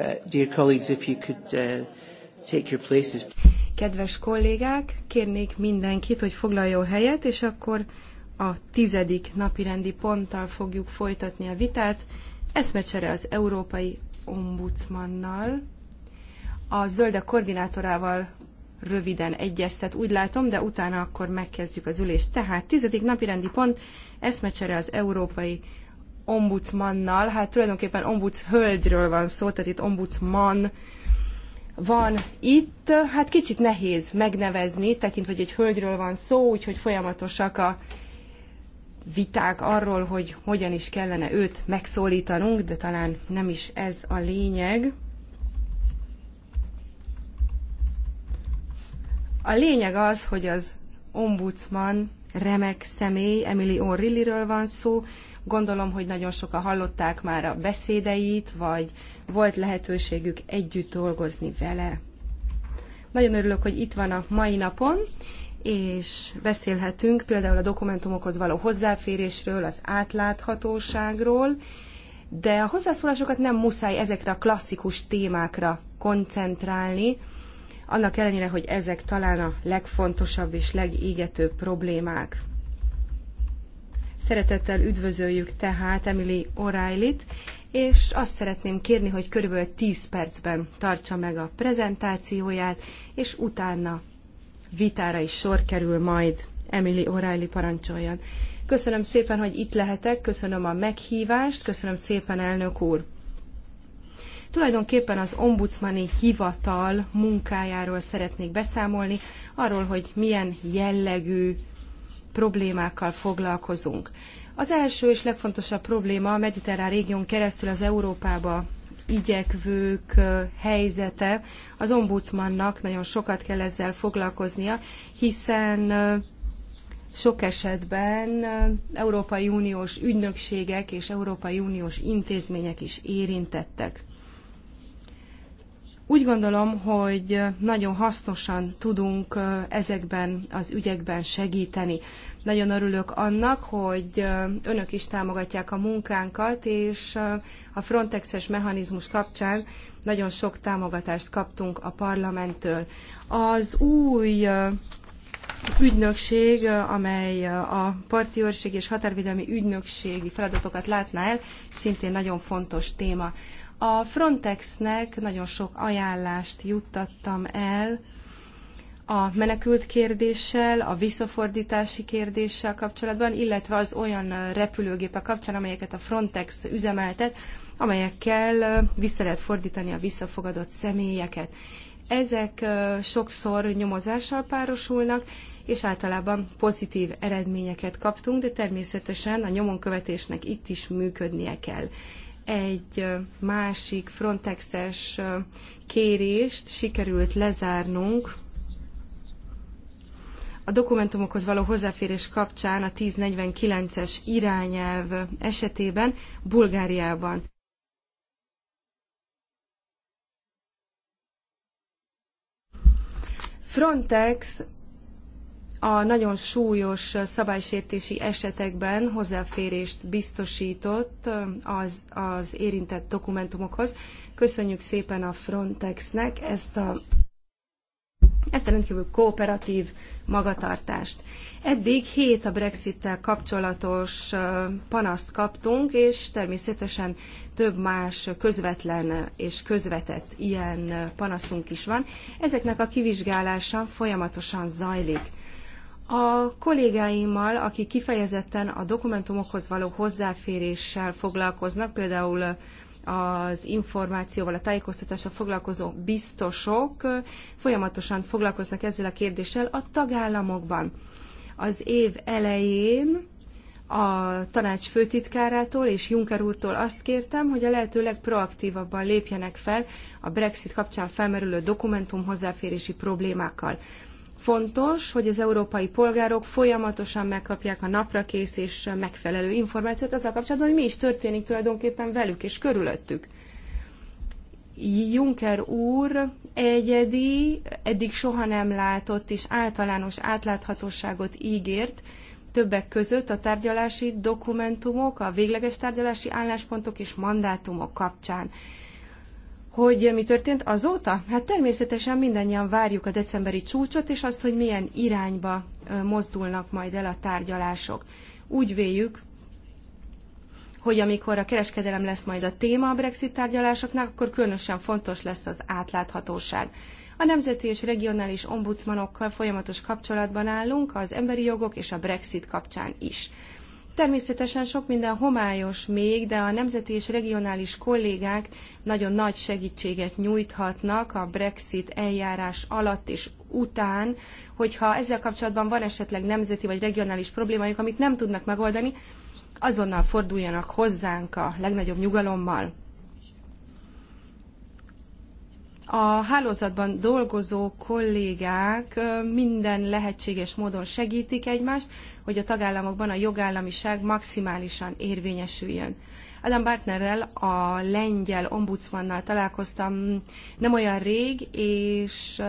Uh, dear colleagues, if you could uh, take your places. Kedves kollégák, kérnék mindenkit, hogy foglaljon helyet, és akkor a tizedik napirendi ponttal fogjuk folytatni a vitát. Eszmecsere az Európai Ombudsmannal. A zöldek koordinátorával röviden egyeztet, úgy látom, de utána akkor megkezdjük az ülést. Tehát tizedik napirendi pont, eszmecsere az Európai ombudsmannal, hát tulajdonképpen ombuds hölgyről van szó, tehát itt ombudsman van itt, hát kicsit nehéz megnevezni, tekintve, hogy egy hölgyről van szó, úgyhogy folyamatosak a viták arról, hogy hogyan is kellene őt megszólítanunk, de talán nem is ez a lényeg. A lényeg az, hogy az ombudsman remek személy, Emily O'Reillyről van szó. Gondolom, hogy nagyon sokan hallották már a beszédeit, vagy volt lehetőségük együtt dolgozni vele. Nagyon örülök, hogy itt van a mai napon, és beszélhetünk például a dokumentumokhoz való hozzáférésről, az átláthatóságról, de a hozzászólásokat nem muszáj ezekre a klasszikus témákra koncentrálni, annak ellenére, hogy ezek talán a legfontosabb és legégetőbb problémák. Szeretettel üdvözöljük tehát Emily O'Reilly-t, és azt szeretném kérni, hogy körülbelül 10 percben tartsa meg a prezentációját, és utána vitára is sor kerül majd. Emily O'Reilly parancsoljon. Köszönöm szépen, hogy itt lehetek, köszönöm a meghívást, köszönöm szépen, elnök úr. Tulajdonképpen az ombudsmani hivatal munkájáról szeretnék beszámolni, arról, hogy milyen jellegű problémákkal foglalkozunk. Az első és legfontosabb probléma a mediterrán régión keresztül az Európába igyekvők helyzete. Az ombudsmannak nagyon sokat kell ezzel foglalkoznia, hiszen sok esetben Európai Uniós ügynökségek és Európai Uniós intézmények is érintettek. Úgy gondolom, hogy nagyon hasznosan tudunk ezekben az ügyekben segíteni. Nagyon örülök annak, hogy önök is támogatják a munkánkat, és a Frontexes mechanizmus kapcsán nagyon sok támogatást kaptunk a parlamenttől. Az új ügynökség, amely a parti őrség és határvédelmi ügynökségi feladatokat látná el, szintén nagyon fontos téma. A Frontexnek nagyon sok ajánlást juttattam el a menekült kérdéssel, a visszafordítási kérdéssel kapcsolatban, illetve az olyan repülőgépek kapcsán, amelyeket a Frontex üzemeltet, amelyekkel vissza lehet fordítani a visszafogadott személyeket. Ezek sokszor nyomozással párosulnak, és általában pozitív eredményeket kaptunk, de természetesen a nyomonkövetésnek itt is működnie kell egy másik Frontexes kérést sikerült lezárnunk. A dokumentumokhoz való hozzáférés kapcsán a 1049-es irányelv esetében Bulgáriában. Frontex a nagyon súlyos szabálysértési esetekben hozzáférést biztosított az, az érintett dokumentumokhoz. Köszönjük szépen a Frontexnek ezt a ezt a rendkívül kooperatív magatartást. Eddig hét a Brexit-tel kapcsolatos panaszt kaptunk, és természetesen több más közvetlen és közvetett ilyen panaszunk is van. Ezeknek a kivizsgálása folyamatosan zajlik. A kollégáimmal, akik kifejezetten a dokumentumokhoz való hozzáféréssel foglalkoznak, például az információval, a tájékoztatással foglalkozó biztosok folyamatosan foglalkoznak ezzel a kérdéssel a tagállamokban. Az év elején a tanács főtitkárától és Juncker úrtól azt kértem, hogy a lehető legproaktívabban lépjenek fel a Brexit kapcsán felmerülő dokumentum hozzáférési problémákkal. Fontos, hogy az európai polgárok folyamatosan megkapják a naprakész és megfelelő információt azzal kapcsolatban, hogy mi is történik tulajdonképpen velük és körülöttük. Juncker úr egyedi, eddig soha nem látott és általános átláthatóságot ígért, többek között a tárgyalási dokumentumok, a végleges tárgyalási álláspontok és mandátumok kapcsán. Hogy mi történt azóta? Hát természetesen mindannyian várjuk a decemberi csúcsot, és azt, hogy milyen irányba mozdulnak majd el a tárgyalások. Úgy véljük, hogy amikor a kereskedelem lesz majd a téma a Brexit tárgyalásoknál, akkor különösen fontos lesz az átláthatóság. A nemzeti és regionális ombudsmanokkal folyamatos kapcsolatban állunk az emberi jogok és a Brexit kapcsán is. Természetesen sok minden homályos még, de a nemzeti és regionális kollégák nagyon nagy segítséget nyújthatnak a Brexit eljárás alatt és után, hogyha ezzel kapcsolatban van esetleg nemzeti vagy regionális problémájuk, amit nem tudnak megoldani, azonnal forduljanak hozzánk a legnagyobb nyugalommal. A hálózatban dolgozó kollégák minden lehetséges módon segítik egymást, hogy a tagállamokban a jogállamiság maximálisan érvényesüljön. Adam Bartnerrel, a lengyel ombudsmannal találkoztam nem olyan rég, és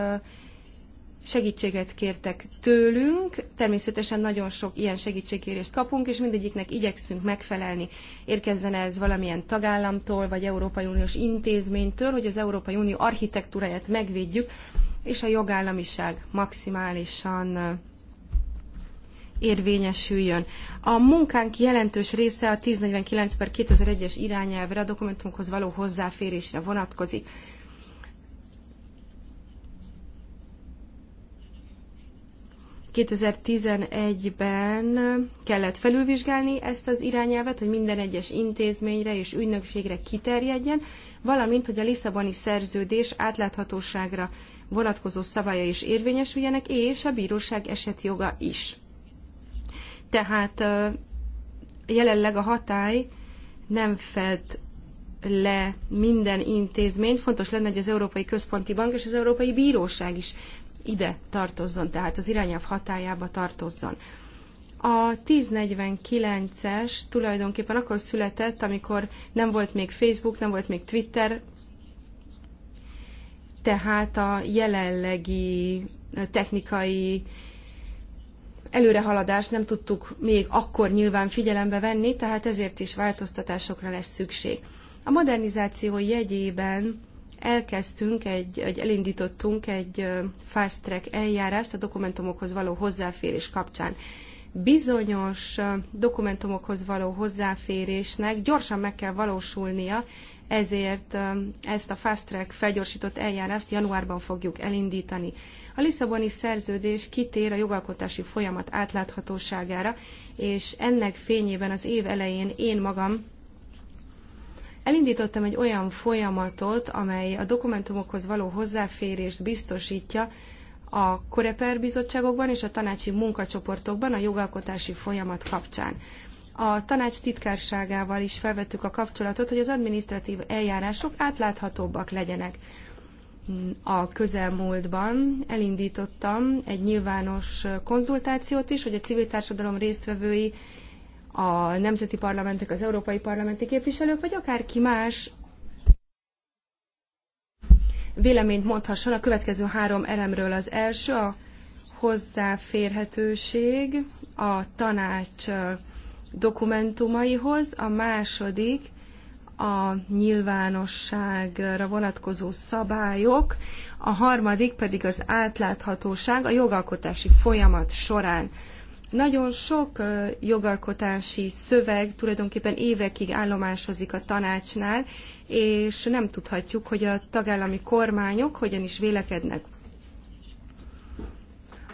segítséget kértek tőlünk. Természetesen nagyon sok ilyen segítségkérést kapunk, és mindegyiknek igyekszünk megfelelni. Érkezzen ez valamilyen tagállamtól, vagy Európai Uniós intézménytől, hogy az Európai Unió architektúráját megvédjük, és a jogállamiság maximálisan érvényesüljön. A munkánk jelentős része a 1049 per 2001-es irányelvre, a dokumentumokhoz való hozzáférésre vonatkozik. ...2011-ben kellett felülvizsgálni ezt az irányelvet, hogy minden egyes intézményre és ügynökségre kiterjedjen, valamint, hogy a Lisszaboni szerződés átláthatóságra vonatkozó szabálya is érvényesüljenek, és a bíróság esetjoga is tehát jelenleg a hatály nem fed le minden intézmény. Fontos lenne, hogy az Európai Központi Bank és az Európai Bíróság is ide tartozzon, tehát az irányelv hatájába tartozzon. A 1049-es tulajdonképpen akkor született, amikor nem volt még Facebook, nem volt még Twitter, tehát a jelenlegi technikai előrehaladást nem tudtuk még akkor nyilván figyelembe venni, tehát ezért is változtatásokra lesz szükség. A modernizáció jegyében elkezdtünk, egy, egy elindítottunk egy fast track eljárást a dokumentumokhoz való hozzáférés kapcsán. Bizonyos dokumentumokhoz való hozzáférésnek gyorsan meg kell valósulnia, ezért ezt a fast track felgyorsított eljárást januárban fogjuk elindítani. A Lisszaboni szerződés kitér a jogalkotási folyamat átláthatóságára, és ennek fényében az év elején én magam elindítottam egy olyan folyamatot, amely a dokumentumokhoz való hozzáférést biztosítja, a Koreper bizottságokban és a tanácsi munkacsoportokban a jogalkotási folyamat kapcsán a tanács titkárságával is felvettük a kapcsolatot, hogy az administratív eljárások átláthatóbbak legyenek. A közelmúltban elindítottam egy nyilvános konzultációt is, hogy a civil társadalom résztvevői, a nemzeti parlamentek, az európai parlamenti képviselők, vagy akárki más véleményt mondhasson a következő három elemről. Az első a hozzáférhetőség, a tanács dokumentumaihoz, a második a nyilvánosságra vonatkozó szabályok, a harmadik pedig az átláthatóság a jogalkotási folyamat során. Nagyon sok jogalkotási szöveg tulajdonképpen évekig állomásozik a tanácsnál, és nem tudhatjuk, hogy a tagállami kormányok hogyan is vélekednek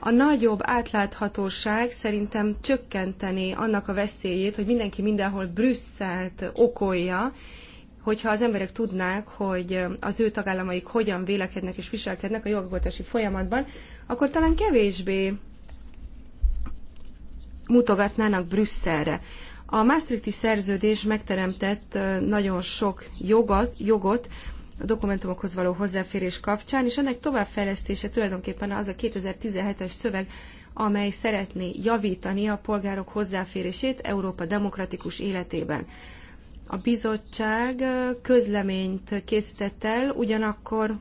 a nagyobb átláthatóság szerintem csökkenteni annak a veszélyét, hogy mindenki mindenhol Brüsszelt okolja, hogyha az emberek tudnák, hogy az ő tagállamaik hogyan vélekednek és viselkednek a jogalkotási folyamatban, akkor talán kevésbé mutogatnának Brüsszelre. A Maastrichti szerződés megteremtett nagyon sok jogot, jogot a dokumentumokhoz való hozzáférés kapcsán, és ennek továbbfejlesztése tulajdonképpen az a 2017-es szöveg, amely szeretné javítani a polgárok hozzáférését Európa demokratikus életében. A bizottság közleményt készített el, ugyanakkor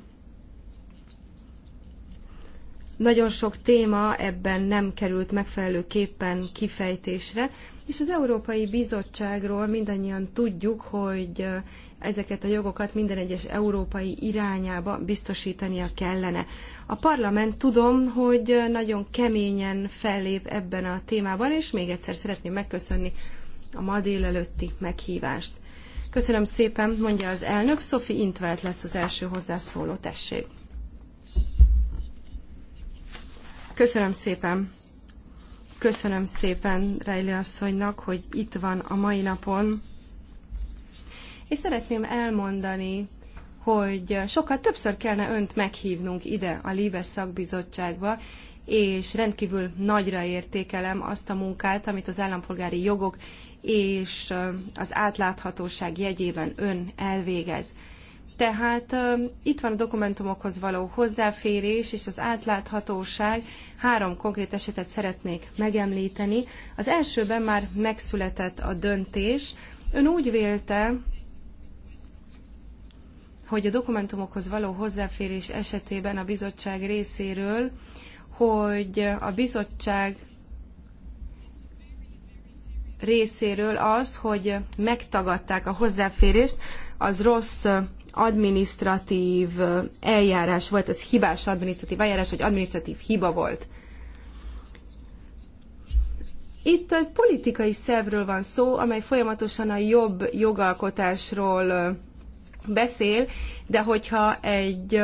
nagyon sok téma ebben nem került megfelelőképpen kifejtésre, és az Európai Bizottságról mindannyian tudjuk, hogy ezeket a jogokat minden egyes európai irányába biztosítania kellene. A parlament tudom, hogy nagyon keményen fellép ebben a témában, és még egyszer szeretném megköszönni a ma délelőtti meghívást. Köszönöm szépen, mondja az elnök. Szofi Intvelt lesz az első hozzászóló, tessék. Köszönöm szépen. Köszönöm szépen Rejli asszonynak, hogy itt van a mai napon és szeretném elmondani, hogy sokkal többször kellene önt meghívnunk ide a Libes szakbizottságba, és rendkívül nagyra értékelem azt a munkát, amit az állampolgári jogok és az átláthatóság jegyében ön elvégez. Tehát itt van a dokumentumokhoz való hozzáférés és az átláthatóság. Három konkrét esetet szeretnék megemlíteni. Az elsőben már megszületett a döntés. Ön úgy vélte, hogy a dokumentumokhoz való hozzáférés esetében a bizottság részéről, hogy a bizottság részéről az, hogy megtagadták a hozzáférést, az rossz administratív eljárás volt, ez hibás administratív eljárás, vagy administratív hiba volt. Itt egy politikai szervről van szó, amely folyamatosan a jobb jogalkotásról beszél, de hogyha egy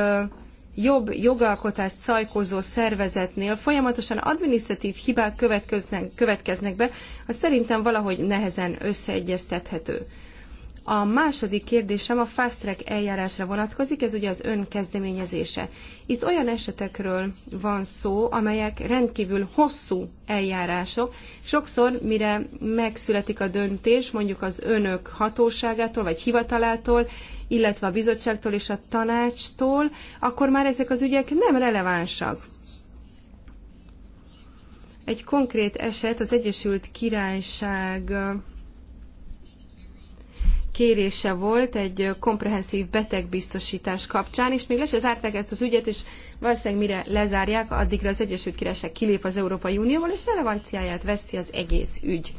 jobb jogalkotást szajkozó szervezetnél folyamatosan administratív hibák következnek, következnek be, az szerintem valahogy nehezen összeegyeztethető. A második kérdésem a fast track eljárásra vonatkozik, ez ugye az ön kezdeményezése. Itt olyan esetekről van szó, amelyek rendkívül hosszú eljárások. Sokszor, mire megszületik a döntés, mondjuk az önök hatóságától vagy hivatalától, illetve a bizottságtól és a tanácstól, akkor már ezek az ügyek nem relevánsak. Egy konkrét eset az Egyesült Királyság kérése volt egy komprehenszív betegbiztosítás kapcsán, és még le se zárták ezt az ügyet, és valószínűleg mire lezárják, addigra az Egyesült Királyság kilép az Európai Unióból, és relevanciáját veszti az egész ügy.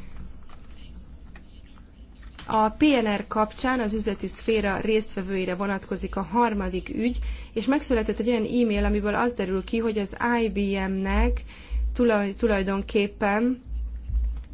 A PNR kapcsán az üzleti szféra résztvevőire vonatkozik a harmadik ügy, és megszületett egy olyan e-mail, amiből az derül ki, hogy az IBM-nek tulaj, tulajdonképpen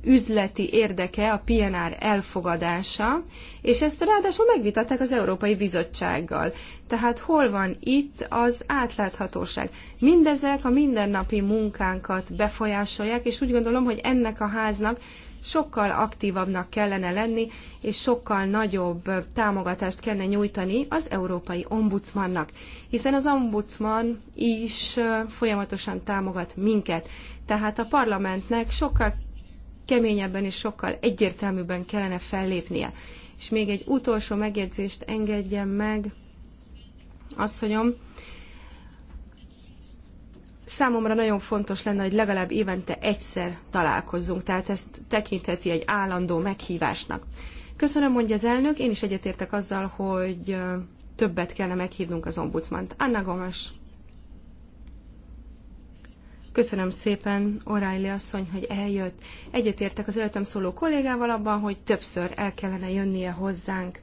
üzleti érdeke a PNR elfogadása, és ezt ráadásul megvitatták az Európai Bizottsággal. Tehát hol van itt az átláthatóság? Mindezek a mindennapi munkánkat befolyásolják, és úgy gondolom, hogy ennek a háznak sokkal aktívabbnak kellene lenni, és sokkal nagyobb támogatást kellene nyújtani az Európai Ombudsmannak, hiszen az Ombudsman is folyamatosan támogat minket. Tehát a parlamentnek sokkal keményebben és sokkal egyértelműbben kellene fellépnie. És még egy utolsó megjegyzést engedjen meg, asszonyom, számomra nagyon fontos lenne, hogy legalább évente egyszer találkozzunk, tehát ezt tekintheti egy állandó meghívásnak. Köszönöm, mondja az elnök, én is egyetértek azzal, hogy többet kellene meghívnunk az ombudsmant. Anna Gomes. Köszönöm szépen, O'Reilly asszony, hogy eljött. Egyetértek az öltem szóló kollégával abban, hogy többször el kellene jönnie hozzánk.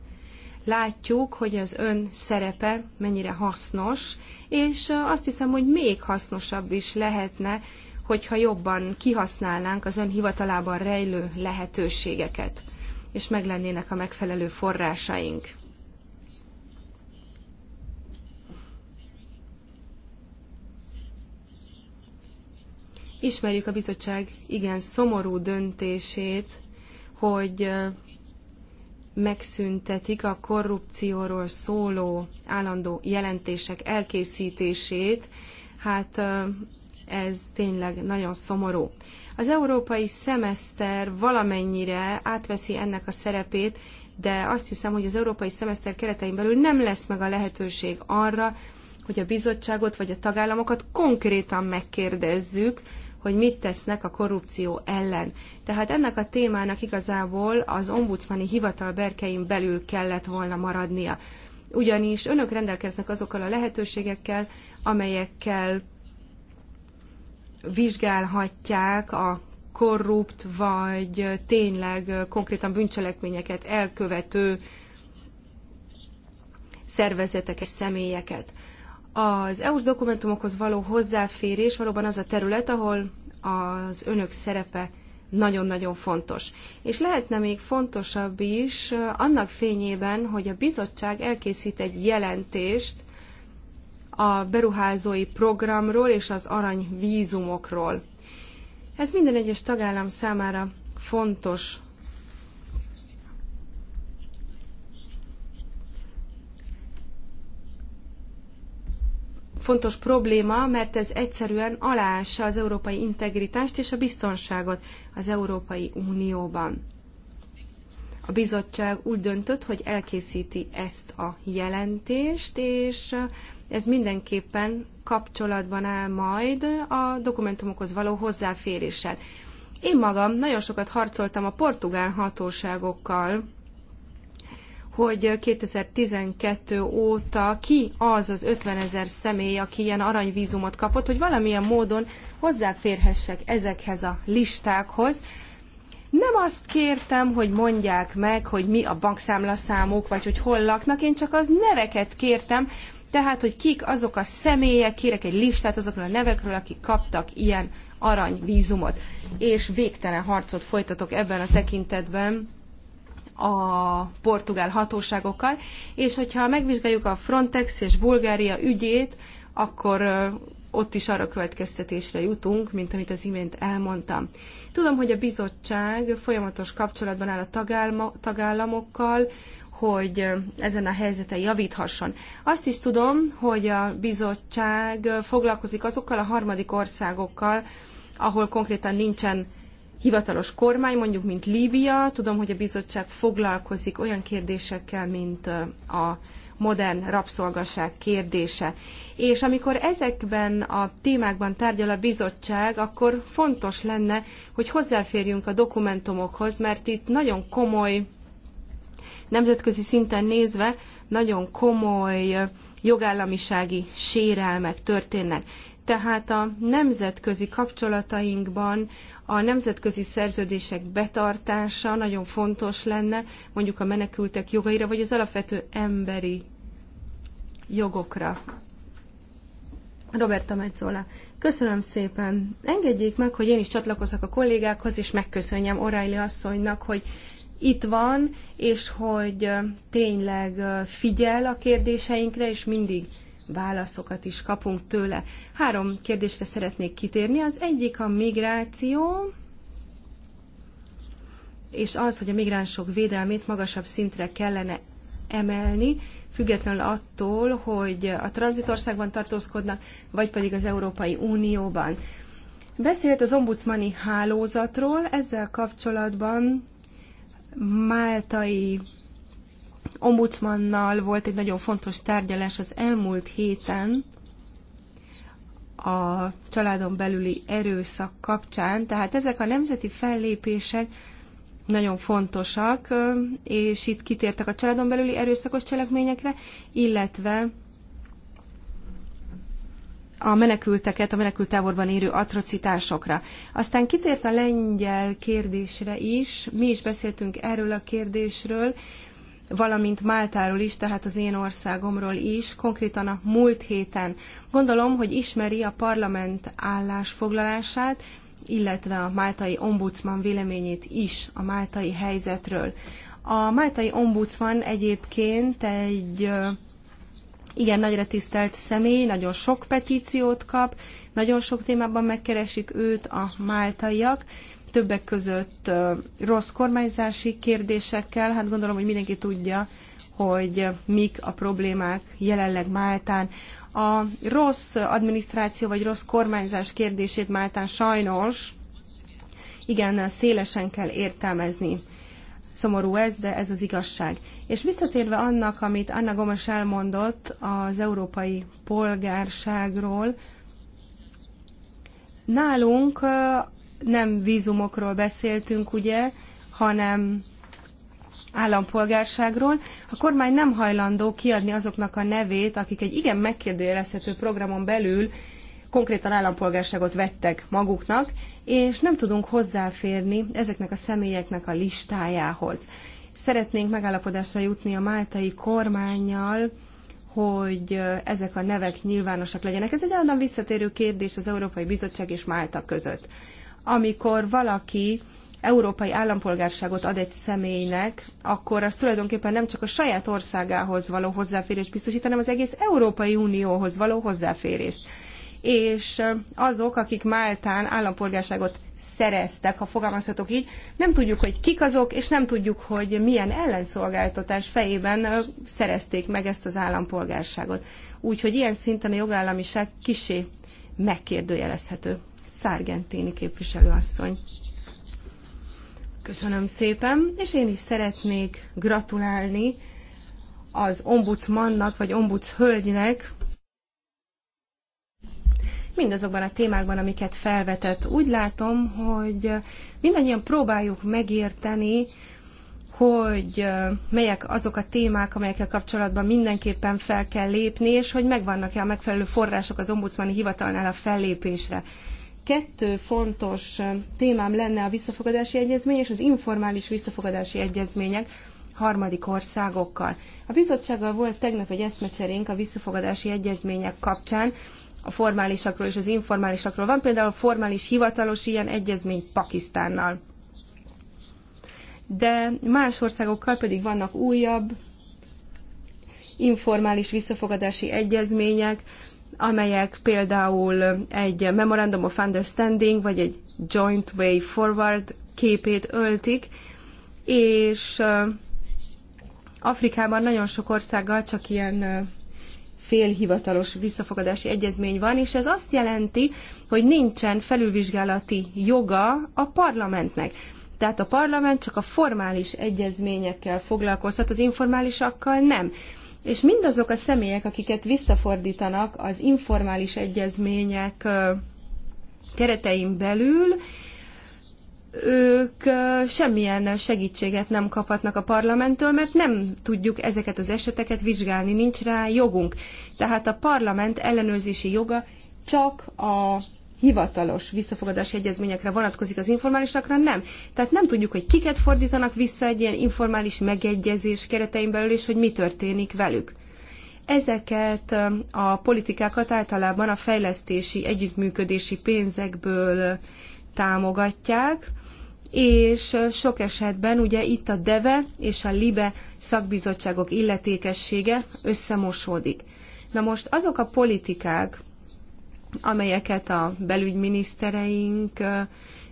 Látjuk, hogy az ön szerepe mennyire hasznos, és azt hiszem, hogy még hasznosabb is lehetne, hogyha jobban kihasználnánk az ön hivatalában rejlő lehetőségeket, és meglennének a megfelelő forrásaink. Ismerjük a bizottság igen szomorú döntését, hogy megszüntetik a korrupcióról szóló állandó jelentések elkészítését. Hát ez tényleg nagyon szomorú. Az európai szemeszter valamennyire átveszi ennek a szerepét, de azt hiszem, hogy az európai szemeszter keretein belül nem lesz meg a lehetőség arra, hogy a bizottságot vagy a tagállamokat konkrétan megkérdezzük, hogy mit tesznek a korrupció ellen. Tehát ennek a témának igazából az ombudsmani hivatal berkein belül kellett volna maradnia. Ugyanis önök rendelkeznek azokkal a lehetőségekkel, amelyekkel vizsgálhatják a korrupt vagy tényleg konkrétan bűncselekményeket elkövető szervezeteket és személyeket. Az EU-s dokumentumokhoz való hozzáférés valóban az a terület, ahol az önök szerepe nagyon-nagyon fontos. És lehetne még fontosabb is annak fényében, hogy a bizottság elkészít egy jelentést a beruházói programról és az aranyvízumokról. Ez minden egyes tagállam számára fontos fontos probléma, mert ez egyszerűen aláássa az európai integritást és a biztonságot az Európai Unióban. A bizottság úgy döntött, hogy elkészíti ezt a jelentést, és ez mindenképpen kapcsolatban áll majd a dokumentumokhoz való hozzáféréssel. Én magam nagyon sokat harcoltam a portugál hatóságokkal, hogy 2012 óta ki az az 50 ezer személy, aki ilyen aranyvízumot kapott, hogy valamilyen módon hozzáférhessek ezekhez a listákhoz. Nem azt kértem, hogy mondják meg, hogy mi a bankszámlaszámuk, vagy hogy hol laknak, én csak az neveket kértem, tehát, hogy kik azok a személyek, kérek egy listát azokról a nevekről, akik kaptak ilyen aranyvízumot. És végtelen harcot folytatok ebben a tekintetben a portugál hatóságokkal, és hogyha megvizsgáljuk a Frontex és Bulgária ügyét, akkor ott is arra következtetésre jutunk, mint amit az imént elmondtam. Tudom, hogy a bizottság folyamatos kapcsolatban áll a tagálma, tagállamokkal, hogy ezen a helyzeten javíthasson. Azt is tudom, hogy a bizottság foglalkozik azokkal a harmadik országokkal, ahol konkrétan nincsen hivatalos kormány, mondjuk mint Líbia. Tudom, hogy a bizottság foglalkozik olyan kérdésekkel, mint a modern rabszolgaság kérdése. És amikor ezekben a témákban tárgyal a bizottság, akkor fontos lenne, hogy hozzáférjünk a dokumentumokhoz, mert itt nagyon komoly, nemzetközi szinten nézve, nagyon komoly jogállamisági sérelmek történnek. Tehát a nemzetközi kapcsolatainkban a nemzetközi szerződések betartása nagyon fontos lenne, mondjuk a menekültek jogaira, vagy az alapvető emberi jogokra. Roberta Metzola. Köszönöm szépen. Engedjék meg, hogy én is csatlakozok a kollégákhoz, és megköszönjem O'Reilly asszonynak, hogy itt van, és hogy tényleg figyel a kérdéseinkre, és mindig válaszokat is kapunk tőle. Három kérdésre szeretnék kitérni. Az egyik a migráció, és az, hogy a migránsok védelmét magasabb szintre kellene emelni, függetlenül attól, hogy a tranzitországban tartózkodnak, vagy pedig az Európai Unióban. Beszélt az ombudsmani hálózatról, ezzel kapcsolatban máltai ombudsmannal volt egy nagyon fontos tárgyalás az elmúlt héten a családon belüli erőszak kapcsán. Tehát ezek a nemzeti fellépések nagyon fontosak, és itt kitértek a családon belüli erőszakos cselekményekre, illetve a menekülteket, a menekültáborban érő atrocitásokra. Aztán kitért a lengyel kérdésre is, mi is beszéltünk erről a kérdésről, valamint Máltáról is, tehát az én országomról is, konkrétan a múlt héten. Gondolom, hogy ismeri a parlament állásfoglalását, illetve a máltai ombudsman véleményét is a máltai helyzetről. A máltai ombudsman egyébként egy igen nagyra tisztelt személy, nagyon sok petíciót kap, nagyon sok témában megkeresik őt a máltaiak, többek között rossz kormányzási kérdésekkel. Hát gondolom, hogy mindenki tudja, hogy mik a problémák jelenleg Máltán. A rossz adminisztráció vagy rossz kormányzás kérdését Máltán sajnos igen szélesen kell értelmezni. Szomorú ez, de ez az igazság. És visszatérve annak, amit Anna Gomes elmondott az európai polgárságról, nálunk nem vízumokról beszéltünk, ugye, hanem állampolgárságról, a kormány nem hajlandó kiadni azoknak a nevét, akik egy igen megkérdőjelezhető programon belül konkrétan állampolgárságot vettek maguknak, és nem tudunk hozzáférni ezeknek a személyeknek a listájához. Szeretnénk megállapodásra jutni a máltai kormányjal, hogy ezek a nevek nyilvánosak legyenek. Ez egy állandóan visszatérő kérdés az Európai Bizottság és Málta között amikor valaki európai állampolgárságot ad egy személynek, akkor az tulajdonképpen nem csak a saját országához való hozzáférést biztosít, hanem az egész Európai Unióhoz való hozzáférést. És azok, akik Máltán állampolgárságot szereztek, ha fogalmazhatok így, nem tudjuk, hogy kik azok, és nem tudjuk, hogy milyen ellenszolgáltatás fejében szerezték meg ezt az állampolgárságot. Úgyhogy ilyen szinten a jogállamiság kisé megkérdőjelezhető. Szárgenténi képviselőasszony. Köszönöm szépen, és én is szeretnék gratulálni az ombudsmannak, vagy ombudshölgynek, mindazokban a témákban, amiket felvetett. Úgy látom, hogy mindannyian próbáljuk megérteni, hogy melyek azok a témák, amelyekkel kapcsolatban mindenképpen fel kell lépni, és hogy megvannak-e a megfelelő források az ombudsmani hivatalnál a fellépésre kettő fontos témám lenne a visszafogadási egyezmény és az informális visszafogadási egyezmények harmadik országokkal. A bizottsággal volt tegnap egy eszmecserénk a visszafogadási egyezmények kapcsán, a formálisakról és az informálisakról. Van például formális hivatalos ilyen egyezmény Pakisztánnal. De más országokkal pedig vannak újabb informális visszafogadási egyezmények, amelyek például egy Memorandum of Understanding vagy egy Joint Way Forward képét öltik, és Afrikában nagyon sok országgal csak ilyen félhivatalos visszafogadási egyezmény van, és ez azt jelenti, hogy nincsen felülvizsgálati joga a parlamentnek. Tehát a parlament csak a formális egyezményekkel foglalkozhat, az informálisakkal nem és mindazok a személyek, akiket visszafordítanak az informális egyezmények keretein belül, ők semmilyen segítséget nem kaphatnak a parlamenttől, mert nem tudjuk ezeket az eseteket vizsgálni, nincs rá jogunk. Tehát a parlament ellenőrzési joga csak a hivatalos visszafogadási egyezményekre vonatkozik, az informálisakra nem. Tehát nem tudjuk, hogy kiket fordítanak vissza egy ilyen informális megegyezés keretein belül, és hogy mi történik velük. Ezeket a politikákat általában a fejlesztési, együttműködési pénzekből támogatják, és sok esetben ugye itt a DEVE és a LIBE szakbizottságok illetékessége összemosódik. Na most azok a politikák, amelyeket a belügyminisztereink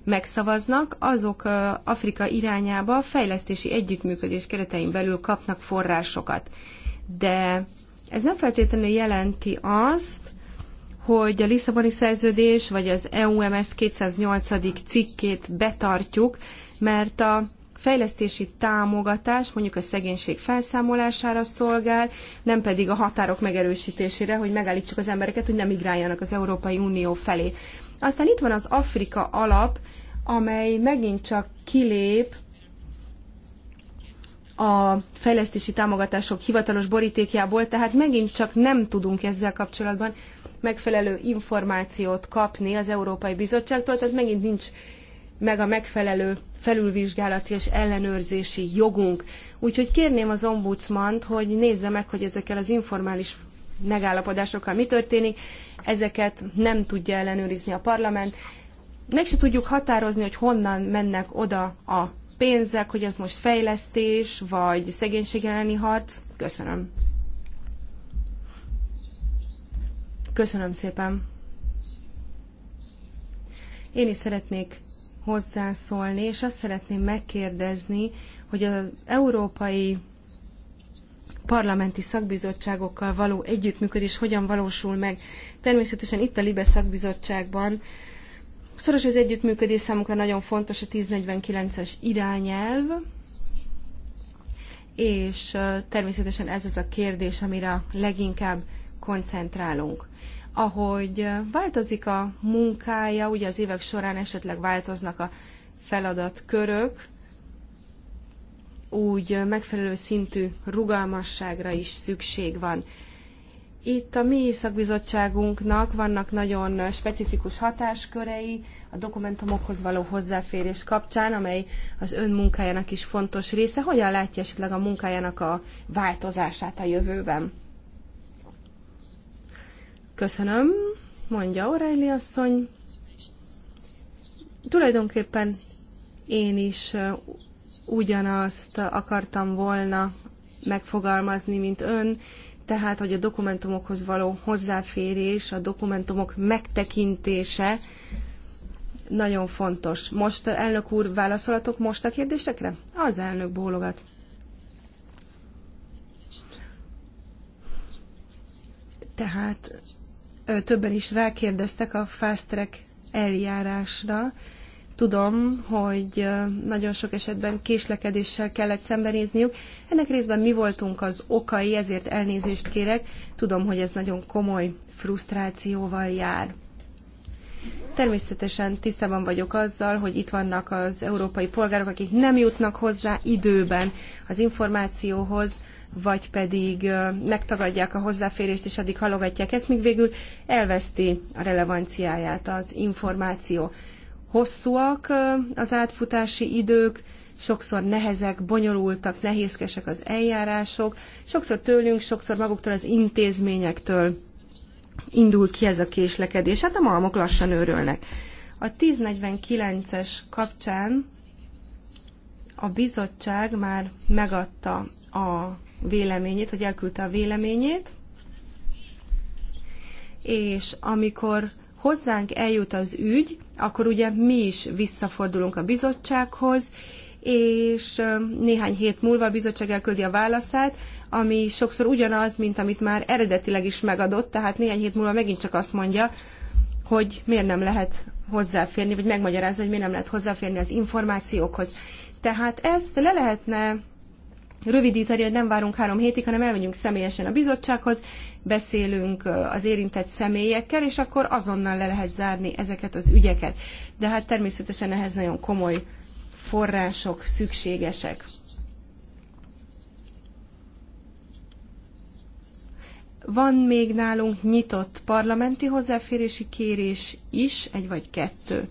megszavaznak, azok Afrika irányába fejlesztési együttműködés keretein belül kapnak forrásokat. De ez nem feltétlenül jelenti azt, hogy a Lisszaboni szerződés vagy az EUMS 208. cikkét betartjuk, mert a fejlesztési támogatás mondjuk a szegénység felszámolására szolgál, nem pedig a határok megerősítésére, hogy megállítsuk az embereket, hogy nem migráljanak az Európai Unió felé. Aztán itt van az Afrika alap, amely megint csak kilép a fejlesztési támogatások hivatalos borítékjából, tehát megint csak nem tudunk ezzel kapcsolatban megfelelő információt kapni az Európai Bizottságtól, tehát megint nincs meg a megfelelő felülvizsgálati és ellenőrzési jogunk. Úgyhogy kérném az ombudsmant, hogy nézze meg, hogy ezekkel az informális megállapodásokkal mi történik. Ezeket nem tudja ellenőrizni a parlament. Meg se tudjuk határozni, hogy honnan mennek oda a pénzek, hogy ez most fejlesztés, vagy szegénység elleni harc. Köszönöm. Köszönöm szépen. Én is szeretnék hozzászólni, és azt szeretném megkérdezni, hogy az európai parlamenti szakbizottságokkal való együttműködés hogyan valósul meg. Természetesen itt a Libe szakbizottságban szoros az együttműködés számukra nagyon fontos a 1049-es irányelv, és természetesen ez az a kérdés, amire leginkább koncentrálunk ahogy változik a munkája, ugye az évek során esetleg változnak a feladatkörök, úgy megfelelő szintű rugalmasságra is szükség van. Itt a mi szakbizottságunknak vannak nagyon specifikus hatáskörei a dokumentumokhoz való hozzáférés kapcsán, amely az ön munkájának is fontos része. Hogyan látja esetleg a munkájának a változását a jövőben? Köszönöm, mondja Aurelia asszony. Tulajdonképpen én is ugyanazt akartam volna megfogalmazni, mint ön, tehát, hogy a dokumentumokhoz való hozzáférés, a dokumentumok megtekintése nagyon fontos. Most, elnök úr, válaszolatok most a kérdésekre? Az elnök bólogat. Tehát többen is rákérdeztek a fast track eljárásra. Tudom, hogy nagyon sok esetben késlekedéssel kellett szembenézniük. Ennek részben mi voltunk az okai, ezért elnézést kérek. Tudom, hogy ez nagyon komoly frusztrációval jár. Természetesen tisztában vagyok azzal, hogy itt vannak az európai polgárok, akik nem jutnak hozzá időben az információhoz, vagy pedig megtagadják a hozzáférést, és addig halogatják ezt, míg végül elveszti a relevanciáját az információ. Hosszúak az átfutási idők, sokszor nehezek, bonyolultak, nehézkesek az eljárások, sokszor tőlünk, sokszor maguktól az intézményektől indul ki ez a késlekedés, hát a malmok lassan őrölnek. A 1049-es kapcsán a bizottság már megadta a véleményét, hogy elküldte a véleményét, és amikor hozzánk eljut az ügy, akkor ugye mi is visszafordulunk a bizottsághoz, és néhány hét múlva a bizottság elküldi a válaszát, ami sokszor ugyanaz, mint amit már eredetileg is megadott, tehát néhány hét múlva megint csak azt mondja, hogy miért nem lehet hozzáférni, vagy megmagyarázza, hogy miért nem lehet hozzáférni az információkhoz. Tehát ezt le lehetne rövidíteni, hogy nem várunk három hétig, hanem elmegyünk személyesen a bizottsághoz, beszélünk az érintett személyekkel, és akkor azonnal le lehet zárni ezeket az ügyeket. De hát természetesen ehhez nagyon komoly források szükségesek. Van még nálunk nyitott parlamenti hozzáférési kérés is, egy vagy kettő.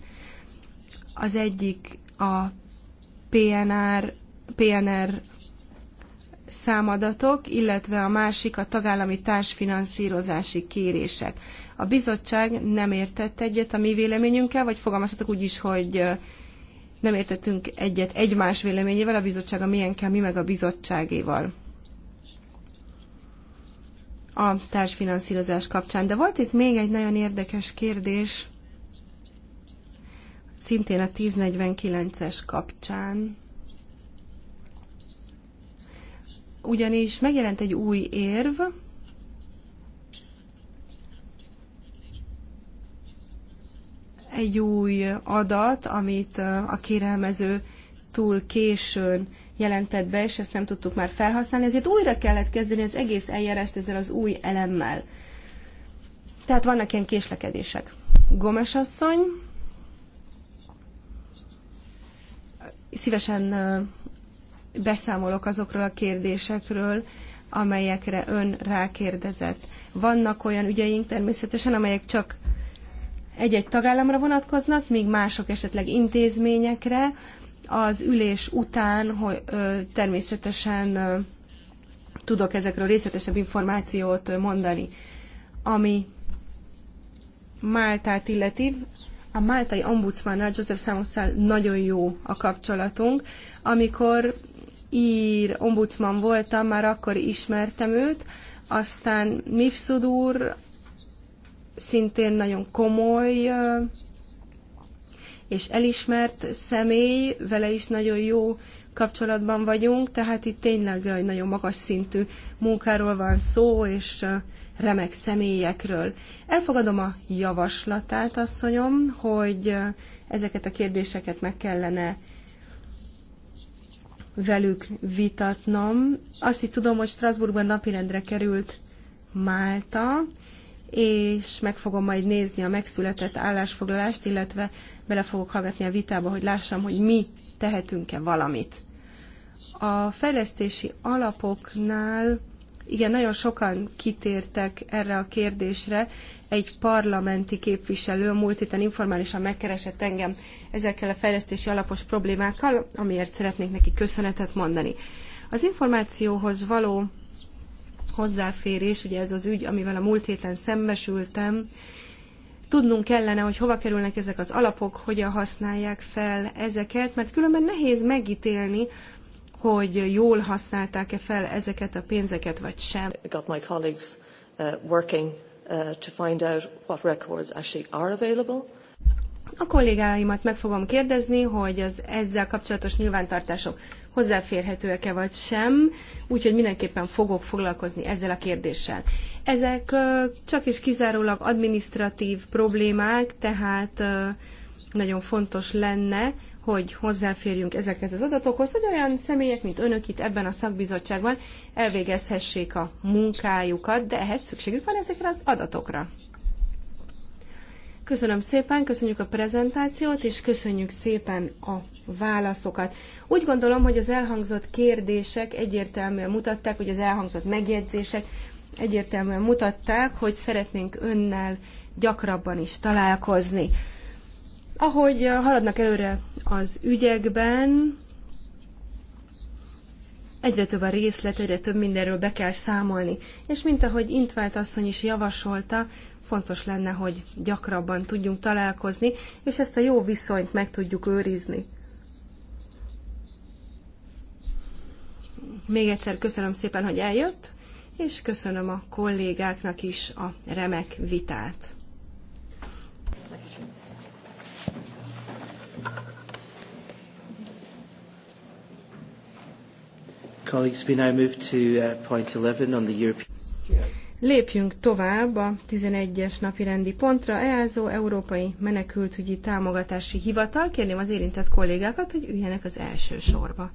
Az egyik a PNR, PNR számadatok, illetve a másik a tagállami társfinanszírozási kérések. A bizottság nem értett egyet a mi véleményünkkel, vagy fogalmazhatok úgy is, hogy nem értettünk egyet egymás véleményével, a bizottság a miénkkel, mi meg a bizottságéval a társfinanszírozás kapcsán. De volt itt még egy nagyon érdekes kérdés, szintén a 1049-es kapcsán. ugyanis megjelent egy új érv, egy új adat, amit a kérelmező túl későn jelentett be, és ezt nem tudtuk már felhasználni, ezért újra kellett kezdeni az egész eljárást ezzel az új elemmel. Tehát vannak ilyen késlekedések. Gomes asszony szívesen beszámolok azokról a kérdésekről, amelyekre ön rákérdezett. Vannak olyan ügyeink természetesen, amelyek csak egy-egy tagállamra vonatkoznak, míg mások esetleg intézményekre. Az ülés után hogy, ö, természetesen ö, tudok ezekről részletesebb információt ö, mondani. Ami Máltát illeti, a máltai ombudsmannal, Joseph Samussal nagyon jó a kapcsolatunk. Amikor ír ombudsman voltam, már akkor ismertem őt, aztán Mifsud úr szintén nagyon komoly és elismert személy, vele is nagyon jó kapcsolatban vagyunk, tehát itt tényleg egy nagyon magas szintű munkáról van szó, és remek személyekről. Elfogadom a javaslatát, asszonyom, hogy ezeket a kérdéseket meg kellene velük vitatnom. Azt is tudom, hogy Strasbourgban napirendre került Málta, és meg fogom majd nézni a megszületett állásfoglalást, illetve bele fogok hallgatni a vitába, hogy lássam, hogy mi tehetünk-e valamit. A fejlesztési alapoknál igen, nagyon sokan kitértek erre a kérdésre. Egy parlamenti képviselő múlt héten informálisan megkeresett engem ezekkel a fejlesztési alapos problémákkal, amiért szeretnék neki köszönetet mondani. Az információhoz való hozzáférés, ugye ez az ügy, amivel a múlt héten szembesültem, tudnunk kellene, hogy hova kerülnek ezek az alapok, hogyan használják fel ezeket, mert különben nehéz megítélni, hogy jól használták-e fel ezeket a pénzeket, vagy sem. I got my colleagues uh, working uh, to find out what records actually are available. A kollégáimat meg fogom kérdezni, hogy az ezzel kapcsolatos nyilvántartások hozzáférhetőek-e vagy sem, úgyhogy mindenképpen fogok foglalkozni ezzel a kérdéssel. Ezek uh, csak és kizárólag administratív problémák, tehát nagyon fontos lenne, hogy hozzáférjünk ezekhez az adatokhoz, hogy olyan személyek, mint önök itt ebben a szakbizottságban elvégezhessék a munkájukat, de ehhez szükségük van ezekre az adatokra. Köszönöm szépen, köszönjük a prezentációt, és köszönjük szépen a válaszokat. Úgy gondolom, hogy az elhangzott kérdések egyértelműen mutatták, hogy az elhangzott megjegyzések egyértelműen mutatták, hogy szeretnénk önnel gyakrabban is találkozni. Ahogy haladnak előre az ügyekben, egyre több a részlet, egyre több mindenről be kell számolni. És mint ahogy Intvált asszony is javasolta, fontos lenne, hogy gyakrabban tudjunk találkozni, és ezt a jó viszonyt meg tudjuk őrizni. Még egyszer köszönöm szépen, hogy eljött, és köszönöm a kollégáknak is a remek vitát. Uh, Lépjünk tovább a 11-es napi rendi pontra. EASO Európai Menekültügyi Támogatási Hivatal. Kérném az érintett kollégákat, hogy üljenek az első sorba.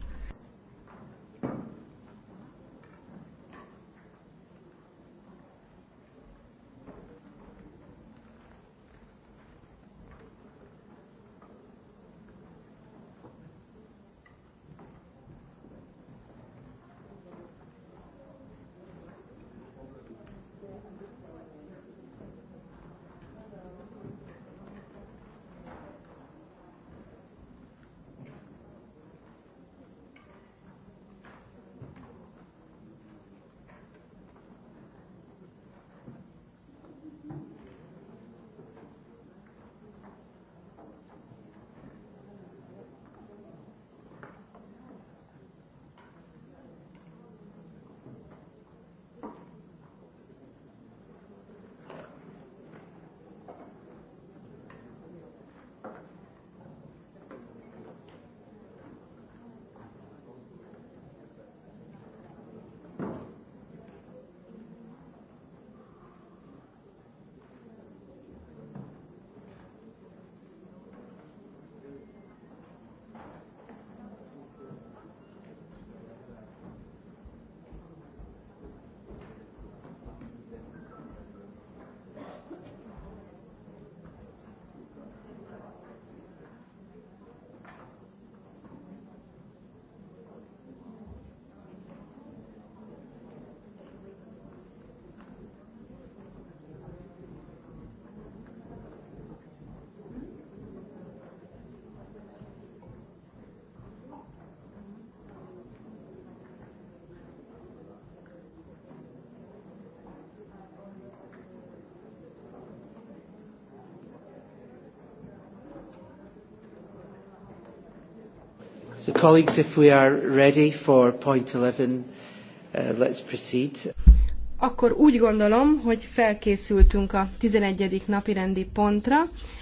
So colleagues, if we are ready for point 11, uh, let's proceed. Akkor úgy gondolom, hogy felkészültünk a 11. napi rendi pontra.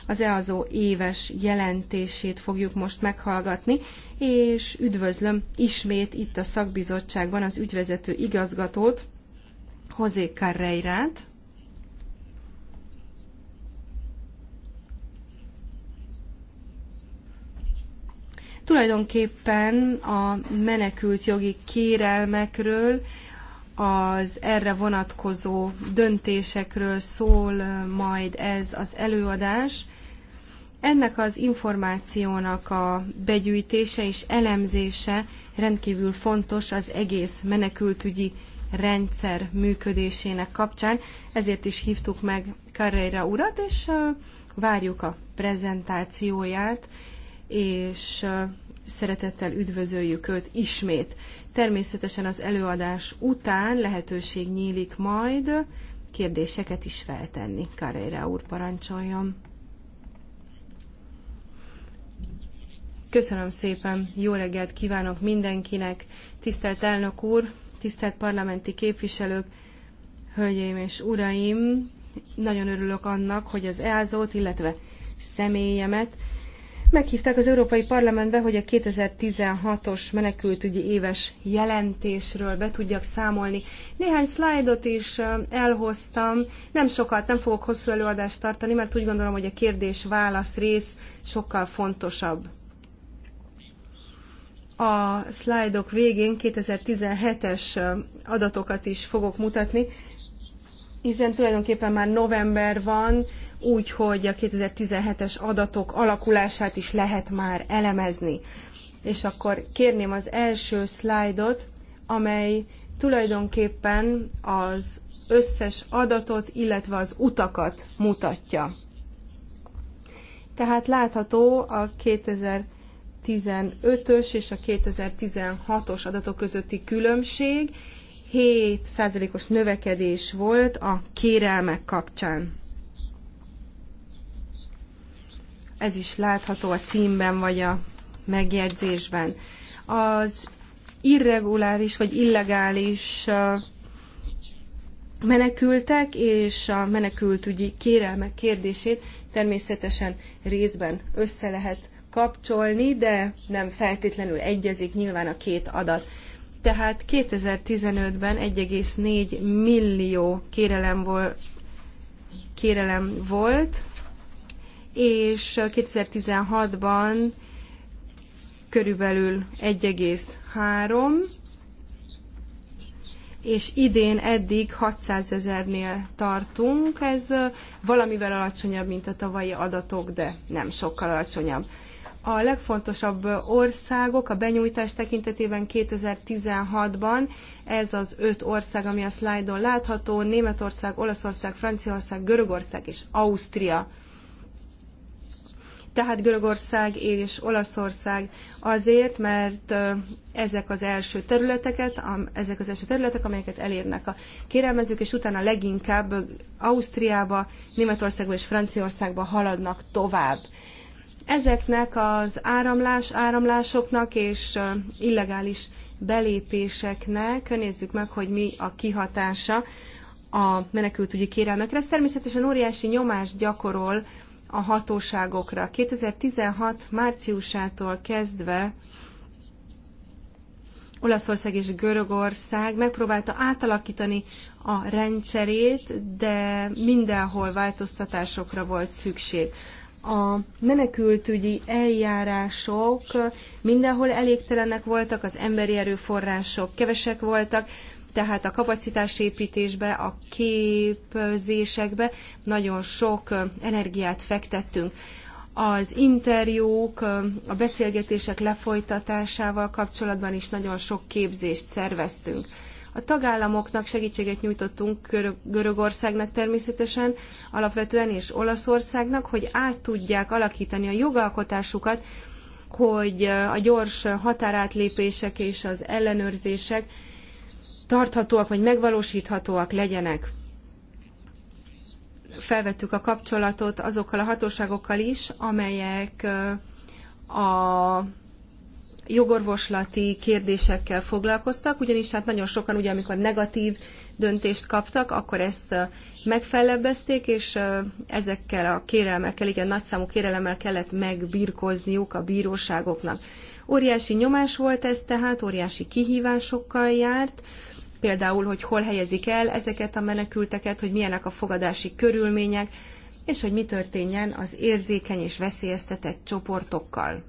Az EAZO éves jelentését fogjuk most meghallgatni, és üdvözlöm ismét itt a szakbizottságban az ügyvezető igazgatót, Hozé Carreirát. tulajdonképpen a menekült jogi kérelmekről, az erre vonatkozó döntésekről szól majd ez az előadás. Ennek az információnak a begyűjtése és elemzése rendkívül fontos az egész menekültügyi rendszer működésének kapcsán, ezért is hívtuk meg Carreira urat, és várjuk a prezentációját, és szeretettel üdvözöljük őt ismét. Természetesen az előadás után lehetőség nyílik majd kérdéseket is feltenni. Kareira úr, parancsoljon! Köszönöm szépen, jó reggelt kívánok mindenkinek, tisztelt elnök úr, tisztelt parlamenti képviselők, hölgyeim és uraim, nagyon örülök annak, hogy az EASO-t, illetve személyemet Meghívták az Európai Parlamentbe, hogy a 2016-os menekültügyi éves jelentésről be tudjak számolni. Néhány szlájdot is elhoztam, nem sokat, nem fogok hosszú előadást tartani, mert úgy gondolom, hogy a kérdés-válasz rész sokkal fontosabb. A szlájdok végén 2017-es adatokat is fogok mutatni, hiszen tulajdonképpen már november van, úgy, hogy a 2017-es adatok alakulását is lehet már elemezni. És akkor kérném az első szlájdot, amely tulajdonképpen az összes adatot, illetve az utakat mutatja. Tehát látható a 2015-ös és a 2016-os adatok közötti különbség, 7%-os növekedés volt a kérelmek kapcsán. ez is látható a címben vagy a megjegyzésben. Az irreguláris vagy illegális menekültek és a menekültügyi kérelmek kérdését természetesen részben össze lehet kapcsolni, de nem feltétlenül egyezik nyilván a két adat. Tehát 2015-ben 1,4 millió kérelem, vol, kérelem volt, és 2016-ban körülbelül 1,3, és idén eddig 600 ezernél tartunk. Ez valamivel alacsonyabb, mint a tavalyi adatok, de nem sokkal alacsonyabb. A legfontosabb országok a benyújtás tekintetében 2016-ban ez az öt ország, ami a szlájdon látható, Németország, Olaszország, Franciaország, Görögország és Ausztria tehát Görögország és Olaszország azért, mert ezek az első területeket, ezek az első területek, amelyeket elérnek a kérelmezők, és utána leginkább Ausztriába, Németországba és Franciaországba haladnak tovább. Ezeknek az áramlás, áramlásoknak és illegális belépéseknek nézzük meg, hogy mi a kihatása a menekültügyi kérelmekre. Ez természetesen óriási nyomást gyakorol a hatóságokra. 2016 márciusától kezdve Olaszország és Görögország megpróbálta átalakítani a rendszerét, de mindenhol változtatásokra volt szükség. A menekültügyi eljárások mindenhol elégtelenek voltak, az emberi erőforrások kevesek voltak, tehát a kapacitásépítésbe, a képzésekbe nagyon sok energiát fektettünk. Az interjúk, a beszélgetések lefolytatásával kapcsolatban is nagyon sok képzést szerveztünk. A tagállamoknak segítséget nyújtottunk Görögországnak természetesen, alapvetően és Olaszországnak, hogy át tudják alakítani a jogalkotásukat, hogy a gyors határátlépések és az ellenőrzések tarthatóak vagy megvalósíthatóak legyenek. Felvettük a kapcsolatot azokkal a hatóságokkal is, amelyek a jogorvoslati kérdésekkel foglalkoztak, ugyanis hát nagyon sokan, ugye amikor negatív döntést kaptak, akkor ezt megfellebbezték, és ezekkel a kérelmekkel, igen, nagyszámú kérelemmel kellett megbirkózniuk a bíróságoknak. Óriási nyomás volt ez tehát, óriási kihívásokkal járt, például, hogy hol helyezik el ezeket a menekülteket, hogy milyenek a fogadási körülmények, és hogy mi történjen az érzékeny és veszélyeztetett csoportokkal.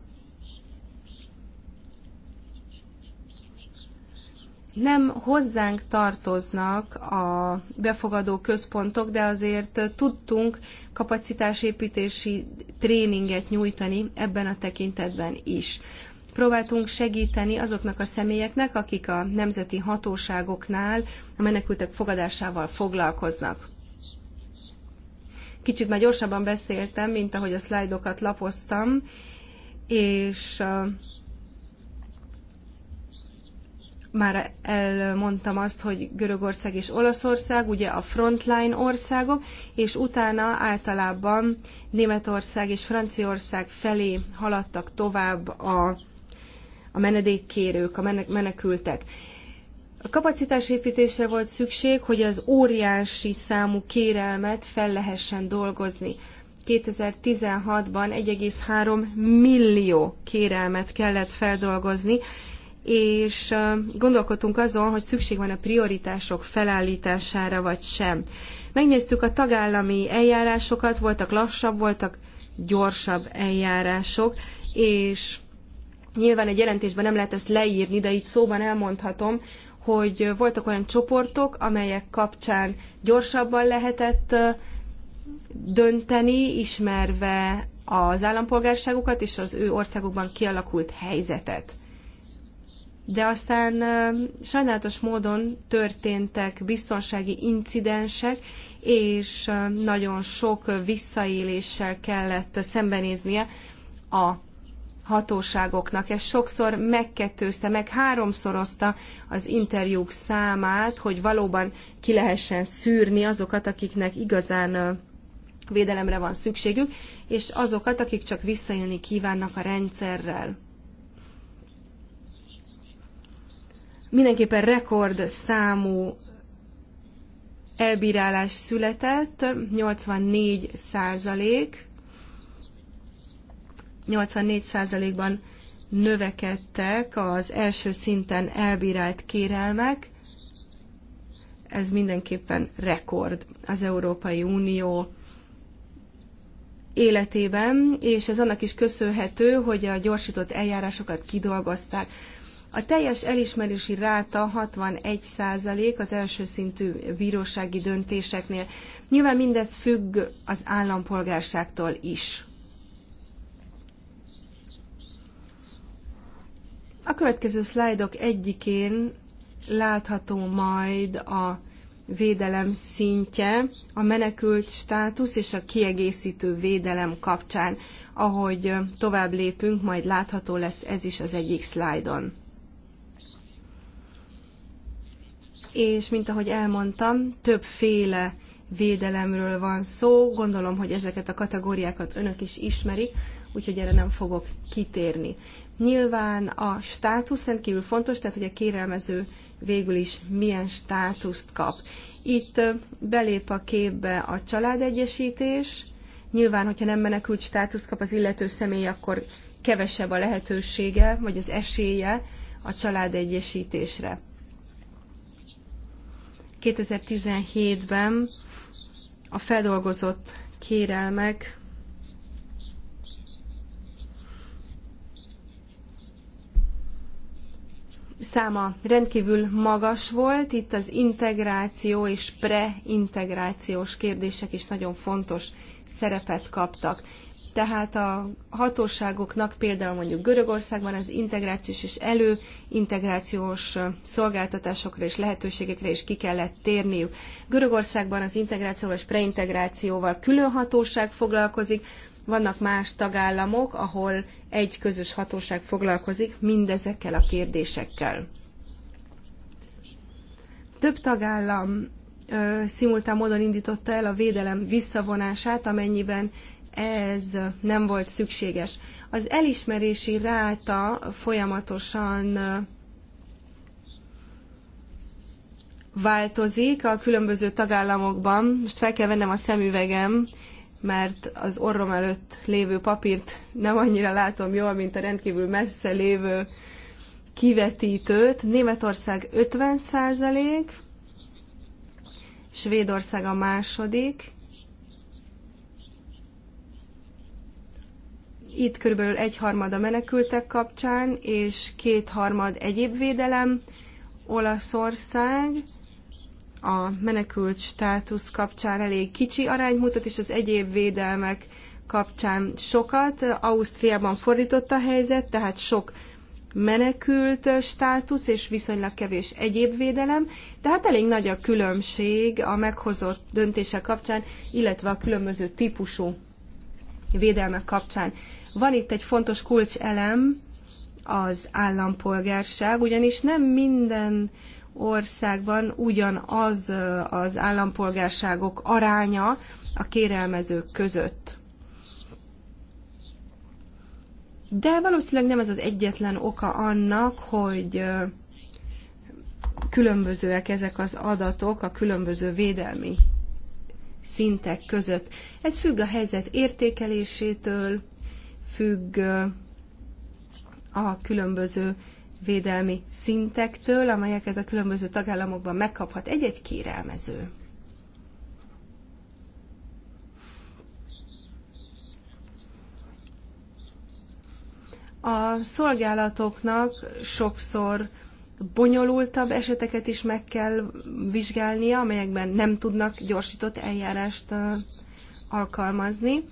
nem hozzánk tartoznak a befogadó központok, de azért tudtunk kapacitásépítési tréninget nyújtani ebben a tekintetben is próbáltunk segíteni azoknak a személyeknek, akik a nemzeti hatóságoknál a menekültek fogadásával foglalkoznak. Kicsit már gyorsabban beszéltem, mint ahogy a szlájdokat lapoztam, és már elmondtam azt, hogy Görögország és Olaszország, ugye a frontline országok, és utána általában Németország és Franciaország felé haladtak tovább a a menedékkérők, a menekültek. A kapacitásépítésre volt szükség, hogy az óriási számú kérelmet fel lehessen dolgozni. 2016-ban 1,3 millió kérelmet kellett feldolgozni, és gondolkodtunk azon, hogy szükség van a prioritások felállítására vagy sem. Megnéztük a tagállami eljárásokat, voltak lassabb, voltak gyorsabb eljárások, és Nyilván egy jelentésben nem lehet ezt leírni, de így szóban elmondhatom, hogy voltak olyan csoportok, amelyek kapcsán gyorsabban lehetett dönteni, ismerve az állampolgárságukat és az ő országukban kialakult helyzetet. De aztán sajnálatos módon történtek biztonsági incidensek, és nagyon sok visszaéléssel kellett szembenéznie a hatóságoknak. Ez sokszor megkettőzte, meg háromszorozta az interjúk számát, hogy valóban ki lehessen szűrni azokat, akiknek igazán védelemre van szükségük, és azokat, akik csak visszaélni kívánnak a rendszerrel. Mindenképpen rekord számú elbírálás született, 84 százalék, 84%-ban növekedtek az első szinten elbírált kérelmek, ez mindenképpen rekord az Európai Unió életében, és ez annak is köszönhető, hogy a gyorsított eljárásokat kidolgozták. A teljes elismerési ráta 61 az első szintű bírósági döntéseknél. Nyilván mindez függ az állampolgárságtól is. A következő szlájdok egyikén látható majd a védelem szintje, a menekült státusz és a kiegészítő védelem kapcsán. Ahogy tovább lépünk, majd látható lesz ez is az egyik szlájdon. És mint ahogy elmondtam, többféle védelemről van szó. Gondolom, hogy ezeket a kategóriákat önök is ismerik, úgyhogy erre nem fogok kitérni. Nyilván a státusz rendkívül fontos, tehát hogy a kérelmező végül is milyen státuszt kap. Itt belép a képbe a családegyesítés, nyilván, hogyha nem menekült státuszt kap az illető személy, akkor kevesebb a lehetősége, vagy az esélye a családegyesítésre. 2017-ben a feldolgozott kérelmek száma rendkívül magas volt, itt az integráció és preintegrációs kérdések is nagyon fontos szerepet kaptak. Tehát a hatóságoknak például mondjuk Görögországban az integrációs és előintegrációs szolgáltatásokra és lehetőségekre is ki kellett térniük. Görögországban az integrációval és preintegrációval külön hatóság foglalkozik, vannak más tagállamok, ahol egy közös hatóság foglalkozik mindezekkel a kérdésekkel. Több tagállam ö, szimultán módon indította el a védelem visszavonását, amennyiben ez nem volt szükséges. Az elismerési ráta folyamatosan változik a különböző tagállamokban. Most fel kell vennem a szemüvegem, mert az orrom előtt lévő papírt nem annyira látom jól, mint a rendkívül messze lévő kivetítőt. Németország 50 százalék, Svédország a második, itt körülbelül egyharmad a menekültek kapcsán, és kétharmad egyéb védelem, Olaszország a menekült státusz kapcsán elég kicsi arány mutat, és az egyéb védelmek kapcsán sokat. Ausztriában fordított a helyzet, tehát sok menekült státusz és viszonylag kevés egyéb védelem, tehát elég nagy a különbség a meghozott döntése kapcsán, illetve a különböző típusú védelmek kapcsán. Van itt egy fontos kulcselem, az állampolgárság, ugyanis nem minden országban ugyanaz az állampolgárságok aránya a kérelmezők között. De valószínűleg nem ez az egyetlen oka annak, hogy különbözőek ezek az adatok a különböző védelmi szintek között. Ez függ a helyzet értékelésétől, függ a különböző védelmi szintektől, amelyeket a különböző tagállamokban megkaphat egy-egy kérelmező. A szolgálatoknak sokszor bonyolultabb eseteket is meg kell vizsgálnia, amelyekben nem tudnak gyorsított eljárást alkalmazni.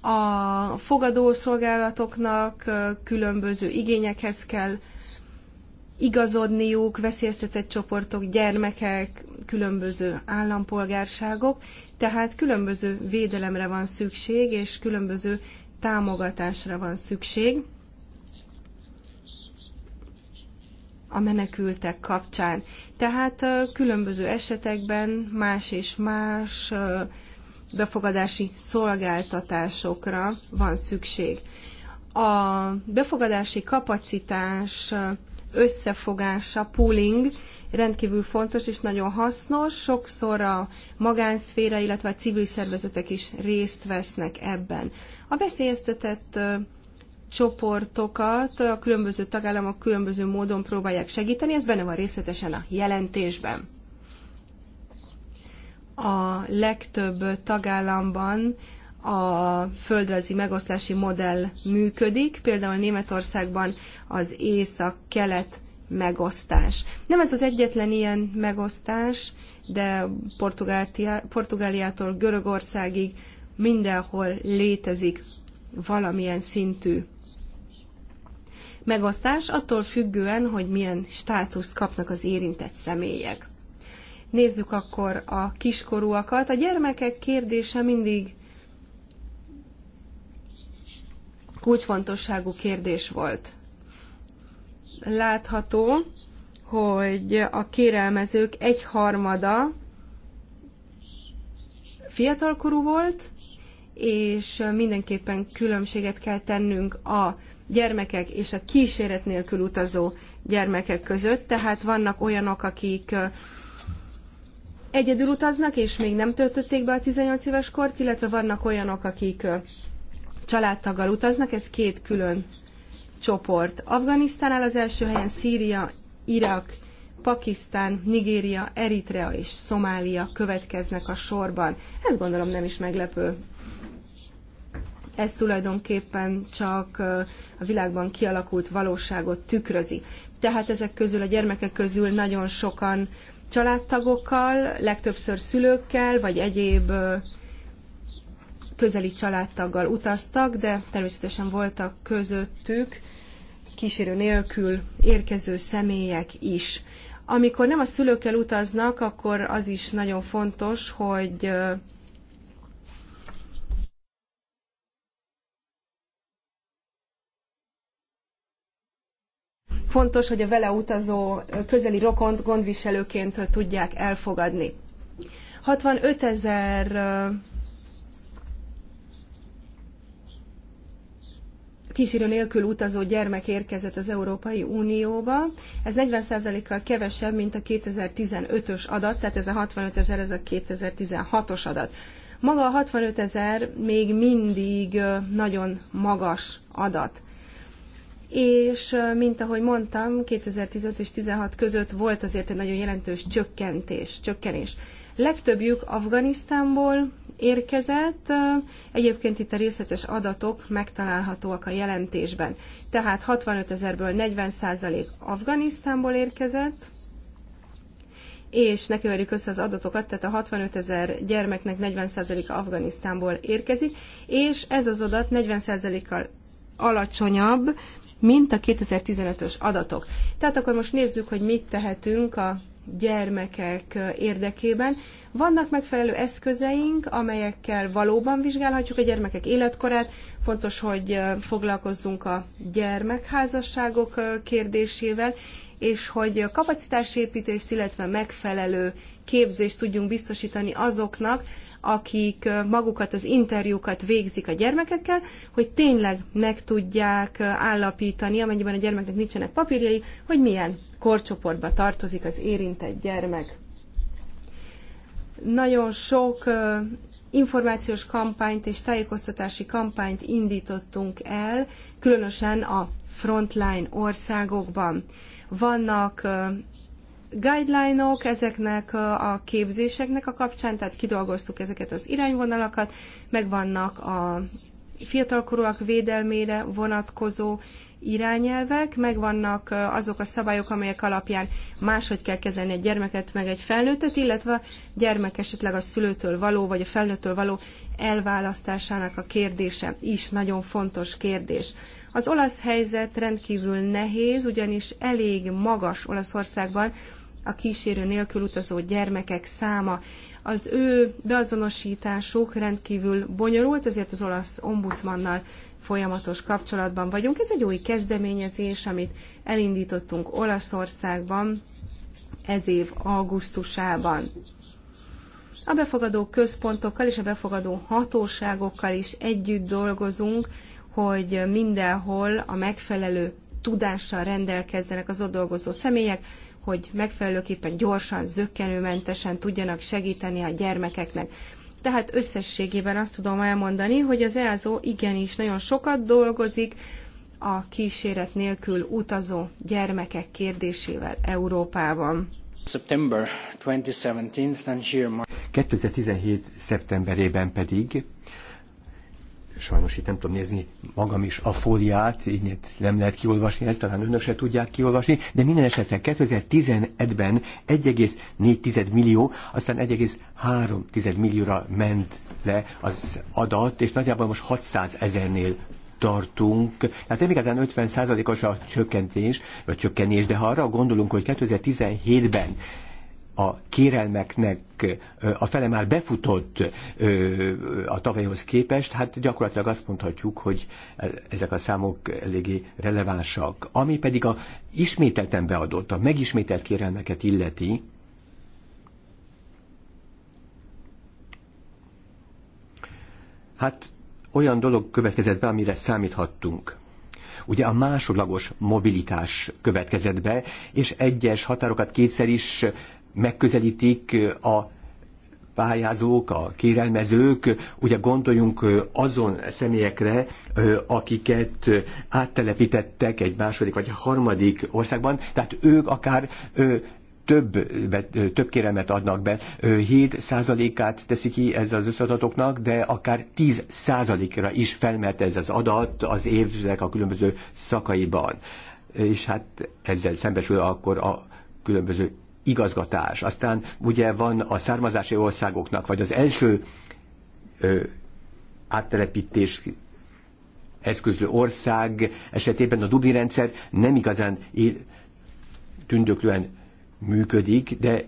A fogadó szolgálatoknak különböző igényekhez kell igazodniuk, veszélyeztetett csoportok, gyermekek, különböző állampolgárságok, tehát különböző védelemre van szükség, és különböző támogatásra van szükség a menekültek kapcsán. Tehát különböző esetekben más és más befogadási szolgáltatásokra van szükség. A befogadási kapacitás összefogása, pooling rendkívül fontos és nagyon hasznos. Sokszor a magánszféra, illetve a civil szervezetek is részt vesznek ebben. A veszélyeztetett csoportokat a különböző tagállamok különböző módon próbálják segíteni, ez benne van részletesen a jelentésben. A legtöbb tagállamban a földrajzi megoszlási modell működik, például Németországban az észak-kelet megosztás. Nem ez az egyetlen ilyen megosztás, de Portugáliától Görögországig mindenhol létezik valamilyen szintű megosztás, attól függően, hogy milyen státuszt kapnak az érintett személyek. Nézzük akkor a kiskorúakat. A gyermekek kérdése mindig kulcsfontosságú kérdés volt. Látható, hogy a kérelmezők egyharmada fiatalkorú volt, és mindenképpen különbséget kell tennünk a gyermekek és a kíséret nélkül utazó gyermekek között. Tehát vannak olyanok, akik egyedül utaznak, és még nem töltötték be a 18 éves kort, illetve vannak olyanok, akik családtaggal utaznak, ez két külön csoport. Afganisztán az első helyen, Szíria, Irak, Pakisztán, Nigéria, Eritrea és Szomália következnek a sorban. Ez gondolom nem is meglepő. Ez tulajdonképpen csak a világban kialakult valóságot tükrözi. Tehát ezek közül, a gyermekek közül nagyon sokan családtagokkal, legtöbbször szülőkkel, vagy egyéb közeli családtaggal utaztak, de természetesen voltak közöttük kísérő nélkül érkező személyek is. Amikor nem a szülőkkel utaznak, akkor az is nagyon fontos, hogy fontos, hogy a vele utazó közeli rokont gondviselőként tudják elfogadni. 65 ezer kísérő nélkül utazó gyermek érkezett az Európai Unióba. Ez 40%-kal kevesebb, mint a 2015-ös adat, tehát ez a 65 ezer, ez a 2016-os adat. Maga a 65 ezer még mindig nagyon magas adat. És, mint ahogy mondtam, 2015 és 16 között volt azért egy nagyon jelentős csökkentés, csökkenés. Legtöbbjük Afganisztánból, érkezett. Egyébként itt a részletes adatok megtalálhatóak a jelentésben. Tehát 65 ezerből 40 százalék Afganisztánból érkezett, és ne keverjük össze az adatokat, tehát a 65 ezer gyermeknek 40 százaléka Afganisztánból érkezik, és ez az adat 40 százalékkal alacsonyabb, mint a 2015-ös adatok. Tehát akkor most nézzük, hogy mit tehetünk a gyermekek érdekében. Vannak megfelelő eszközeink, amelyekkel valóban vizsgálhatjuk a gyermekek életkorát. Fontos, hogy foglalkozzunk a gyermekházasságok kérdésével, és hogy kapacitásépítést, illetve megfelelő képzést tudjunk biztosítani azoknak, akik magukat az interjúkat végzik a gyermekekkel, hogy tényleg meg tudják állapítani, amennyiben a gyermeknek nincsenek papírjai, hogy milyen korcsoportba tartozik az érintett gyermek. Nagyon sok információs kampányt és tájékoztatási kampányt indítottunk el, különösen a frontline országokban. Vannak guideline-ok -ok, ezeknek a képzéseknek a kapcsán, tehát kidolgoztuk ezeket az irányvonalakat, megvannak a fiatalkorúak védelmére vonatkozó irányelvek, megvannak azok a szabályok, amelyek alapján máshogy kell kezelni egy gyermeket, meg egy felnőttet, illetve a gyermek esetleg a szülőtől való, vagy a felnőttől való elválasztásának a kérdése is nagyon fontos kérdés. Az olasz helyzet rendkívül nehéz, ugyanis elég magas Olaszországban a kísérő nélkül utazó gyermekek száma. Az ő beazonosításuk rendkívül bonyolult, ezért az olasz ombudsmannal folyamatos kapcsolatban vagyunk. Ez egy új kezdeményezés, amit elindítottunk Olaszországban ez év augusztusában. A befogadó központokkal és a befogadó hatóságokkal is együtt dolgozunk, hogy mindenhol a megfelelő tudással rendelkezzenek az ott dolgozó személyek, hogy megfelelőképpen gyorsan, zöggenőmentesen tudjanak segíteni a gyermekeknek. Tehát összességében azt tudom elmondani, hogy az EASO igenis nagyon sokat dolgozik a kíséret nélkül utazó gyermekek kérdésével Európában. 2017, 2017 szeptemberében pedig sajnos itt nem tudom nézni magam is a fóliát, így nem lehet kiolvasni, ezt talán önök se tudják kiolvasni, de minden esetre 2011-ben 1,4 millió, aztán 1,3 millióra ment le az adat, és nagyjából most 600 ezernél tartunk. Tehát nem igazán 50%-os a csökkentés, vagy csökkenés, de ha arra gondolunk, hogy 2017-ben a kérelmeknek a fele már befutott a tavalyhoz képest, hát gyakorlatilag azt mondhatjuk, hogy e, ezek a számok eléggé relevánsak. Ami pedig a ismételten beadott, a megismételt kérelmeket illeti, hát olyan dolog következett be, amire számíthattunk ugye a másodlagos mobilitás következett be, és egyes határokat kétszer is megközelítik a pályázók, a kérelmezők, ugye gondoljunk azon személyekre, akiket áttelepítettek egy második vagy harmadik országban, tehát ők akár több, több kérelmet adnak be. 7%-át teszi ki ez az összadatoknak, de akár 10 százalékra is felmert ez az adat az évnek a különböző szakaiban. És hát ezzel szembesül akkor a különböző igazgatás. Aztán ugye van a származási országoknak, vagy az első ö, áttelepítés eszközlő ország esetében a Dublin rendszer nem igazán él, tündöklően működik, de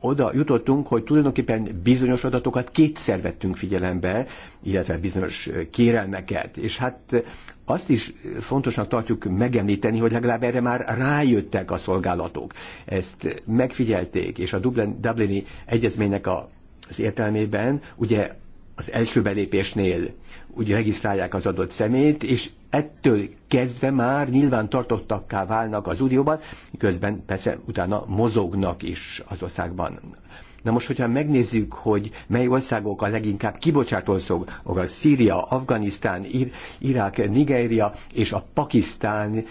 oda jutottunk, hogy tulajdonképpen bizonyos adatokat kétszer vettünk figyelembe, illetve bizonyos kérelmeket. És hát azt is fontosnak tartjuk megemlíteni, hogy legalább erre már rájöttek a szolgálatok. Ezt megfigyelték, és a Dublin, Dublini egyezménynek a, az értelmében ugye az első belépésnél ugye regisztrálják az adott szemét, és ettől kezdve már nyilván tartottakká válnak az unióban, közben persze utána mozognak is az országban. Na most, hogyha megnézzük, hogy mely országok a leginkább kibocsátó országok, a Szíria, Afganisztán, Ir- Irák, Nigéria és a Pakisztán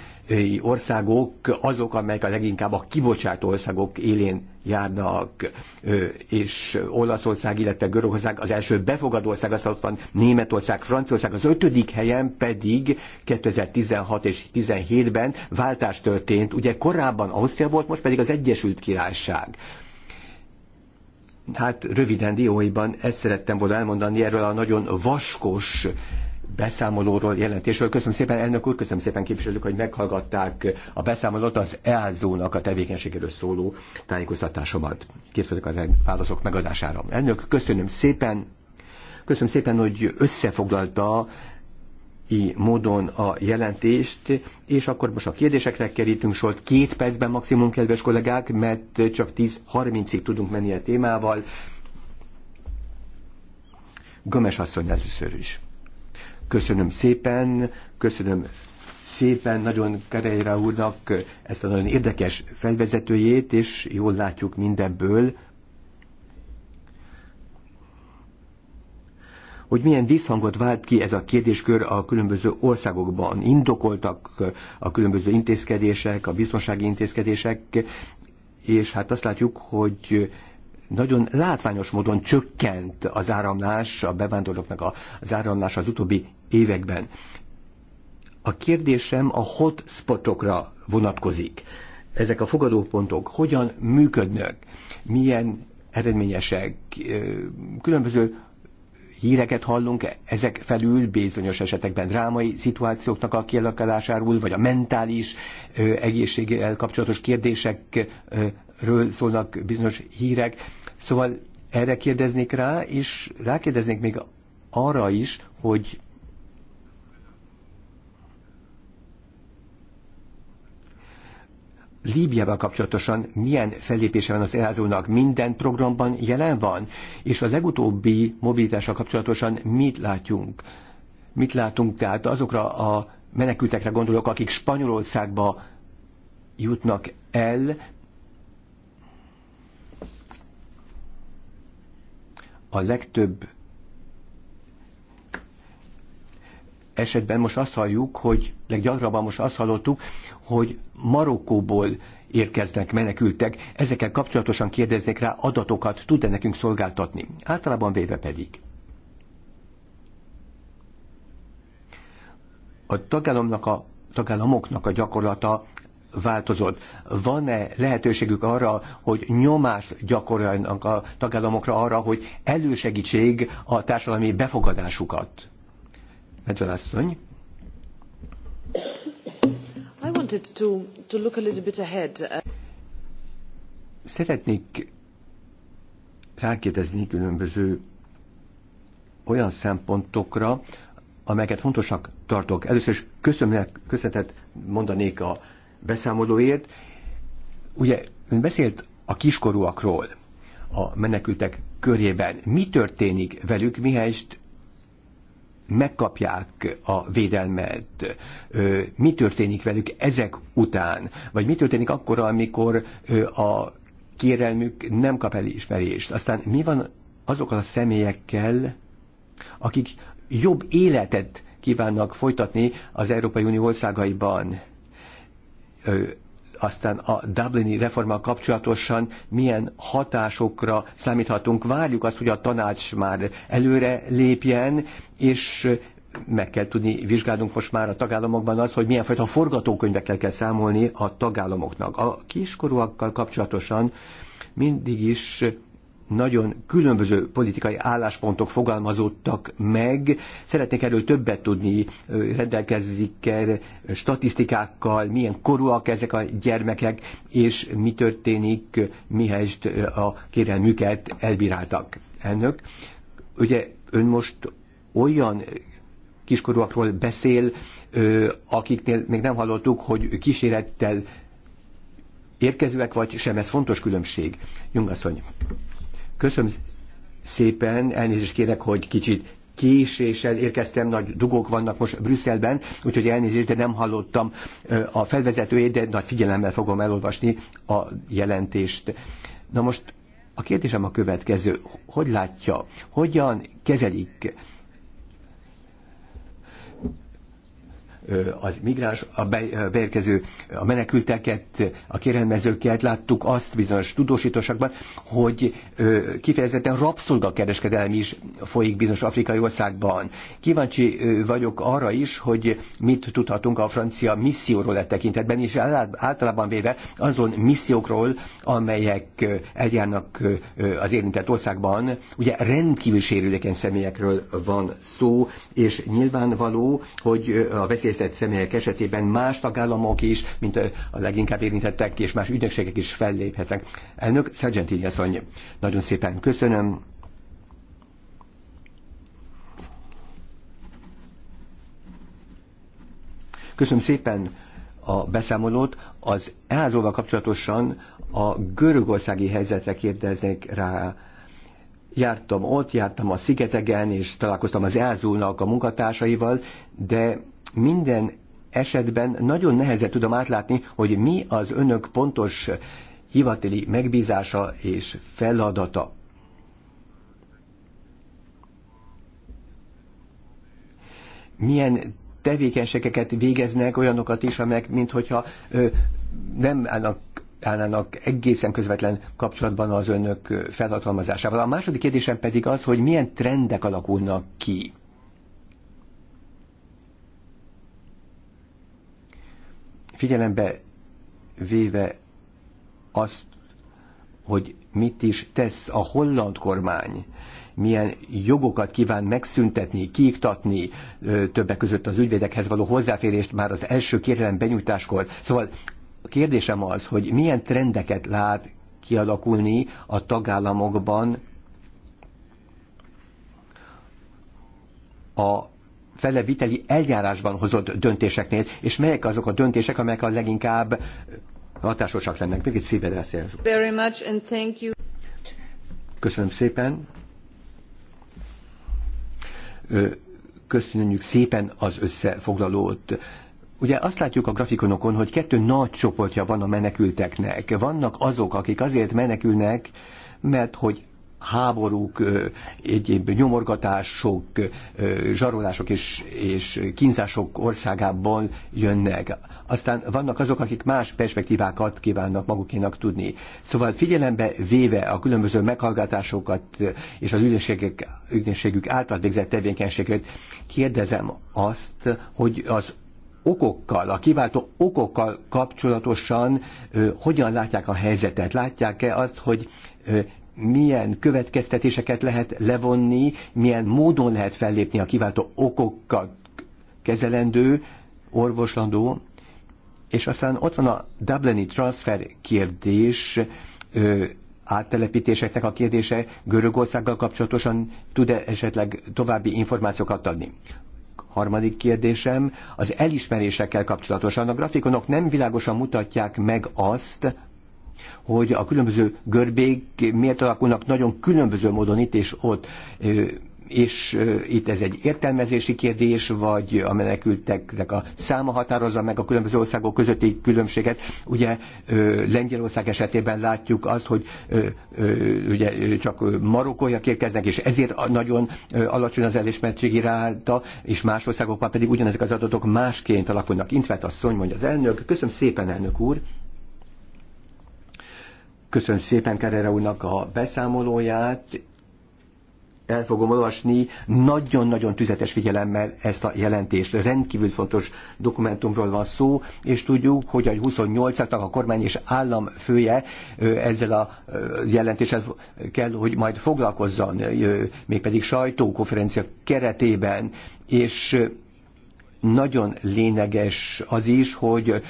országok azok, amelyek a leginkább a kibocsátó országok élén járnak, és Olaszország, illetve Görögország az első befogadó ország, az ott van Németország, Franciaország, az ötödik helyen pedig 2016 és 2017 ben váltás történt, ugye korábban Ausztria volt, most pedig az Egyesült Királyság. Hát röviden dióiban ezt szerettem volna elmondani erről a nagyon vaskos beszámolóról, jelentésről. Köszönöm szépen, elnök úr, köszönöm szépen képviselők, hogy meghallgatták a beszámolót az elzónak a tevékenységéről szóló tájékoztatásomat. Készülök a válaszok megadására. Elnök, köszönöm szépen, köszönöm szépen, hogy összefoglalta így módon a jelentést, és akkor most a kérdésekre kerítünk sort két percben maximum, kedves kollégák, mert csak 10.30-ig tudunk menni a témával. Gömes asszony először is. Köszönöm szépen, köszönöm szépen nagyon Kereira úrnak ezt a nagyon érdekes felvezetőjét, és jól látjuk mindebből, hogy milyen visszhangot vált ki ez a kérdéskör a különböző országokban. Indokoltak a különböző intézkedések, a biztonsági intézkedések, és hát azt látjuk, hogy nagyon látványos módon csökkent az áramlás, a bevándorlóknak az áramlás az utóbbi években. A kérdésem a hotspotokra vonatkozik. Ezek a fogadópontok hogyan működnek, milyen eredményesek, különböző híreket hallunk, ezek felül bizonyos esetekben drámai szituációknak a kialakulásáról, vagy a mentális egészséggel kapcsolatos kérdésekről szólnak bizonyos hírek. Szóval erre kérdeznék rá, és rákérdeznék még arra is, hogy Líbiával kapcsolatosan milyen fellépése van az elházónak, minden programban jelen van, és a legutóbbi mobilitással kapcsolatosan mit látjunk? Mit látunk tehát azokra a menekültekre gondolok, akik Spanyolországba jutnak el, a legtöbb esetben most azt halljuk, hogy leggyakrabban most azt hallottuk, hogy Marokkóból érkeznek menekültek, ezekkel kapcsolatosan kérdeznek rá adatokat, tud-e nekünk szolgáltatni? Általában véve pedig. A tagállamnak a, tagállamoknak a gyakorlata változott. Van-e lehetőségük arra, hogy nyomást gyakoroljanak a tagállamokra arra, hogy elősegítség a társadalmi befogadásukat? Medvelasszony. I wanted to, to look a little bit ahead. Szeretnék rákérdezni különböző olyan szempontokra, amelyeket fontosak tartok. Először is köszönöm, köszönetet mondanék a beszámolóért. Ugye ön beszélt a kiskorúakról a menekültek körében. Mi történik velük, mihelyest megkapják a védelmet, mi történik velük ezek után, vagy mi történik akkor, amikor a kérelmük nem kap elismerést. Aztán mi van azokkal a személyekkel, akik jobb életet kívánnak folytatni az Európai Unió országaiban aztán a Dublini reforma kapcsolatosan milyen hatásokra számíthatunk. Várjuk azt, hogy a tanács már előre lépjen, és meg kell tudni vizsgálnunk most már a tagállamokban az, hogy milyen fajta forgatókönyvekkel kell számolni a tagállamoknak. A kiskorúakkal kapcsolatosan mindig is nagyon különböző politikai álláspontok fogalmazódtak meg. Szeretnék erről többet tudni, rendelkezik -e statisztikákkal, milyen korúak ezek a gyermekek, és mi történik, mihelyest a kérelmüket elbíráltak. Elnök, ugye ön most olyan kiskorúakról beszél, akiknél még nem hallottuk, hogy kísérettel érkezőek vagy sem, ez fontos különbség. Jungasszony. Köszönöm szépen, elnézést kérek, hogy kicsit késéssel érkeztem, nagy dugók vannak most Brüsszelben, úgyhogy elnézést, de nem hallottam a felvezetőjét, de nagy figyelemmel fogom elolvasni a jelentést. Na most a kérdésem a következő. Hogy látja, hogyan kezelik az migráns, a beérkező, a menekülteket, a kérelmezőket, láttuk azt bizonyos tudósításokban, hogy kifejezetten rabszolgakereskedelmi is folyik bizonyos afrikai országban. Kíváncsi vagyok arra is, hogy mit tudhatunk a francia misszióról e tekintetben, és általában véve azon missziókról, amelyek eljárnak az érintett országban. Ugye rendkívül sérülékeny személyekről van szó, és nyilvánvaló, hogy a veszélyes veszélyeztetett személyek esetében más tagállamok is, mint a leginkább érintettek, és más ügynökségek is felléphetnek. Elnök Sargentini asszony, nagyon szépen köszönöm. Köszönöm szépen a beszámolót. Az elházóval kapcsolatosan a görögországi helyzetre kérdeznék rá. Jártam ott, jártam a szigetegen, és találkoztam az easo a munkatársaival, de minden esetben nagyon nehezen tudom átlátni, hogy mi az önök pontos hivatali megbízása és feladata. Milyen tevékenységeket végeznek, olyanokat is, amelyek, mint hogyha ö, nem állnak állnának egészen közvetlen kapcsolatban az önök felhatalmazásával. A második kérdésem pedig az, hogy milyen trendek alakulnak ki. figyelembe véve azt, hogy mit is tesz a holland kormány, milyen jogokat kíván megszüntetni, kiiktatni többek között az ügyvédekhez való hozzáférést már az első kérelem benyújtáskor. Szóval a kérdésem az, hogy milyen trendeket lát kialakulni a tagállamokban a feleviteli eljárásban hozott döntéseknél, és melyek azok a döntések, amelyek a leginkább hatásosak lennek. Még egy szíved beszél. Very much and thank you. Köszönöm szépen. Köszönjük szépen az összefoglalót. Ugye azt látjuk a grafikonokon, hogy kettő nagy csoportja van a menekülteknek. Vannak azok, akik azért menekülnek, mert hogy háborúk, egyéb nyomorgatások, zsarolások és, és kínzások országában jönnek. Aztán vannak azok, akik más perspektívákat kívánnak magukénak tudni. Szóval figyelembe véve a különböző meghallgatásokat és az ügynökségek, ügynökségük által végzett tevékenységet, kérdezem azt, hogy az okokkal, a kiváltó okokkal kapcsolatosan ö, hogyan látják a helyzetet? Látják-e azt, hogy ö, milyen következtetéseket lehet levonni, milyen módon lehet fellépni a kiváltó okokkal kezelendő, orvoslandó, és aztán ott van a Dublini transfer kérdés, ö, áttelepítéseknek a kérdése Görögországgal kapcsolatosan tud-e esetleg további információkat adni? Harmadik kérdésem, az elismerésekkel kapcsolatosan a grafikonok nem világosan mutatják meg azt, hogy a különböző görbék miért alakulnak nagyon különböző módon itt és ott és itt ez egy értelmezési kérdés, vagy a menekülteknek a száma határozza meg a különböző országok közötti különbséget. Ugye Lengyelország esetében látjuk azt, hogy ugye csak marokkóiak érkeznek, és ezért nagyon alacsony az elismertség iránta, és más országokban pedig ugyanezek az adatok másként alakulnak. Intvet asszony, mondja az elnök. Köszönöm szépen, elnök úr! Köszönöm szépen Kerere úrnak a beszámolóját, el fogom olvasni nagyon-nagyon tüzetes figyelemmel ezt a jelentést. Rendkívül fontos dokumentumról van szó, és tudjuk, hogy a 28-aknak a kormány és állam fője ezzel a jelentéssel kell, hogy majd foglalkozzon, mégpedig sajtókonferencia keretében, és nagyon lényeges az is, hogy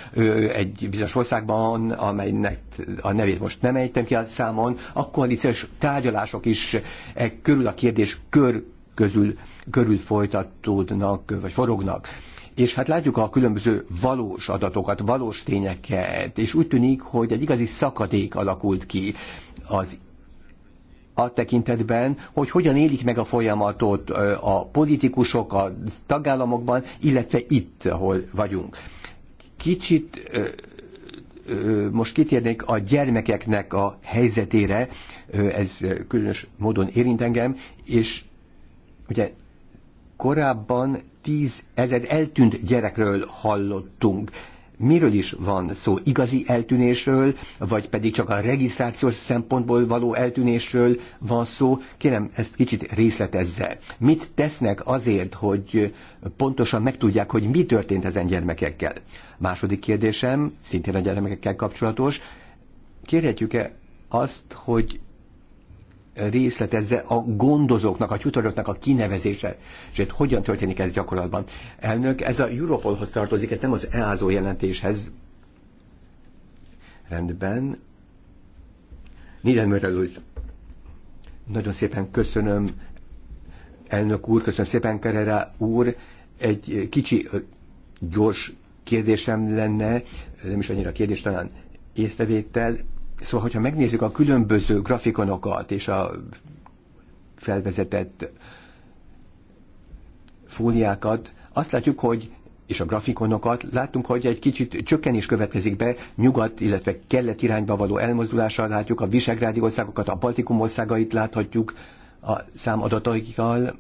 egy bizonyos országban, amelynek a nevét most nem ejtem ki a számon, a koalíciós tárgyalások is e körül a kérdés kör közül, körül folytatódnak, vagy forognak. És hát látjuk a különböző valós adatokat, valós tényeket, és úgy tűnik, hogy egy igazi szakadék alakult ki az a tekintetben, hogy hogyan élik meg a folyamatot a politikusok a tagállamokban, illetve itt, ahol vagyunk. Kicsit most kitérnék a gyermekeknek a helyzetére, ez különös módon érint engem, és ugye korábban ezer eltűnt gyerekről hallottunk miről is van szó? Igazi eltűnésről, vagy pedig csak a regisztrációs szempontból való eltűnésről van szó? Kérem, ezt kicsit részletezze. Mit tesznek azért, hogy pontosan megtudják, hogy mi történt ezen gyermekekkel? Második kérdésem, szintén a gyermekekkel kapcsolatos. Kérhetjük-e azt, hogy részletezze a gondozóknak, a tutoroknak a kinevezése, és hogy hogyan történik ez gyakorlatban. Elnök, ez a Europolhoz tartozik, ez nem az EASO jelentéshez. Rendben. Niedermörrel úr. Nagyon szépen köszönöm, elnök úr, köszönöm szépen, Kerere úr. Egy kicsi, gyors kérdésem lenne, nem is annyira kérdés, talán észrevétel, Szóval, hogyha megnézzük a különböző grafikonokat és a felvezetett fóliákat, azt látjuk, hogy és a grafikonokat látunk, hogy egy kicsit csökken is következik be, nyugat, illetve kelet irányba való elmozdulásra látjuk, a visegrádi országokat, a Baltikum országait láthatjuk a számadataikkal.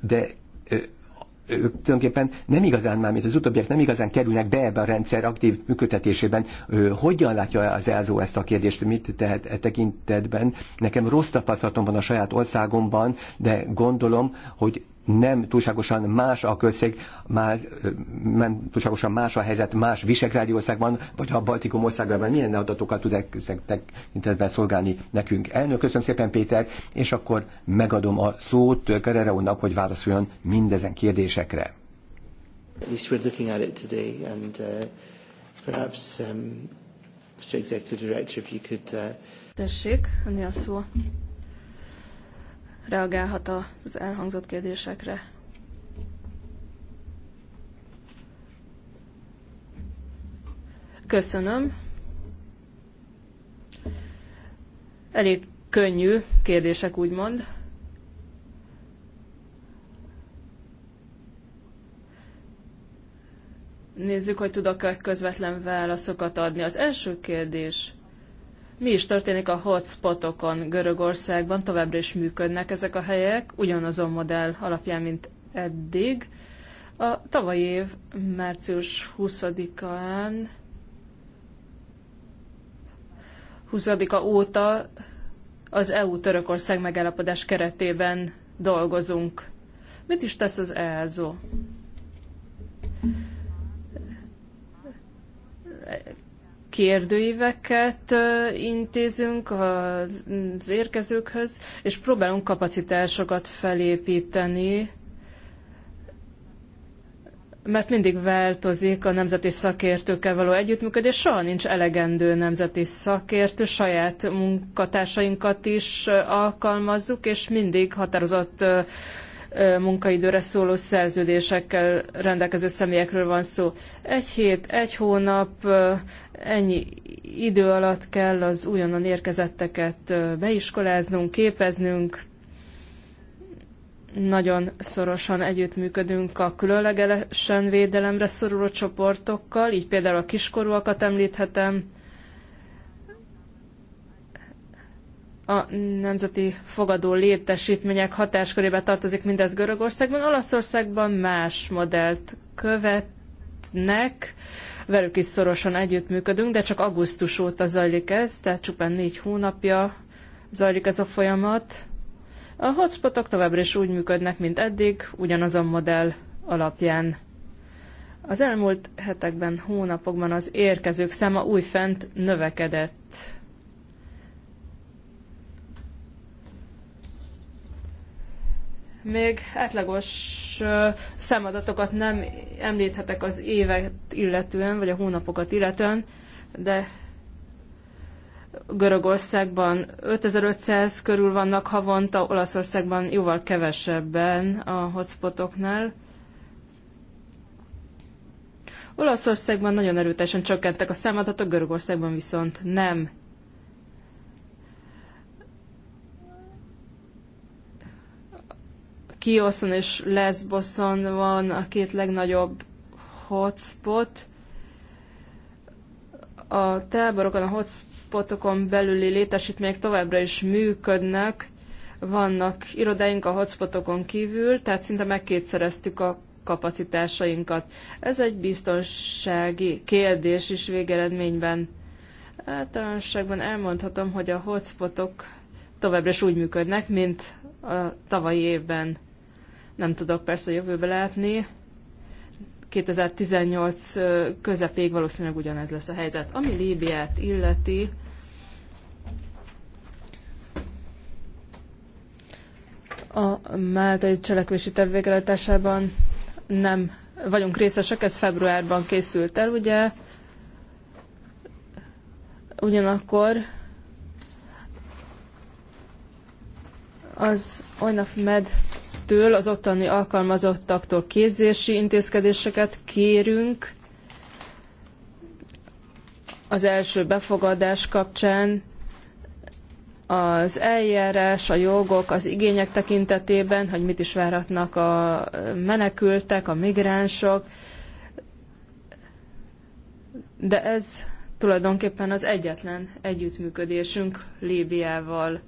De ők tulajdonképpen nem igazán már, mint az utóbbiak nem igazán kerülnek be ebbe a rendszer aktív működtetésében. Hogyan látja az ELZO ezt a kérdést, mit tehet e tekintetben? Nekem rossz tapasztalatom van a saját országomban, de gondolom, hogy nem túlságosan más a közszeg, már nem túlságosan más a helyzet más Visegrádi országban, vagy a Baltikum országában. Milyen adatokat tud e-, e-, e-, tekintetben szolgálni nekünk? Elnök, köszönöm szépen Péter, és akkor megadom a szót Kerere úrnak, hogy válaszoljon mindezen kérdésekre. Uh, um, uh, Tessék, a szó reagálhat az elhangzott kérdésekre. Köszönöm. Elég könnyű kérdések, úgymond. Nézzük, hogy tudok-e közvetlen válaszokat adni. Az első kérdés mi is történik a hotspotokon Görögországban? Továbbra is működnek ezek a helyek, ugyanazon modell alapján, mint eddig. A tavalyi év március 20-án 20 óta az EU-Törökország megállapodás keretében dolgozunk. Mit is tesz az ELZO? kérdőíveket intézünk az érkezőkhöz, és próbálunk kapacitásokat felépíteni, mert mindig változik a nemzeti szakértőkkel való együttműködés, soha nincs elegendő nemzeti szakértő, saját munkatársainkat is alkalmazzuk, és mindig határozott munkaidőre szóló szerződésekkel rendelkező személyekről van szó. Egy hét, egy hónap, ennyi idő alatt kell az újonnan érkezetteket beiskoláznunk, képeznünk, nagyon szorosan együttműködünk a különlegesen védelemre szoruló csoportokkal, így például a kiskorúakat említhetem, a nemzeti fogadó létesítmények hatáskörébe tartozik mindez Görögországban. Olaszországban más modellt követnek, velük is szorosan együttműködünk, de csak augusztus óta zajlik ez, tehát csupán négy hónapja zajlik ez a folyamat. A hotspotok továbbra is úgy működnek, mint eddig, ugyanaz a modell alapján. Az elmúlt hetekben, hónapokban az érkezők száma újfent növekedett. még átlagos számadatokat nem említhetek az évet illetően, vagy a hónapokat illetően, de Görögországban 5500 körül vannak havonta, Olaszországban jóval kevesebben a hotspotoknál. Olaszországban nagyon erőteljesen csökkentek a számadatok, Görögországban viszont nem. Kioszon és Lesboszon van a két legnagyobb hotspot. A táborokon, a hotspotokon belüli létesítmények továbbra is működnek, vannak irodáink a hotspotokon kívül, tehát szinte megkétszereztük a kapacitásainkat. Ez egy biztonsági kérdés is végeredményben. Általánosságban elmondhatom, hogy a hotspotok továbbra is úgy működnek, mint a tavalyi évben nem tudok persze jövőbe látni. 2018 közepéig valószínűleg ugyanez lesz a helyzet. Ami Líbiát illeti, a Máltai cselekvési terv nem vagyunk részesek, ez februárban készült el, ugye? Ugyanakkor az olyan Med cégektől, az ottani alkalmazottaktól képzési intézkedéseket kérünk az első befogadás kapcsán, az eljárás, a jogok, az igények tekintetében, hogy mit is várhatnak a menekültek, a migránsok, de ez tulajdonképpen az egyetlen együttműködésünk Líbiával.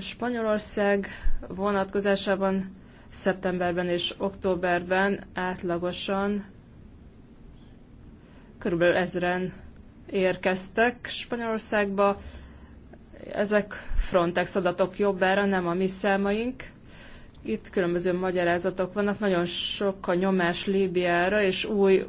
Spanyolország vonatkozásában szeptemberben és októberben átlagosan körülbelül ezren érkeztek Spanyolországba. Ezek Frontex adatok jobbára, nem a mi számaink. Itt különböző magyarázatok vannak, nagyon sok a nyomás Líbiára, és új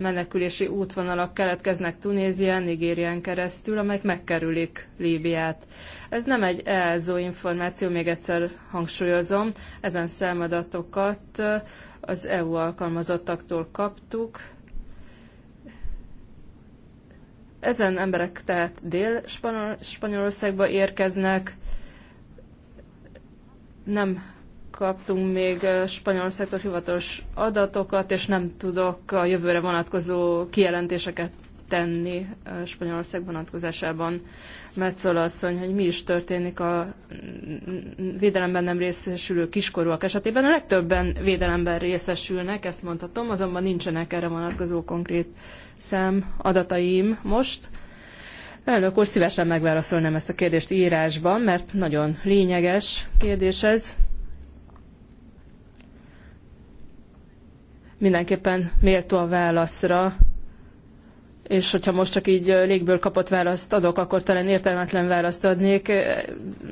menekülési útvonalak keletkeznek Tunézián, Nigérián keresztül, amelyek megkerülik Líbiát. Ez nem egy elzó információ, még egyszer hangsúlyozom, ezen számadatokat eh, az EU alkalmazottaktól kaptuk. Ezen emberek tehát Dél-Spanyolországba érkeznek, nem kaptunk még Spanyolországtól hivatalos adatokat, és nem tudok a jövőre vonatkozó kijelentéseket tenni Spanyolország vonatkozásában szól asszony, hogy mi is történik a védelemben nem részesülő kiskorúak esetében. A legtöbben védelemben részesülnek, ezt mondhatom, azonban nincsenek erre vonatkozó konkrét szám adataim most. Elnök úr, szívesen megválaszolnám ezt a kérdést írásban, mert nagyon lényeges kérdés ez. mindenképpen méltó a válaszra, és hogyha most csak így légből kapott választ adok, akkor talán értelmetlen választ adnék.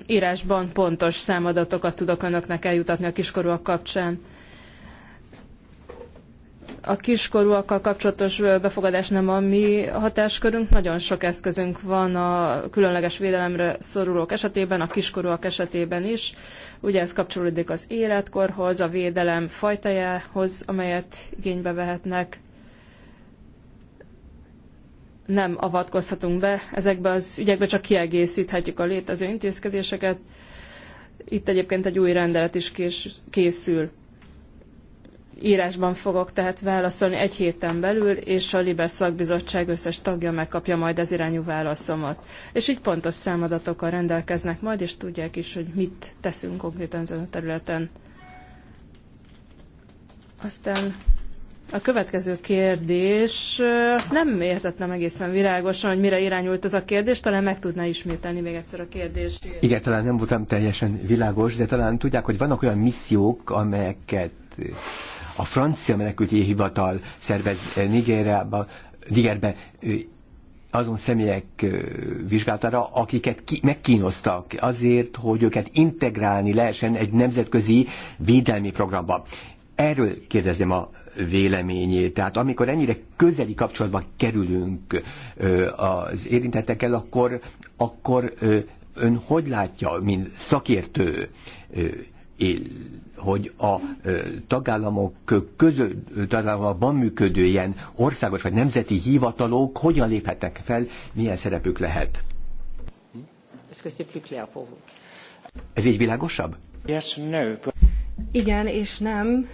Írásban pontos számadatokat tudok önöknek eljutatni a kiskorúak kapcsán a kiskorúakkal kapcsolatos befogadás nem a mi hatáskörünk, nagyon sok eszközünk van a különleges védelemre szorulók esetében, a kiskorúak esetében is. Ugye ez kapcsolódik az életkorhoz, a védelem fajtájához, amelyet igénybe vehetnek. Nem avatkozhatunk be ezekbe az ügyekbe, csak kiegészíthetjük a létező intézkedéseket. Itt egyébként egy új rendelet is készül. Írásban fogok tehát válaszolni egy héten belül, és a Libes szakbizottság összes tagja megkapja majd az irányú válaszomat. És így pontos számadatokkal rendelkeznek majd, és tudják is, hogy mit teszünk konkrétan ezen a területen. Aztán a következő kérdés, azt nem értettem egészen világosan, hogy mire irányult ez a kérdés, talán meg tudná ismételni még egyszer a kérdést. Igen, talán nem voltam teljesen világos, de talán tudják, hogy vannak olyan missziók, amelyeket a francia menekültügyi hivatal szervez eh, Nigériában, Nigerben eh, azon személyek eh, vizsgálatára, akiket ki, megkínoztak azért, hogy őket integrálni lehessen egy nemzetközi védelmi programba. Erről kérdezem a véleményét. Tehát amikor ennyire közeli kapcsolatban kerülünk az érintettekkel, akkor, akkor ön hogy látja, mint szakértő, hogy a tagállamok között, tagállamokban működő ilyen országos vagy nemzeti hivatalok hogyan léphetnek fel, milyen szerepük lehet. Ez így világosabb? Yes, no. Igen és nem,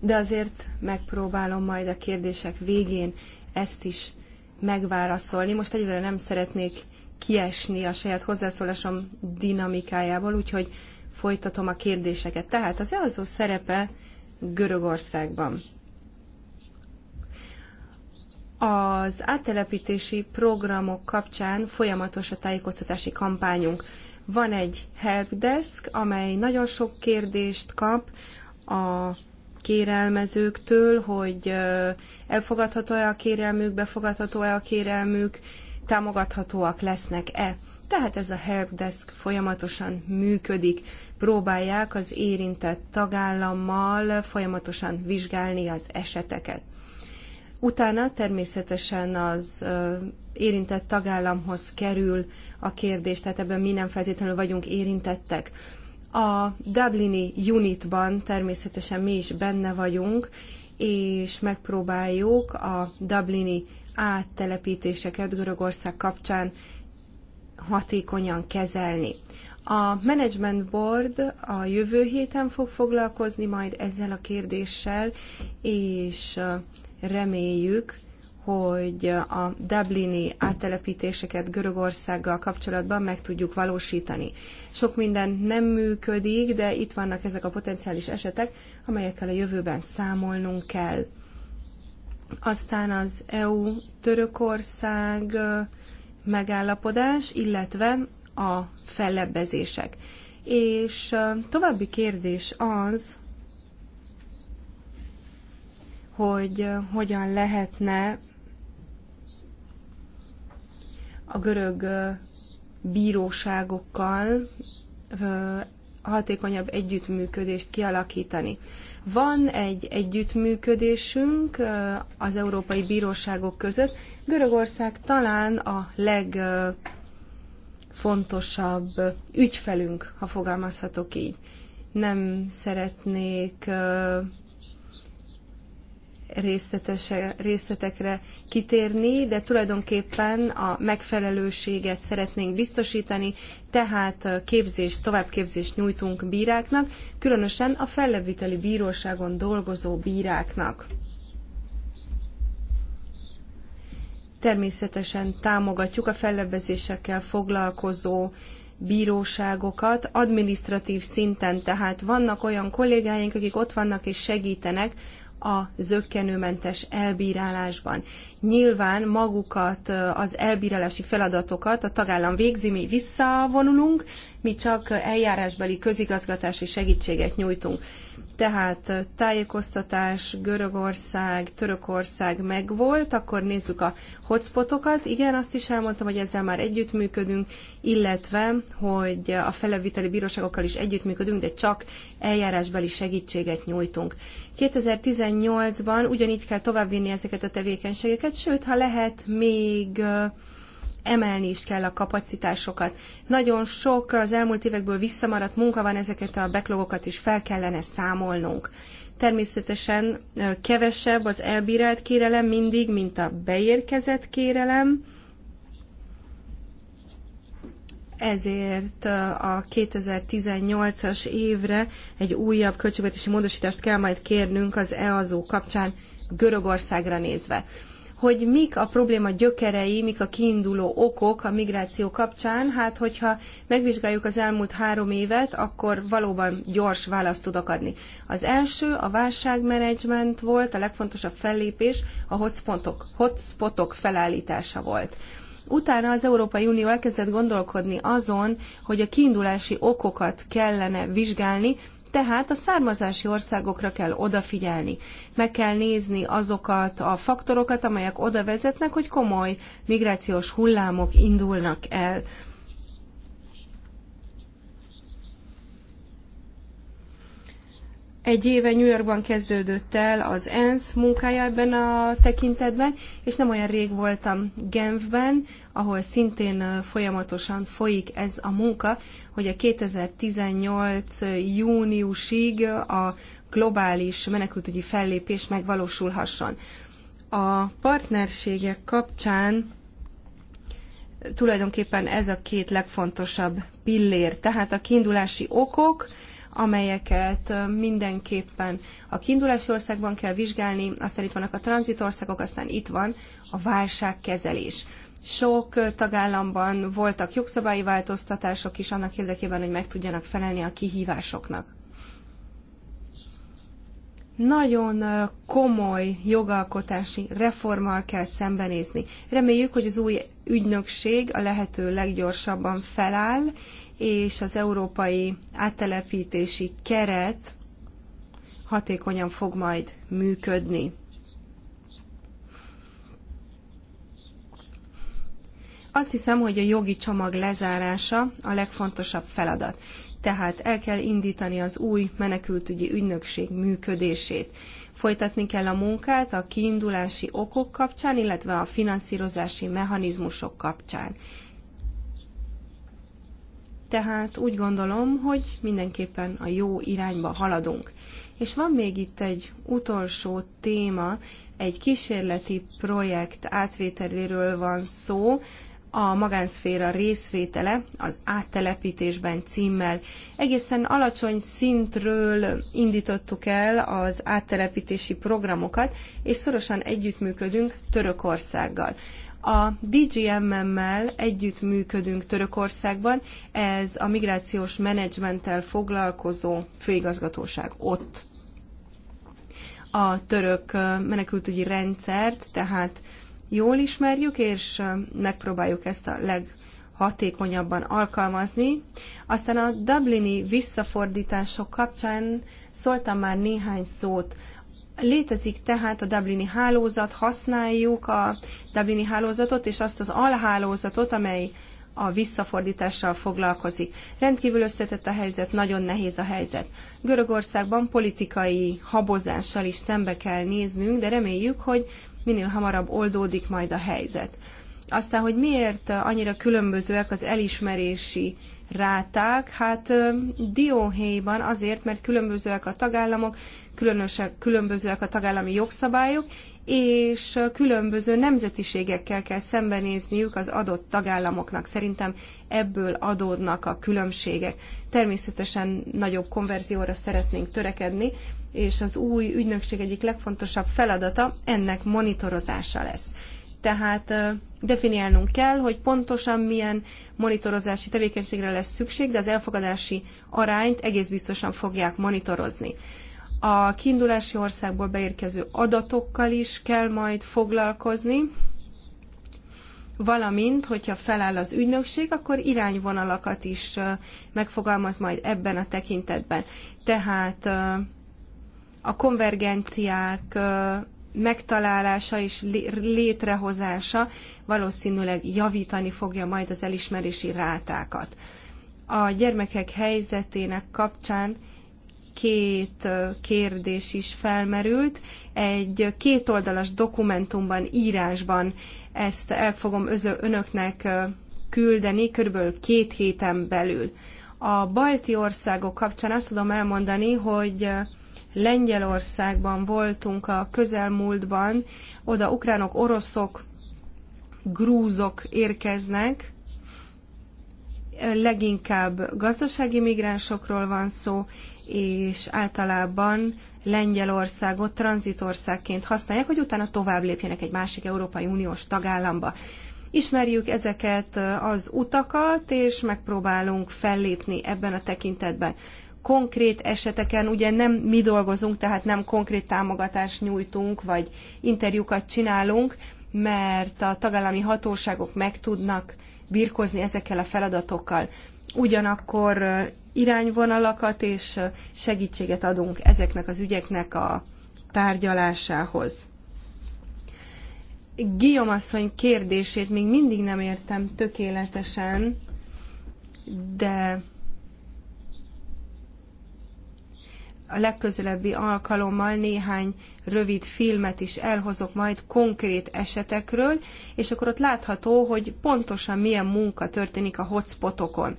de azért megpróbálom majd a kérdések végén ezt is megválaszolni. Most egyre nem szeretnék kiesni a saját hozzászólásom dinamikájából, úgyhogy folytatom a kérdéseket. Tehát az EASO szerepe Görögországban. Az áttelepítési programok kapcsán folyamatos a tájékoztatási kampányunk. Van egy helpdesk, amely nagyon sok kérdést kap a kérelmezőktől, hogy elfogadható-e a kérelmük, befogadható-e a kérelmük, támogathatóak lesznek-e tehát ez a helpdesk folyamatosan működik. Próbálják az érintett tagállammal folyamatosan vizsgálni az eseteket. Utána természetesen az érintett tagállamhoz kerül a kérdés, tehát ebben mi nem feltétlenül vagyunk érintettek. A Dublini unitban természetesen mi is benne vagyunk, és megpróbáljuk a Dublini áttelepítéseket Görögország kapcsán hatékonyan kezelni. A Management Board a jövő héten fog foglalkozni majd ezzel a kérdéssel, és reméljük, hogy a Dublini áttelepítéseket Görögországgal kapcsolatban meg tudjuk valósítani. Sok minden nem működik, de itt vannak ezek a potenciális esetek, amelyekkel a jövőben számolnunk kell. Aztán az EU-Törökország megállapodás, illetve a fellebbezések. És további kérdés az, hogy hogyan lehetne a görög bíróságokkal hatékonyabb együttműködést kialakítani. Van egy együttműködésünk az európai bíróságok között. Görögország talán a legfontosabb ügyfelünk, ha fogalmazhatok így. Nem szeretnék részletekre kitérni, de tulajdonképpen a megfelelőséget szeretnénk biztosítani, tehát képzés, továbbképzést nyújtunk bíráknak, különösen a felleviteli bíróságon dolgozó bíráknak. Természetesen támogatjuk a fellebbezésekkel foglalkozó bíróságokat, administratív szinten, tehát vannak olyan kollégáink, akik ott vannak és segítenek a zöggenőmentes elbírálásban. Nyilván magukat, az elbírálási feladatokat a tagállam végzi, mi visszavonulunk, mi csak eljárásbeli közigazgatási segítséget nyújtunk. Tehát tájékoztatás, Görögország, Törökország megvolt, akkor nézzük a hotspotokat. Igen, azt is elmondtam, hogy ezzel már együttműködünk, illetve, hogy a feleviteli bíróságokkal is együttműködünk, de csak eljárásbeli segítséget nyújtunk. 2018-ban ugyanígy kell továbbvinni ezeket a tevékenységeket, sőt, ha lehet, még emelni is kell a kapacitásokat. Nagyon sok az elmúlt évekből visszamaradt munka van, ezeket a backlogokat is fel kellene számolnunk. Természetesen kevesebb az elbírált kérelem mindig, mint a beérkezett kérelem, ezért a 2018-as évre egy újabb költségvetési módosítást kell majd kérnünk az EAZO kapcsán Görögországra nézve hogy mik a probléma gyökerei, mik a kiinduló okok a migráció kapcsán. Hát, hogyha megvizsgáljuk az elmúlt három évet, akkor valóban gyors választ tudok adni. Az első a válságmenedzsment volt, a legfontosabb fellépés a hotspotok, hotspotok felállítása volt. Utána az Európai Unió elkezdett gondolkodni azon, hogy a kiindulási okokat kellene vizsgálni, tehát a származási országokra kell odafigyelni. Meg kell nézni azokat a faktorokat, amelyek oda vezetnek, hogy komoly migrációs hullámok indulnak el. Egy éve New Yorkban kezdődött el az ENSZ munkája ebben a tekintetben, és nem olyan rég voltam Genfben, ahol szintén folyamatosan folyik ez a munka, hogy a 2018 júniusig a globális menekültügyi fellépés megvalósulhasson. A partnerségek kapcsán tulajdonképpen ez a két legfontosabb pillér, tehát a kiindulási okok, amelyeket mindenképpen a kiindulási országban kell vizsgálni, aztán itt vannak a tranzitországok, aztán itt van a válságkezelés. Sok tagállamban voltak jogszabályi változtatások is annak érdekében, hogy meg tudjanak felelni a kihívásoknak. Nagyon komoly jogalkotási reformmal kell szembenézni. Reméljük, hogy az új ügynökség a lehető leggyorsabban feláll, és az európai áttelepítési keret hatékonyan fog majd működni. Azt hiszem, hogy a jogi csomag lezárása a legfontosabb feladat. Tehát el kell indítani az új menekültügyi ügynökség működését. Folytatni kell a munkát a kiindulási okok kapcsán, illetve a finanszírozási mechanizmusok kapcsán tehát úgy gondolom, hogy mindenképpen a jó irányba haladunk. És van még itt egy utolsó téma, egy kísérleti projekt átvételéről van szó, a magánszféra részvétele az áttelepítésben címmel. Egészen alacsony szintről indítottuk el az áttelepítési programokat, és szorosan együttműködünk Törökországgal. A DGMM-mel együttműködünk Törökországban, ez a migrációs menedzsmenttel foglalkozó főigazgatóság ott. A török menekültügyi rendszert tehát jól ismerjük, és megpróbáljuk ezt a leg hatékonyabban alkalmazni. Aztán a Dublini visszafordítások kapcsán szóltam már néhány szót. Létezik tehát a Dublini hálózat, használjuk a Dublini hálózatot és azt az alhálózatot, amely a visszafordítással foglalkozik. Rendkívül összetett a helyzet, nagyon nehéz a helyzet. Görögországban politikai habozással is szembe kell néznünk, de reméljük, hogy minél hamarabb oldódik majd a helyzet. Aztán, hogy miért annyira különbözőek az elismerési ráták? Hát dióhéjban azért, mert különbözőek a tagállamok, különösen különbözőek a tagállami jogszabályok, és különböző nemzetiségekkel kell szembenézniük az adott tagállamoknak. Szerintem ebből adódnak a különbségek. Természetesen nagyobb konverzióra szeretnénk törekedni, és az új ügynökség egyik legfontosabb feladata ennek monitorozása lesz. Tehát definiálnunk kell, hogy pontosan milyen monitorozási tevékenységre lesz szükség, de az elfogadási arányt egész biztosan fogják monitorozni. A kiindulási országból beérkező adatokkal is kell majd foglalkozni, valamint, hogyha feláll az ügynökség, akkor irányvonalakat is megfogalmaz majd ebben a tekintetben. Tehát a konvergenciák megtalálása és létrehozása valószínűleg javítani fogja majd az elismerési rátákat. A gyermekek helyzetének kapcsán két kérdés is felmerült. Egy kétoldalas dokumentumban, írásban ezt el fogom önöknek küldeni körülbelül két héten belül. A balti országok kapcsán azt tudom elmondani, hogy Lengyelországban voltunk a közelmúltban, oda ukránok, oroszok, grúzok érkeznek, leginkább gazdasági migránsokról van szó, és általában Lengyelországot tranzitországként használják, hogy utána tovább lépjenek egy másik Európai Uniós tagállamba. Ismerjük ezeket az utakat, és megpróbálunk fellépni ebben a tekintetben konkrét eseteken ugye nem mi dolgozunk, tehát nem konkrét támogatást nyújtunk, vagy interjúkat csinálunk, mert a tagállami hatóságok meg tudnak birkozni ezekkel a feladatokkal. Ugyanakkor irányvonalakat és segítséget adunk ezeknek az ügyeknek a tárgyalásához. Guillaume asszony kérdését még mindig nem értem tökéletesen, de a legközelebbi alkalommal néhány rövid filmet is elhozok majd konkrét esetekről, és akkor ott látható, hogy pontosan milyen munka történik a hotspotokon.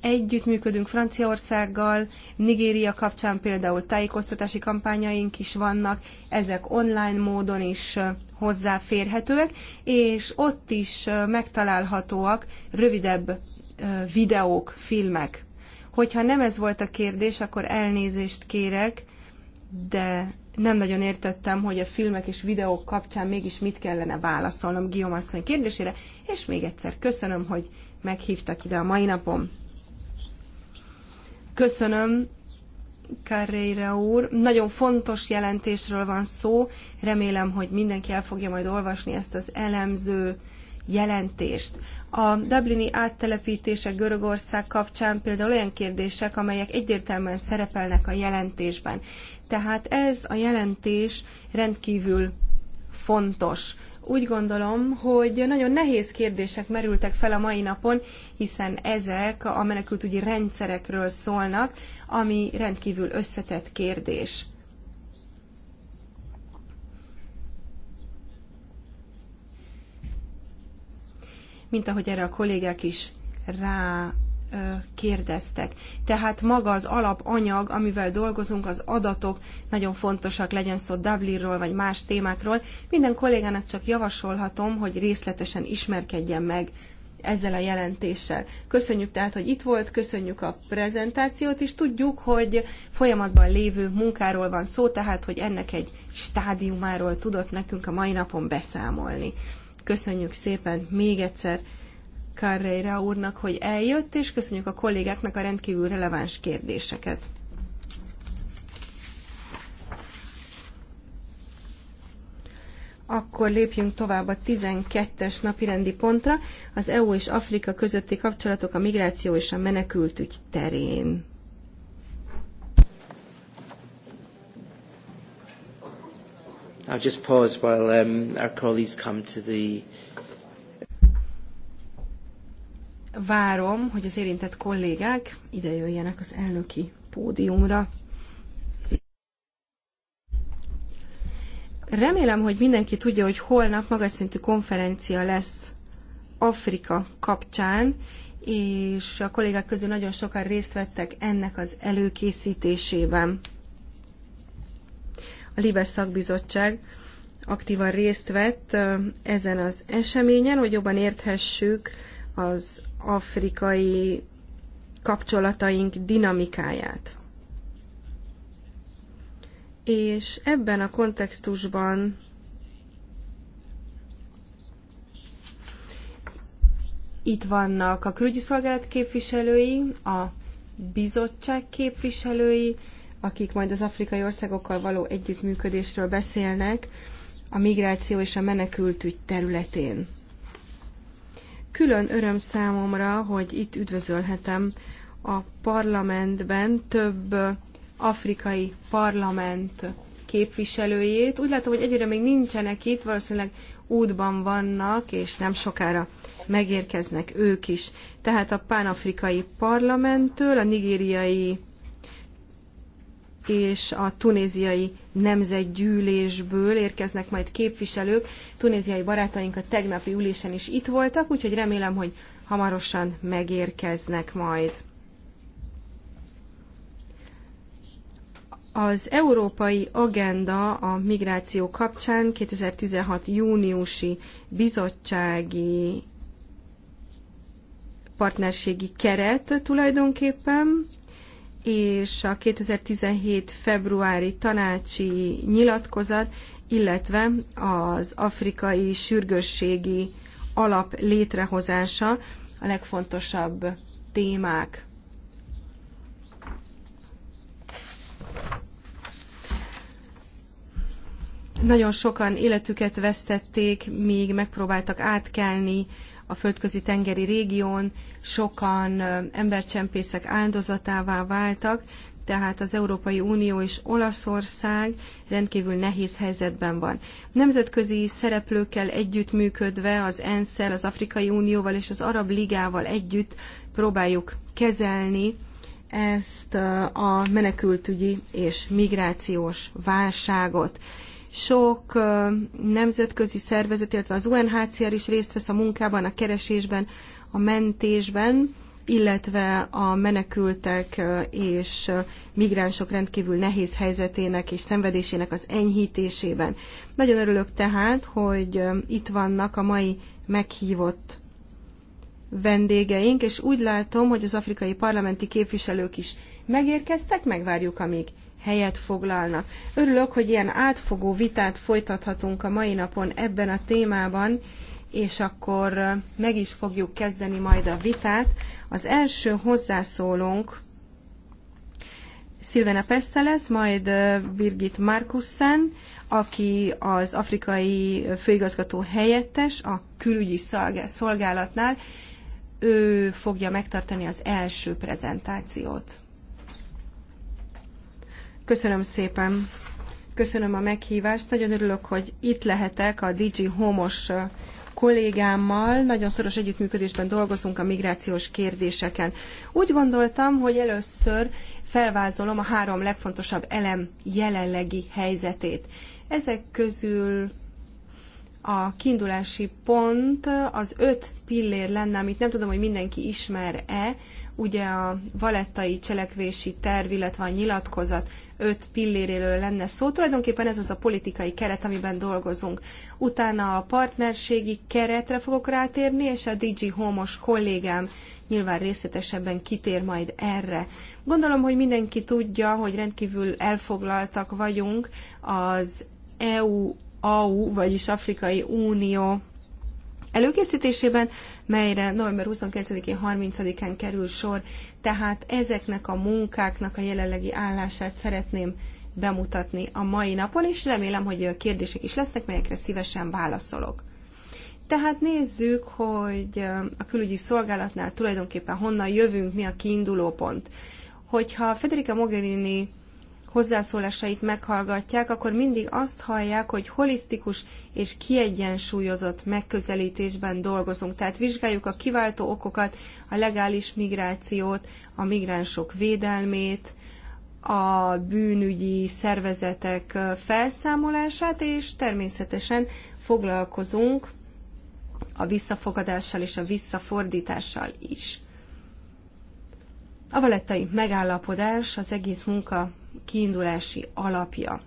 Együttműködünk Franciaországgal, Nigéria kapcsán például tájékoztatási kampányaink is vannak, ezek online módon is hozzáférhetőek, és ott is megtalálhatóak rövidebb videók, filmek. Hogyha nem ez volt a kérdés, akkor elnézést kérek, de nem nagyon értettem, hogy a filmek és videók kapcsán mégis mit kellene válaszolnom Guillaume asszony kérdésére, és még egyszer köszönöm, hogy meghívtak ide a mai napom. Köszönöm, Carreira úr. Nagyon fontos jelentésről van szó. Remélem, hogy mindenki el fogja majd olvasni ezt az elemző jelentést. A dublini áttelepítések Görögország kapcsán például olyan kérdések, amelyek egyértelműen szerepelnek a jelentésben. Tehát ez a jelentés rendkívül fontos. Úgy gondolom, hogy nagyon nehéz kérdések merültek fel a mai napon, hiszen ezek a menekültügyi rendszerekről szólnak, ami rendkívül összetett kérdés. mint ahogy erre a kollégák is rá kérdeztek. Tehát maga az alapanyag, amivel dolgozunk, az adatok nagyon fontosak, legyen szó Dublinról vagy más témákról. Minden kollégának csak javasolhatom, hogy részletesen ismerkedjen meg ezzel a jelentéssel. Köszönjük tehát, hogy itt volt, köszönjük a prezentációt, és tudjuk, hogy folyamatban lévő munkáról van szó, tehát, hogy ennek egy stádiumáról tudott nekünk a mai napon beszámolni. Köszönjük szépen még egyszer Carreira úrnak, hogy eljött, és köszönjük a kollégáknak a rendkívül releváns kérdéseket. Akkor lépjünk tovább a 12-es napirendi pontra, az EU és Afrika közötti kapcsolatok a migráció és a menekültügy terén. I'll just pause while um, our colleagues come to the Várom, hogy az érintett kollégák jöjjenek az elnöki pódiumra. Remélem, hogy mindenki tudja, hogy holnap magas szintű konferencia lesz Afrika kapcsán, és a kollégák közül nagyon sokan részt vettek ennek az előkészítésében. A Libes szakbizottság aktívan részt vett ezen az eseményen, hogy jobban érthessük az afrikai kapcsolataink dinamikáját. És ebben a kontextusban itt vannak a külügyi szolgálat képviselői, a bizottság képviselői, akik majd az afrikai országokkal való együttműködésről beszélnek a migráció és a menekültügy területén. Külön öröm számomra, hogy itt üdvözölhetem a parlamentben több afrikai parlament képviselőjét. Úgy látom, hogy egyre még nincsenek itt, valószínűleg útban vannak, és nem sokára megérkeznek ők is. Tehát a pánafrikai parlamenttől, a nigériai és a tunéziai nemzetgyűlésből érkeznek majd képviselők. Tunéziai barátaink a tegnapi ülésen is itt voltak, úgyhogy remélem, hogy hamarosan megérkeznek majd. Az Európai Agenda a migráció kapcsán 2016. júniusi bizottsági partnerségi keret tulajdonképpen, és a 2017. februári tanácsi nyilatkozat, illetve az afrikai sürgősségi alap létrehozása a legfontosabb témák. Nagyon sokan életüket vesztették, míg megpróbáltak átkelni a földközi tengeri régión, sokan embercsempészek áldozatává váltak, tehát az Európai Unió és Olaszország rendkívül nehéz helyzetben van. Nemzetközi szereplőkkel együttműködve, az ensz az Afrikai Unióval és az Arab Ligával együtt próbáljuk kezelni ezt a menekültügyi és migrációs válságot. Sok nemzetközi szervezet, illetve az UNHCR is részt vesz a munkában, a keresésben, a mentésben, illetve a menekültek és migránsok rendkívül nehéz helyzetének és szenvedésének az enyhítésében. Nagyon örülök tehát, hogy itt vannak a mai meghívott vendégeink, és úgy látom, hogy az afrikai parlamenti képviselők is megérkeztek, megvárjuk, amíg helyet foglalnak. Örülök, hogy ilyen átfogó vitát folytathatunk a mai napon ebben a témában, és akkor meg is fogjuk kezdeni majd a vitát. Az első hozzászólónk Szilvena Peste lesz, majd Birgit Markussen, aki az afrikai főigazgató helyettes a külügyi szolgálatnál, ő fogja megtartani az első prezentációt. Köszönöm szépen. Köszönöm a meghívást. Nagyon örülök, hogy itt lehetek a DG Homos kollégámmal. Nagyon szoros együttműködésben dolgozunk a migrációs kérdéseken. Úgy gondoltam, hogy először felvázolom a három legfontosabb elem jelenlegi helyzetét. Ezek közül a kiindulási pont az öt pillér lenne, amit nem tudom, hogy mindenki ismer-e, Ugye a valettai cselekvési terv, illetve a nyilatkozat öt pilléréről lenne szó. Tulajdonképpen ez az a politikai keret, amiben dolgozunk. Utána a partnerségi keretre fogok rátérni, és a DG Homos kollégám nyilván részletesebben kitér majd erre. Gondolom, hogy mindenki tudja, hogy rendkívül elfoglaltak vagyunk az EU AU, vagyis Afrikai Unió előkészítésében, melyre november 29-én, 30-án kerül sor. Tehát ezeknek a munkáknak a jelenlegi állását szeretném bemutatni a mai napon, és remélem, hogy kérdések is lesznek, melyekre szívesen válaszolok. Tehát nézzük, hogy a külügyi szolgálatnál tulajdonképpen honnan jövünk, mi a kiinduló pont. Hogyha Federica Mogherini hozzászólásait meghallgatják, akkor mindig azt hallják, hogy holisztikus és kiegyensúlyozott megközelítésben dolgozunk. Tehát vizsgáljuk a kiváltó okokat, a legális migrációt, a migránsok védelmét, a bűnügyi szervezetek felszámolását, és természetesen foglalkozunk a visszafogadással és a visszafordítással is. A valettai megállapodás az egész munka kiindulási alapja.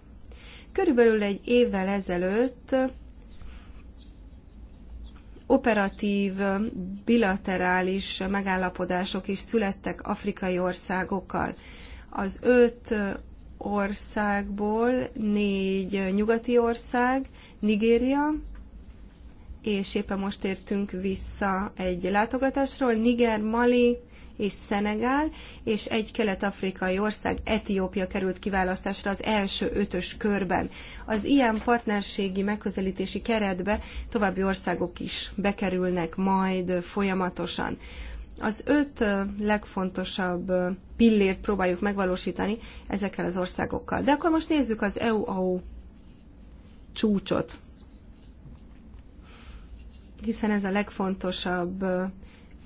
Körülbelül egy évvel ezelőtt operatív, bilaterális megállapodások is születtek afrikai országokkal. Az öt országból négy nyugati ország, Nigéria, és éppen most értünk vissza egy látogatásról, Niger, Mali, és Szenegál, és egy kelet-afrikai ország, Etiópia került kiválasztásra az első ötös körben. Az ilyen partnerségi megközelítési keretbe további országok is bekerülnek majd folyamatosan. Az öt legfontosabb pillért próbáljuk megvalósítani ezekkel az országokkal. De akkor most nézzük az EU-AU csúcsot, hiszen ez a legfontosabb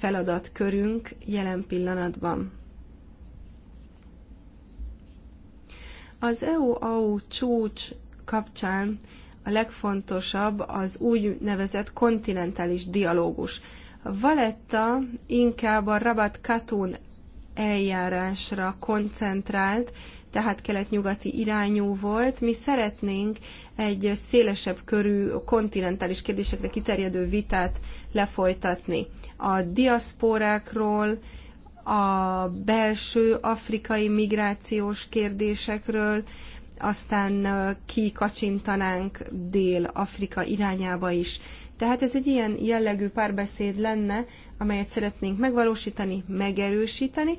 feladatkörünk jelen pillanatban. Az EU-AU csúcs kapcsán a legfontosabb az úgynevezett kontinentális dialógus. Valetta inkább a Rabat Katun eljárásra koncentrált, tehát kelet-nyugati irányú volt. Mi szeretnénk egy szélesebb körű kontinentális kérdésekre kiterjedő vitát lefolytatni. A diaszpórákról, a belső afrikai migrációs kérdésekről, aztán kikacsintanánk Dél-Afrika irányába is. Tehát ez egy ilyen jellegű párbeszéd lenne, amelyet szeretnénk megvalósítani, megerősíteni,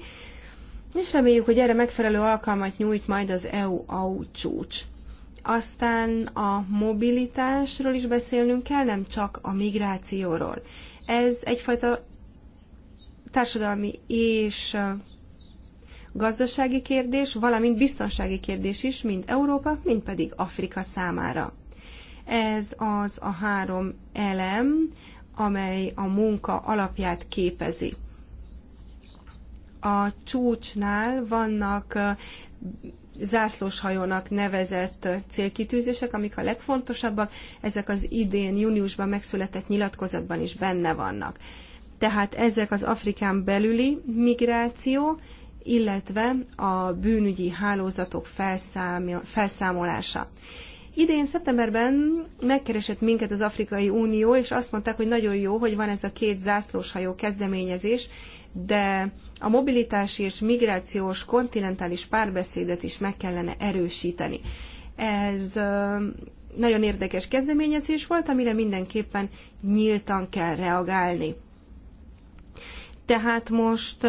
és reméljük, hogy erre megfelelő alkalmat nyújt majd az EU-AU csúcs. Aztán a mobilitásról is beszélnünk kell, nem csak a migrációról. Ez egyfajta társadalmi és gazdasági kérdés, valamint biztonsági kérdés is, mind Európa, mind pedig Afrika számára. Ez az a három elem, amely a munka alapját képezi. A csúcsnál vannak zászlóshajónak nevezett célkitűzések, amik a legfontosabbak, ezek az idén, júniusban megszületett nyilatkozatban is benne vannak. Tehát ezek az Afrikán belüli migráció, illetve a bűnügyi hálózatok felszámolása. Idén szeptemberben megkeresett minket az Afrikai Unió, és azt mondták, hogy nagyon jó, hogy van ez a két zászlóshajó kezdeményezés, de a mobilitási és migrációs kontinentális párbeszédet is meg kellene erősíteni. Ez nagyon érdekes kezdeményezés volt, amire mindenképpen nyíltan kell reagálni. Tehát most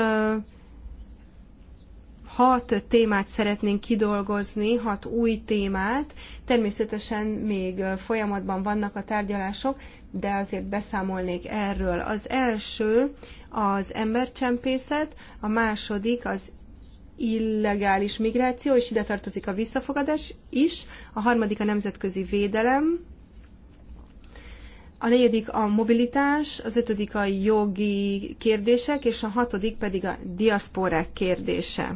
hat témát szeretnénk kidolgozni, hat új témát. Természetesen még folyamatban vannak a tárgyalások, de azért beszámolnék erről. Az első az embercsempészet, a második az illegális migráció, és ide tartozik a visszafogadás is, a harmadik a nemzetközi védelem, a negyedik a mobilitás, az ötödik a jogi kérdések, és a hatodik pedig a diaszporák kérdése.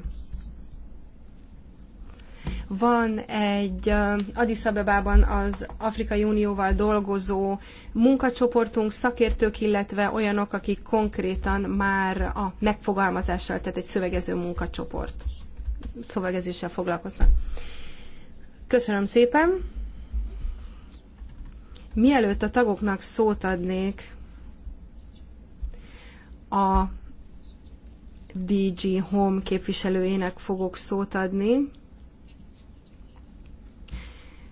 Van egy Addis Abebában az Afrikai Unióval dolgozó munkacsoportunk, szakértők, illetve olyanok, akik konkrétan már a megfogalmazással, tehát egy szövegező munkacsoport szövegezéssel foglalkoznak. Köszönöm szépen! Mielőtt a tagoknak szót adnék, a DG Home képviselőjének fogok szót adni,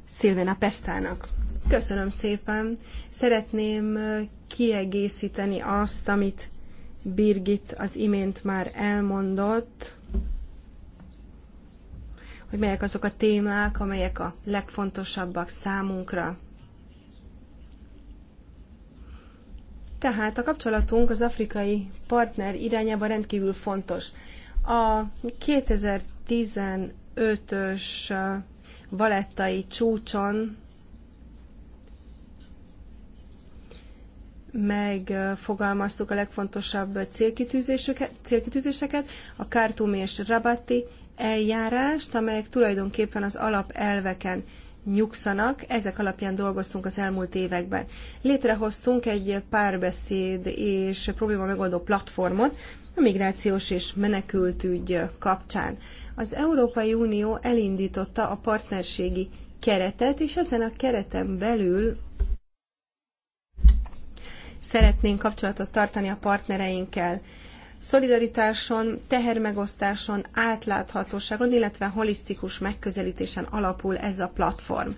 Szilvina Pestának. Köszönöm szépen. Szeretném kiegészíteni azt, amit Birgit az imént már elmondott, hogy melyek azok a témák, amelyek a legfontosabbak számunkra. Tehát a kapcsolatunk az afrikai partner irányába rendkívül fontos. A 2015-ös valettai csúcson megfogalmaztuk a legfontosabb célkitűzéseket, a Kártum és Rabatti eljárást, amelyek tulajdonképpen az alapelveken nyugszanak. Ezek alapján dolgoztunk az elmúlt években. Létrehoztunk egy párbeszéd és probléma megoldó platformot a migrációs és menekültügy kapcsán. Az Európai Unió elindította a partnerségi keretet, és ezen a kereten belül szeretnénk kapcsolatot tartani a partnereinkkel. Szolidaritáson, tehermegosztáson, átláthatóságon, illetve holisztikus megközelítésen alapul ez a platform.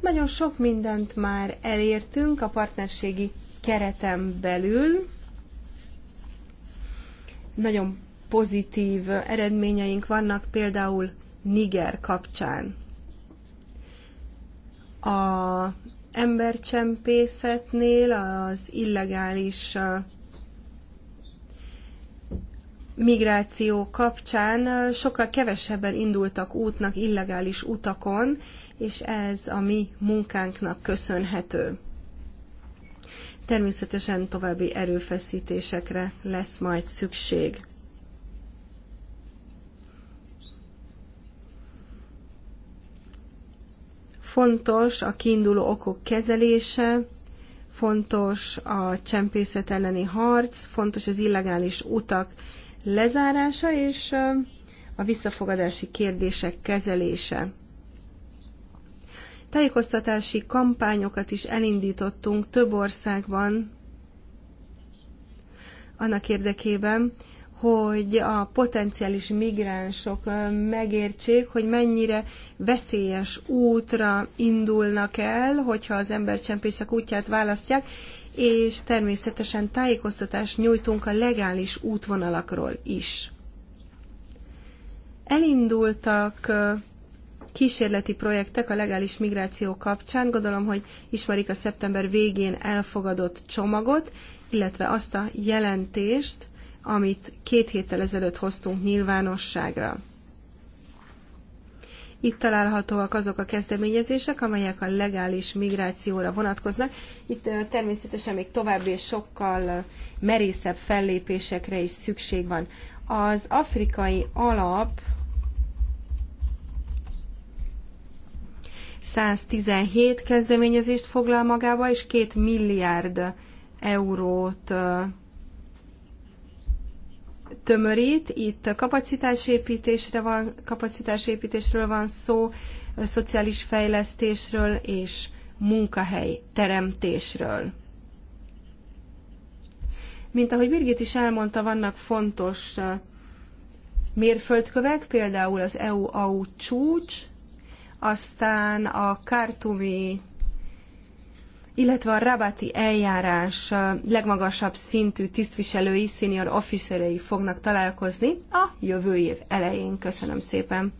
Nagyon sok mindent már elértünk a partnerségi kereten belül. Nagyon pozitív eredményeink vannak, például Niger kapcsán. A embercsempészetnél az illegális migráció kapcsán sokkal kevesebben indultak útnak illegális utakon, és ez a mi munkánknak köszönhető. Természetesen további erőfeszítésekre lesz majd szükség. Fontos a kiinduló okok kezelése, fontos a csempészet elleni harc, fontos az illegális utak lezárása és a visszafogadási kérdések kezelése. Tájékoztatási kampányokat is elindítottunk több országban annak érdekében, hogy a potenciális migránsok megértsék, hogy mennyire veszélyes útra indulnak el, hogyha az embercsempészek útját választják, és természetesen tájékoztatást nyújtunk a legális útvonalakról is. Elindultak kísérleti projektek a legális migráció kapcsán. Gondolom, hogy ismerik a szeptember végén elfogadott csomagot, illetve azt a jelentést, amit két héttel ezelőtt hoztunk nyilvánosságra. Itt találhatóak azok a kezdeményezések, amelyek a legális migrációra vonatkoznak. Itt természetesen még további és sokkal merészebb fellépésekre is szükség van. Az afrikai alap 117 kezdeményezést foglal magába, és 2 milliárd eurót tömörít, itt kapacitásépítésre van, kapacitásépítésről van szó, szociális fejlesztésről és munkahely teremtésről. Mint ahogy Birgit is elmondta, vannak fontos mérföldkövek, például az EU-AU csúcs, aztán a kártumi illetve a rabati eljárás legmagasabb szintű tisztviselői, senior officerei fognak találkozni a jövő év elején. Köszönöm szépen!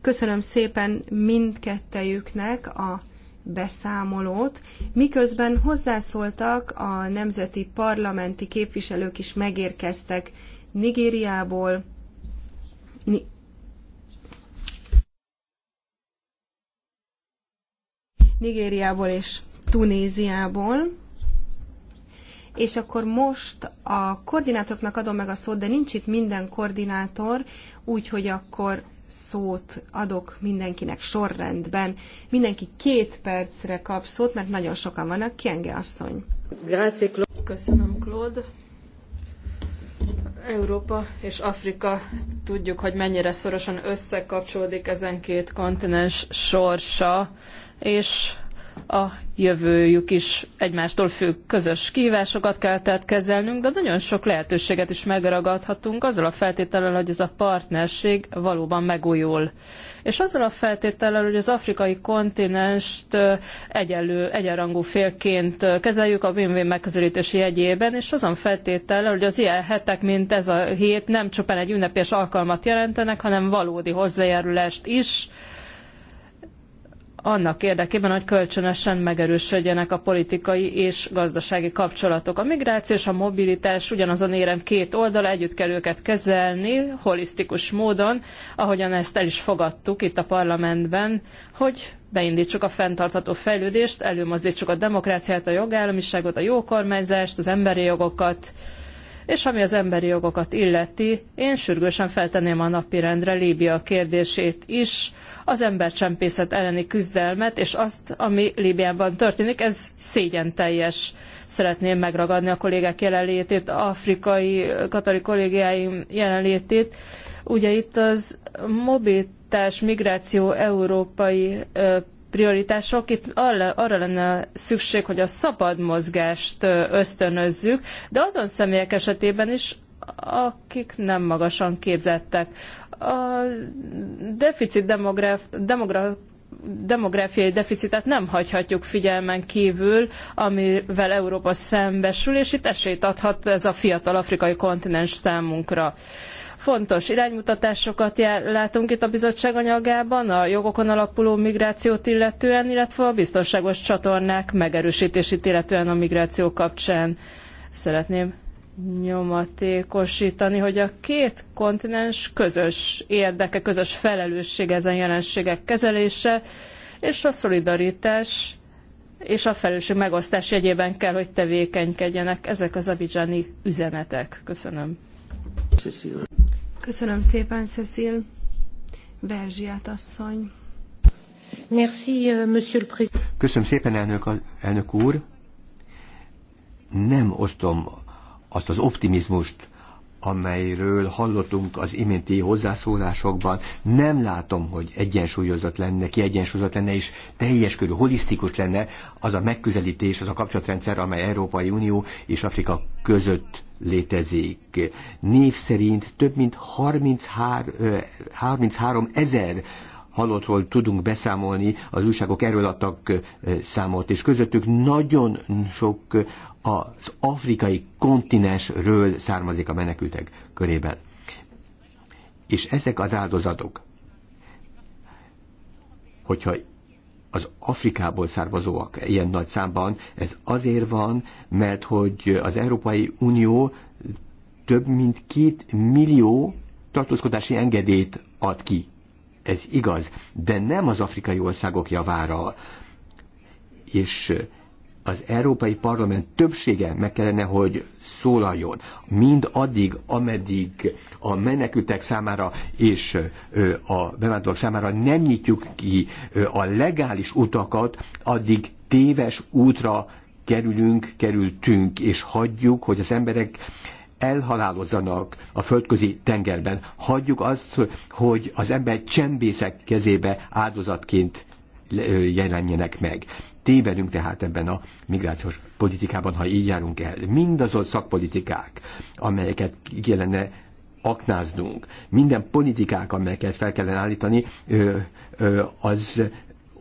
Köszönöm szépen mindkettejüknek a beszámolót, miközben hozzászóltak a nemzeti parlamenti képviselők is megérkeztek Nigériából, Ni- Nigériából és Tunéziából. És akkor most a koordinátoroknak adom meg a szót, de nincs itt minden koordinátor, úgyhogy akkor szót adok mindenkinek sorrendben. Mindenki két percre kap szót, mert nagyon sokan vannak. Kienge asszony. Grazie, Claude. Köszönöm, Claude. Európa és Afrika tudjuk, hogy mennyire szorosan összekapcsolódik ezen két kontinens sorsa, és a jövőjük is egymástól függ. Közös kihívásokat kell tehát kezelnünk, de nagyon sok lehetőséget is megragadhatunk azzal a feltétellel, hogy ez a partnerség valóban megújul. És azzal a feltétellel, hogy az afrikai kontinenst egyenlő, egyenrangú félként kezeljük a win-win megközelítési jegyében, és azon feltétellel, hogy az ilyen hetek, mint ez a hét nem csupán egy ünnepés alkalmat jelentenek, hanem valódi hozzájárulást is, annak érdekében, hogy kölcsönösen megerősödjenek a politikai és gazdasági kapcsolatok. A migráció és a mobilitás ugyanazon érem két oldala, együtt kell őket kezelni holisztikus módon, ahogyan ezt el is fogadtuk itt a parlamentben, hogy beindítsuk a fenntartható fejlődést, előmozdítsuk a demokráciát, a jogállamiságot, a jó kormányzást, az emberi jogokat, és ami az emberi jogokat illeti, én sürgősen feltenném a napirendre Líbia kérdését is, az embercsempészet elleni küzdelmet, és azt, ami Líbiában történik, ez szégyen teljes. Szeretném megragadni a kollégák jelenlétét, afrikai, katari kollégiáim jelenlétét. Ugye itt az mobilitás, migráció európai prioritások. Itt arra lenne szükség, hogy a szabad mozgást ösztönözzük, de azon személyek esetében is, akik nem magasan képzettek. A deficit demograf, demograf, demográfiai deficitet nem hagyhatjuk figyelmen kívül, amivel Európa szembesül, és itt esélyt adhat ez a fiatal afrikai kontinens számunkra. Fontos iránymutatásokat látunk itt a bizottság anyagában, a jogokon alapuló migrációt illetően, illetve a biztonságos csatornák megerősítését illetően a migráció kapcsán. Szeretném nyomatékosítani, hogy a két kontinens közös érdeke, közös felelősség ezen jelenségek kezelése, és a szolidaritás és a felelősség megosztás jegyében kell, hogy tevékenykedjenek ezek az abidzsáni üzenetek. Köszönöm. Köszönöm szépen, Cecil. Verzsiát asszony. Merci, euh, monsieur le président. Köszönöm szépen, elnök, elnök úr. Nem osztom azt az optimizmust, amelyről hallottunk az iménti hozzászólásokban, nem látom, hogy egyensúlyozott lenne, kiegyensúlyozott lenne, és teljes körű, holisztikus lenne az a megközelítés, az a kapcsolatrendszer, amely Európai Unió és Afrika között létezik. Név szerint több mint 33, 33 ezer halottról tudunk beszámolni, az újságok erről adtak számot, és közöttük nagyon sok az afrikai kontinensről származik a menekültek körében. És ezek az áldozatok, hogyha az Afrikából származóak ilyen nagy számban, ez azért van, mert hogy az Európai Unió több mint két millió tartózkodási engedélyt ad ki. Ez igaz, de nem az afrikai országok javára. És az Európai Parlament többsége meg kellene, hogy szólaljon. Mind addig, ameddig a menekültek számára és a bevándorlók számára nem nyitjuk ki a legális utakat, addig téves útra kerülünk, kerültünk, és hagyjuk, hogy az emberek elhalálozzanak a földközi tengerben. Hagyjuk azt, hogy az ember csembészek kezébe áldozatként jelenjenek meg. Tévedünk tehát ebben a migrációs politikában, ha így járunk el. Mindazon szakpolitikák, amelyeket kellene aknáznunk, minden politikák, amelyeket fel kellene állítani, az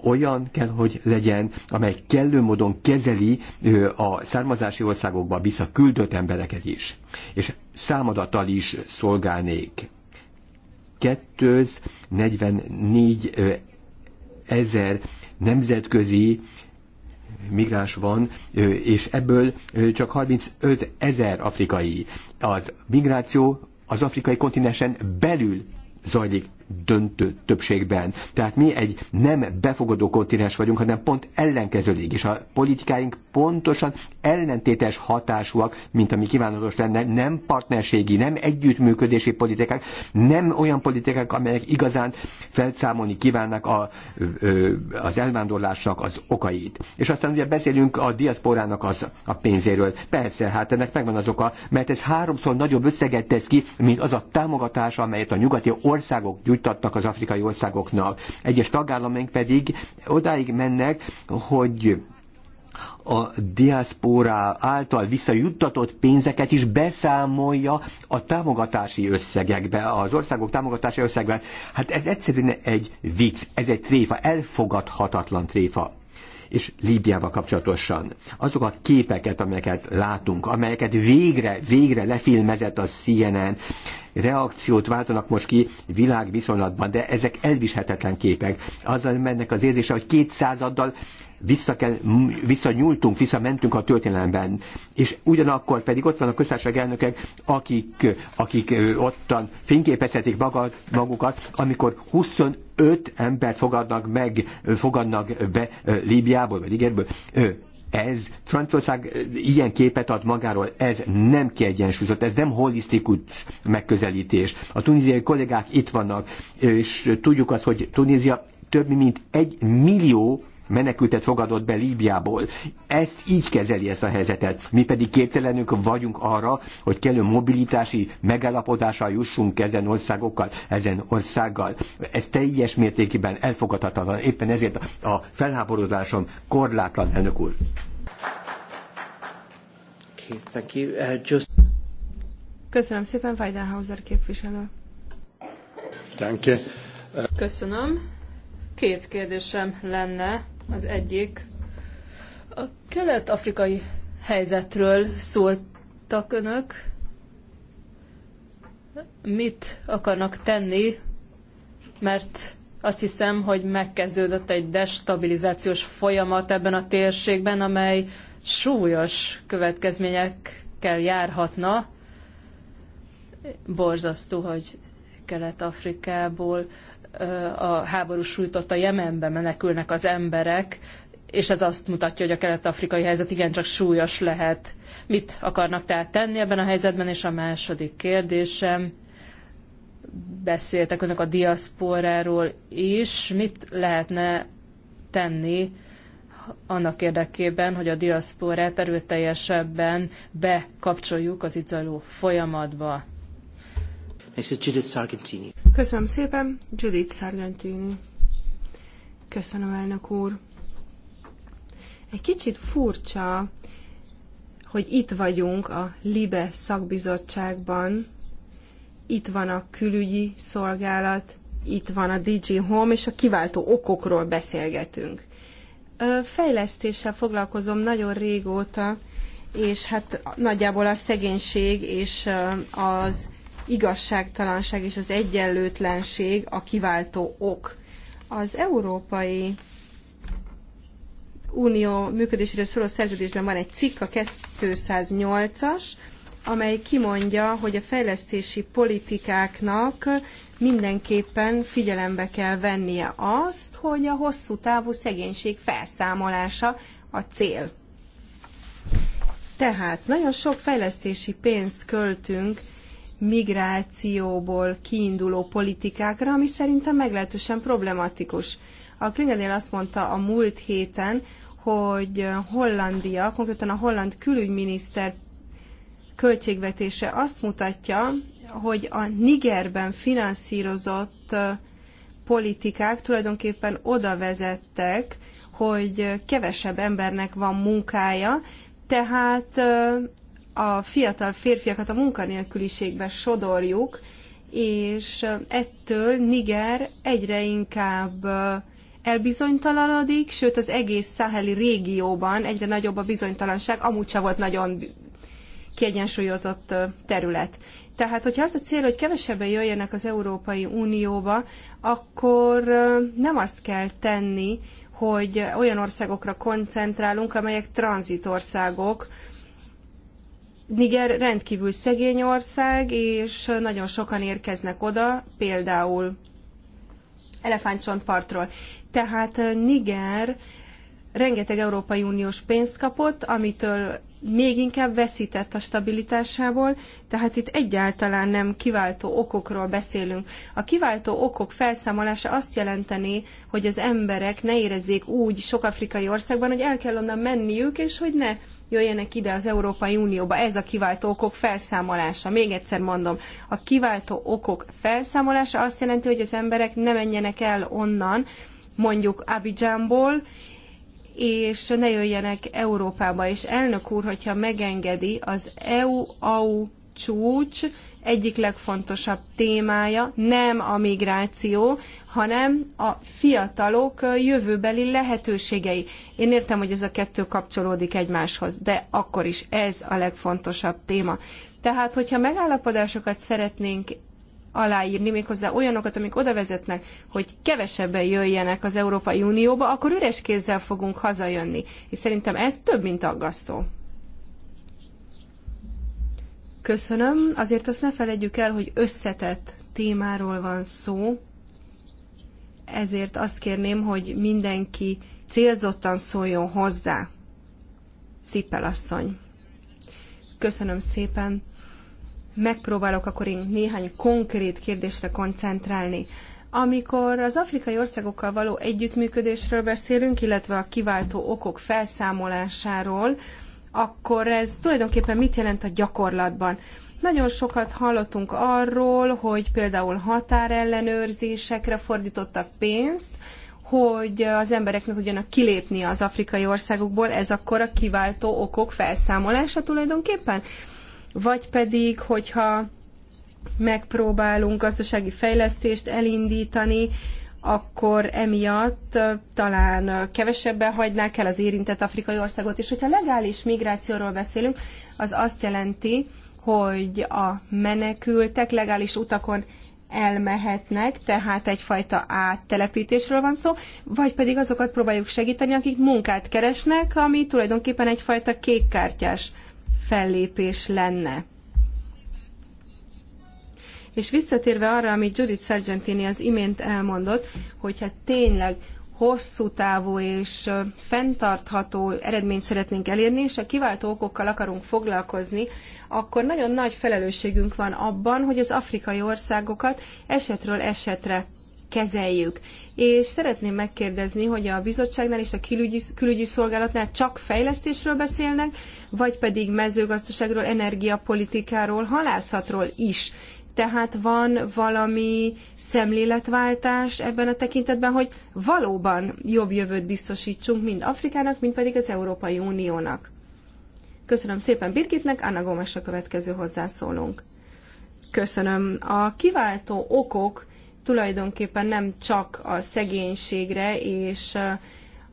olyan kell, hogy legyen, amely kellő módon kezeli a származási országokba visszaküldött embereket is. És számadattal is szolgálnék. 244 ezer nemzetközi migráns van, és ebből csak 35 ezer afrikai. Az migráció az afrikai kontinensen belül zajlik döntő többségben. Tehát mi egy nem befogadó kontinens vagyunk, hanem pont ellenkezőleg. és a politikáink pontosan ellentétes hatásúak, mint ami kívánatos lenne, nem partnerségi, nem együttműködési politikák, nem olyan politikák, amelyek igazán felszámolni kívánnak a, az elvándorlásnak az okait. És aztán ugye beszélünk a diaszporának az a pénzéről. Persze, hát ennek megvan az oka, mert ez háromszor nagyobb összeget tesz ki, mint az a támogatás, amelyet a nyugati országok nyújtatnak az afrikai országoknak. Egyes tagállamok pedig odáig mennek, hogy a diaszpórá által visszajuttatott pénzeket is beszámolja a támogatási összegekbe, az országok támogatási összegekbe. Hát ez egyszerűen egy vicc, ez egy tréfa, elfogadhatatlan tréfa és Líbiával kapcsolatosan. Azok a képeket, amelyeket látunk, amelyeket végre, végre lefilmezett a CNN, reakciót váltanak most ki világviszonylatban, de ezek elviselhetetlen képek. Azzal mennek az érzése, hogy kétszázaddal vissza kell, visszanyúltunk, visszamentünk a történelemben. És ugyanakkor pedig ott van a köztársaság elnökek, akik, akik ottan fényképezhetik magad, magukat, amikor 25 embert fogadnak meg, fogadnak be Líbiából, vagy Igerből ez, Franciaország ilyen képet ad magáról, ez nem kiegyensúlyozott, ez nem holisztikus megközelítés. A tunéziai kollégák itt vannak, és tudjuk azt, hogy Tunézia több mint egy millió menekültet fogadott be Líbiából. Ezt így kezeli ezt a helyzetet. Mi pedig képtelenünk vagyunk arra, hogy kellő mobilitási megállapodással jussunk ezen országokkal, ezen országgal. Ez teljes mértékben elfogadhatatlan. Éppen ezért a felháborodásom korlátlan, elnök úr. Uh, Köszönöm szépen, Weidenhauser képviselő. Köszönöm. Két kérdésem lenne az egyik a kelet-afrikai helyzetről szóltak önök. Mit akarnak tenni, mert azt hiszem, hogy megkezdődött egy destabilizációs folyamat ebben a térségben, amely súlyos következményekkel járhatna. Borzasztó, hogy Kelet-Afrikából a háború sújtotta Jemenbe menekülnek az emberek, és ez azt mutatja, hogy a kelet-afrikai helyzet igencsak súlyos lehet. Mit akarnak tehát tenni ebben a helyzetben? És a második kérdésem, beszéltek önök a diaszporáról is, mit lehetne tenni annak érdekében, hogy a diaszporát erőteljesebben bekapcsoljuk az itt zajló folyamatba? Next Judith Sargentini. Köszönöm szépen, Judith Sargentini. Köszönöm, elnök úr. Egy kicsit furcsa, hogy itt vagyunk a LIBE szakbizottságban, itt van a külügyi szolgálat, itt van a DG Home, és a kiváltó okokról beszélgetünk. Fejlesztéssel foglalkozom nagyon régóta, és hát nagyjából a szegénység és az igazságtalanság és az egyenlőtlenség a kiváltó ok. Az Európai Unió működésére szóló szerződésben van egy cikk, a 208-as, amely kimondja, hogy a fejlesztési politikáknak mindenképpen figyelembe kell vennie azt, hogy a hosszú távú szegénység felszámolása a cél. Tehát nagyon sok fejlesztési pénzt költünk migrációból kiinduló politikákra, ami szerintem meglehetősen problematikus. A Klingedél azt mondta a múlt héten, hogy Hollandia, konkrétan a holland külügyminiszter költségvetése azt mutatja, hogy a Nigerben finanszírozott politikák tulajdonképpen oda vezettek, hogy kevesebb embernek van munkája, tehát a fiatal férfiakat a munkanélküliségbe sodorjuk, és ettől Niger egyre inkább elbizonytalanodik, sőt az egész száheli régióban egyre nagyobb a bizonytalanság, amúgy sem volt nagyon kiegyensúlyozott terület. Tehát, hogyha az a cél, hogy kevesebben jöjjenek az Európai Unióba, akkor nem azt kell tenni, hogy olyan országokra koncentrálunk, amelyek tranzitországok, Niger rendkívül szegény ország, és nagyon sokan érkeznek oda, például elefántcsontpartról. Tehát Niger rengeteg Európai Uniós pénzt kapott, amitől még inkább veszített a stabilitásából, tehát itt egyáltalán nem kiváltó okokról beszélünk. A kiváltó okok felszámolása azt jelenteni, hogy az emberek ne érezzék úgy sok afrikai országban, hogy el kell onnan menniük, és hogy ne jöjjenek ide az Európai Unióba. Ez a kiváltó okok felszámolása. Még egyszer mondom, a kiváltó okok felszámolása azt jelenti, hogy az emberek ne menjenek el onnan, mondjuk Abidjanból, és ne jöjjenek Európába. És elnök úr, hogyha megengedi, az EU-AU csúcs egyik legfontosabb témája nem a migráció, hanem a fiatalok jövőbeli lehetőségei. Én értem, hogy ez a kettő kapcsolódik egymáshoz, de akkor is ez a legfontosabb téma. Tehát, hogyha megállapodásokat szeretnénk aláírni, méghozzá olyanokat, amik oda vezetnek, hogy kevesebben jöjjenek az Európai Unióba, akkor üres kézzel fogunk hazajönni. És szerintem ez több, mint aggasztó. Köszönöm. Azért azt ne felejtjük el, hogy összetett témáról van szó, ezért azt kérném, hogy mindenki célzottan szóljon hozzá. Szippel asszony. Köszönöm szépen. Megpróbálok akkor én néhány konkrét kérdésre koncentrálni. Amikor az afrikai országokkal való együttműködésről beszélünk, illetve a kiváltó okok felszámolásáról, akkor ez tulajdonképpen mit jelent a gyakorlatban? Nagyon sokat hallottunk arról, hogy például határellenőrzésekre fordítottak pénzt, hogy az embereknek tudjanak kilépni az afrikai országokból, ez akkor a kiváltó okok felszámolása tulajdonképpen? Vagy pedig, hogyha megpróbálunk gazdasági fejlesztést elindítani, akkor emiatt talán kevesebben hagynák el az érintett afrikai országot. És hogyha legális migrációról beszélünk, az azt jelenti, hogy a menekültek legális utakon elmehetnek, tehát egyfajta áttelepítésről van szó, vagy pedig azokat próbáljuk segíteni, akik munkát keresnek, ami tulajdonképpen egyfajta kékkártyás fellépés lenne. És visszatérve arra, amit Judith Sargentini az imént elmondott, hogyha tényleg hosszú távú és fenntartható eredményt szeretnénk elérni, és a kiváltó okokkal akarunk foglalkozni, akkor nagyon nagy felelősségünk van abban, hogy az afrikai országokat esetről esetre kezeljük. És szeretném megkérdezni, hogy a bizottságnál és a külügyi, külügyi szolgálatnál csak fejlesztésről beszélnek, vagy pedig mezőgazdaságról, energiapolitikáról, halászatról is tehát van valami szemléletváltás ebben a tekintetben, hogy valóban jobb jövőt biztosítsunk mind Afrikának, mind pedig az Európai Uniónak. Köszönöm szépen Birgitnek, Anna Gomes a következő hozzászólónk. Köszönöm. A kiváltó okok tulajdonképpen nem csak a szegénységre és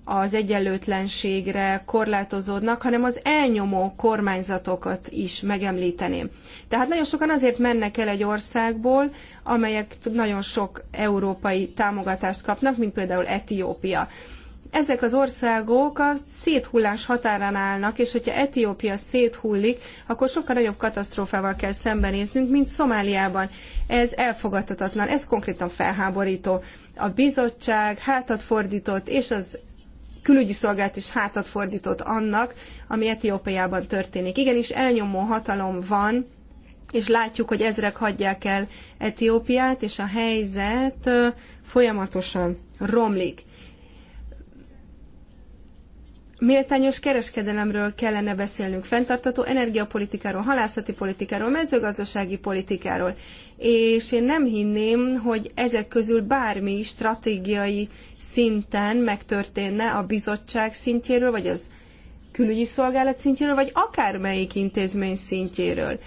az egyenlőtlenségre korlátozódnak, hanem az elnyomó kormányzatokat is megemlíteném. Tehát nagyon sokan azért mennek el egy országból, amelyek nagyon sok európai támogatást kapnak, mint például Etiópia. Ezek az országok a széthullás határán állnak, és hogyha Etiópia széthullik, akkor sokkal nagyobb katasztrófával kell szembenéznünk, mint Szomáliában. Ez elfogadhatatlan, ez konkrétan felháborító. A bizottság hátat fordított, és az külügyi szolgált is hátat fordított annak, ami Etiópiában történik. Igenis elnyomó hatalom van, és látjuk, hogy ezrek hagyják el Etiópiát, és a helyzet folyamatosan romlik méltányos kereskedelemről kellene beszélnünk, fenntartató energiapolitikáról, halászati politikáról, mezőgazdasági politikáról. És én nem hinném, hogy ezek közül bármi stratégiai szinten megtörténne a bizottság szintjéről, vagy az külügyi szolgálat szintjéről, vagy akármelyik intézmény szintjéről.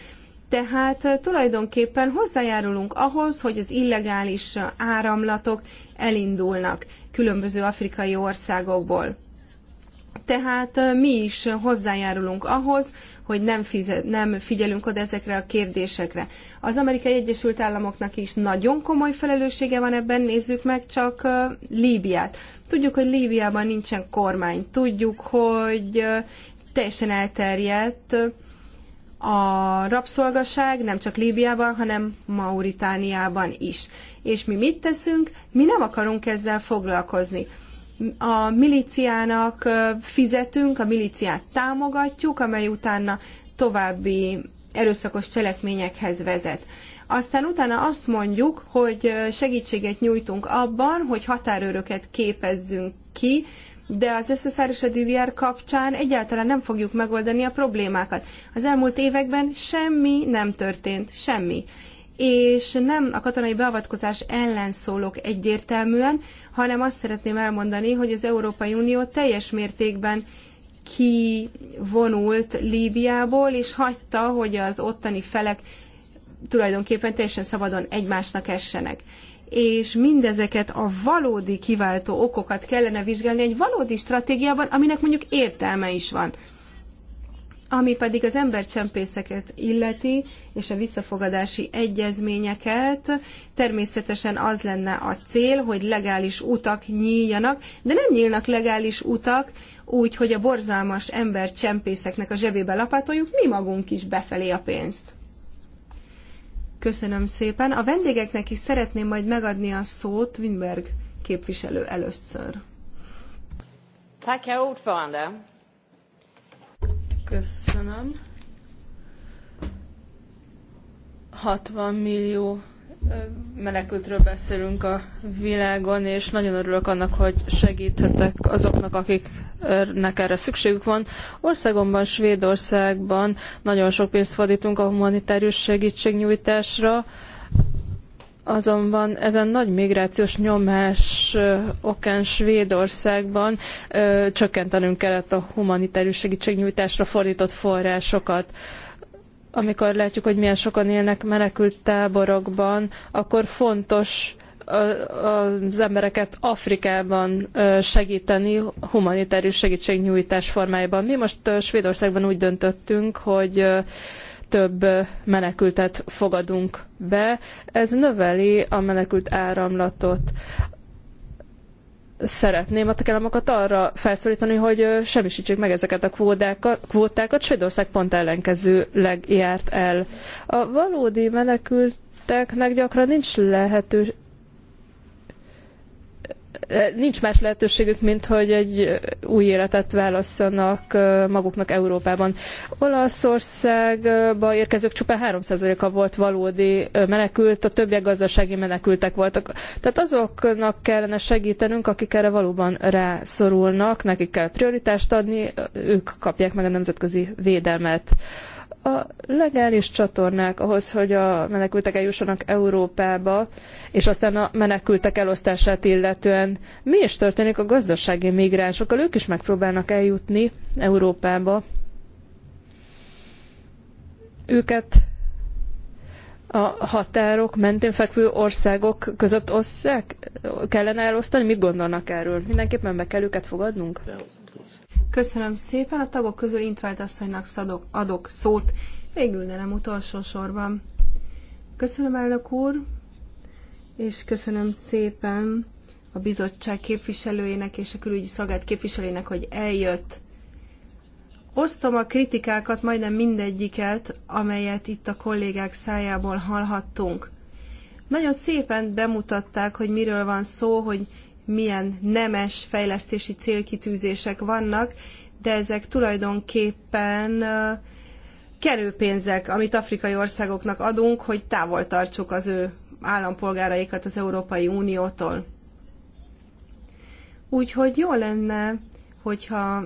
Tehát tulajdonképpen hozzájárulunk ahhoz, hogy az illegális áramlatok elindulnak különböző afrikai országokból tehát mi is hozzájárulunk ahhoz, hogy nem, fizet, nem figyelünk oda ezekre a kérdésekre. Az Amerikai Egyesült Államoknak is nagyon komoly felelőssége van ebben, nézzük meg csak Líbiát. Tudjuk, hogy Líbiában nincsen kormány, tudjuk, hogy teljesen elterjedt a rabszolgaság nem csak Líbiában, hanem Mauritániában is. És mi mit teszünk? Mi nem akarunk ezzel foglalkozni a milíciának fizetünk, a milíciát támogatjuk, amely utána további erőszakos cselekményekhez vezet. Aztán utána azt mondjuk, hogy segítséget nyújtunk abban, hogy határőröket képezzünk ki, de az SSR és a DDR kapcsán egyáltalán nem fogjuk megoldani a problémákat. Az elmúlt években semmi nem történt, semmi és nem a katonai beavatkozás ellen szólok egyértelműen, hanem azt szeretném elmondani, hogy az Európai Unió teljes mértékben kivonult Líbiából, és hagyta, hogy az ottani felek tulajdonképpen teljesen szabadon egymásnak essenek. És mindezeket a valódi kiváltó okokat kellene vizsgálni egy valódi stratégiában, aminek mondjuk értelme is van. Ami pedig az embercsempészeket illeti, és a visszafogadási egyezményeket, természetesen az lenne a cél, hogy legális utak nyíljanak, de nem nyílnak legális utak, úgy, hogy a borzalmas embercsempészeknek a zsebébe lapátoljuk mi magunk is befelé a pénzt. Köszönöm szépen. A vendégeknek is szeretném majd megadni a szót Winberg képviselő először. Tack, herr ordförande. Köszönöm. 60 millió menekültről beszélünk a világon, és nagyon örülök annak, hogy segíthetek azoknak, akiknek erre szükségük van. Országomban, Svédországban nagyon sok pénzt fordítunk a humanitárius segítségnyújtásra, Azonban ezen nagy migrációs nyomás okán Svédországban ö, csökkentenünk kellett a humanitárius segítségnyújtásra fordított forrásokat. Amikor látjuk, hogy milyen sokan élnek menekült táborokban, akkor fontos az embereket Afrikában segíteni humanitárius segítségnyújtás formájában. Mi most Svédországban úgy döntöttünk, hogy több menekültet fogadunk be. Ez növeli a menekült áramlatot. Szeretném a tagállamokat arra felszólítani, hogy semmisítsék meg ezeket a kvótákat, kvótákat. Svédország pont ellenkezőleg járt el. A valódi menekülteknek gyakran nincs lehetőség, nincs más lehetőségük, mint hogy egy új életet válasszanak maguknak Európában. Olaszországba érkezők csupán 3%-a volt valódi menekült, a többiek gazdasági menekültek voltak. Tehát azoknak kellene segítenünk, akik erre valóban rászorulnak, nekik kell prioritást adni, ők kapják meg a nemzetközi védelmet a legális csatornák ahhoz, hogy a menekültek eljussanak Európába, és aztán a menekültek elosztását illetően mi is történik a gazdasági migránsokkal? Ők is megpróbálnak eljutni Európába. Őket a határok mentén fekvő országok között osszák? Kellene elosztani? Mit gondolnak erről? Mindenképpen be kell őket fogadnunk? Köszönöm szépen. A tagok közül Intvált asszonynak szadok, adok szót, végül de nem utolsó sorban. Köszönöm, elnök úr, és köszönöm szépen a bizottság képviselőjének és a külügyi szolgált képviselőjének, hogy eljött. Osztom a kritikákat, majdnem mindegyiket, amelyet itt a kollégák szájából hallhattunk. Nagyon szépen bemutatták, hogy miről van szó, hogy milyen nemes fejlesztési célkitűzések vannak, de ezek tulajdonképpen kerőpénzek, amit afrikai országoknak adunk, hogy távol tartsuk az ő állampolgáraikat az Európai Uniótól. Úgyhogy jó lenne, hogyha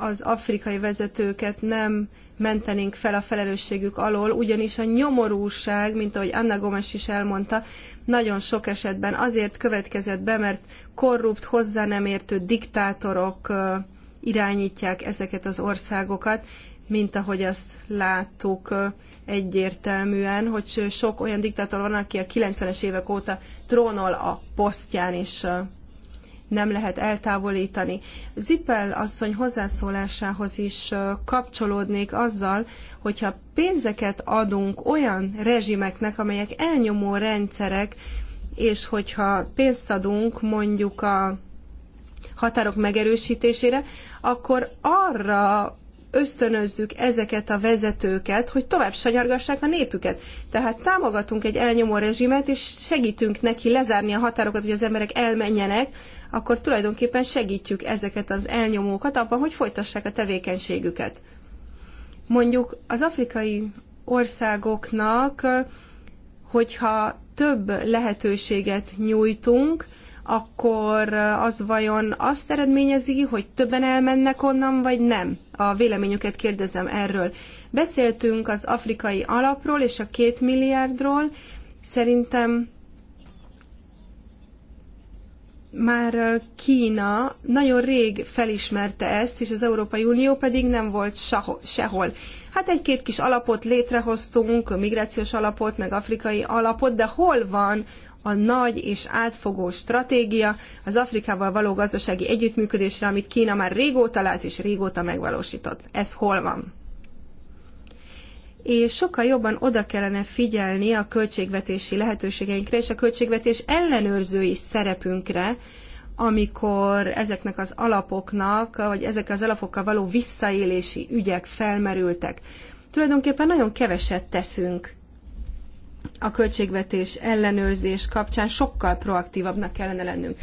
az afrikai vezetőket nem mentenénk fel a felelősségük alól, ugyanis a nyomorúság, mint ahogy Anna Gomes is elmondta, nagyon sok esetben azért következett be, mert korrupt, hozzá nem értő diktátorok irányítják ezeket az országokat, mint ahogy azt láttuk egyértelműen, hogy sok olyan diktátor van, aki a 90-es évek óta trónol a posztján, és nem lehet eltávolítani. Zippel asszony hozzászólásához is kapcsolódnék azzal, hogyha pénzeket adunk olyan rezsimeknek, amelyek elnyomó rendszerek, és hogyha pénzt adunk mondjuk a határok megerősítésére, akkor arra ösztönözzük ezeket a vezetőket, hogy tovább sanyargassák a népüket. Tehát támogatunk egy elnyomó rezsimet, és segítünk neki lezárni a határokat, hogy az emberek elmenjenek, akkor tulajdonképpen segítjük ezeket az elnyomókat abban, hogy folytassák a tevékenységüket. Mondjuk az afrikai országoknak, hogyha több lehetőséget nyújtunk, akkor az vajon azt eredményezi, hogy többen elmennek onnan, vagy nem? A véleményüket kérdezem erről. Beszéltünk az afrikai alapról és a két milliárdról. Szerintem már Kína nagyon rég felismerte ezt, és az Európai Unió pedig nem volt sehol. Hát egy-két kis alapot létrehoztunk, migrációs alapot, meg afrikai alapot, de hol van a nagy és átfogó stratégia az Afrikával való gazdasági együttműködésre, amit Kína már régóta lát és régóta megvalósított. Ez hol van? és sokkal jobban oda kellene figyelni a költségvetési lehetőségeinkre és a költségvetés ellenőrzői szerepünkre, amikor ezeknek az alapoknak, vagy ezek az alapokkal való visszaélési ügyek felmerültek. Tulajdonképpen nagyon keveset teszünk a költségvetés ellenőrzés kapcsán, sokkal proaktívabbnak kellene lennünk.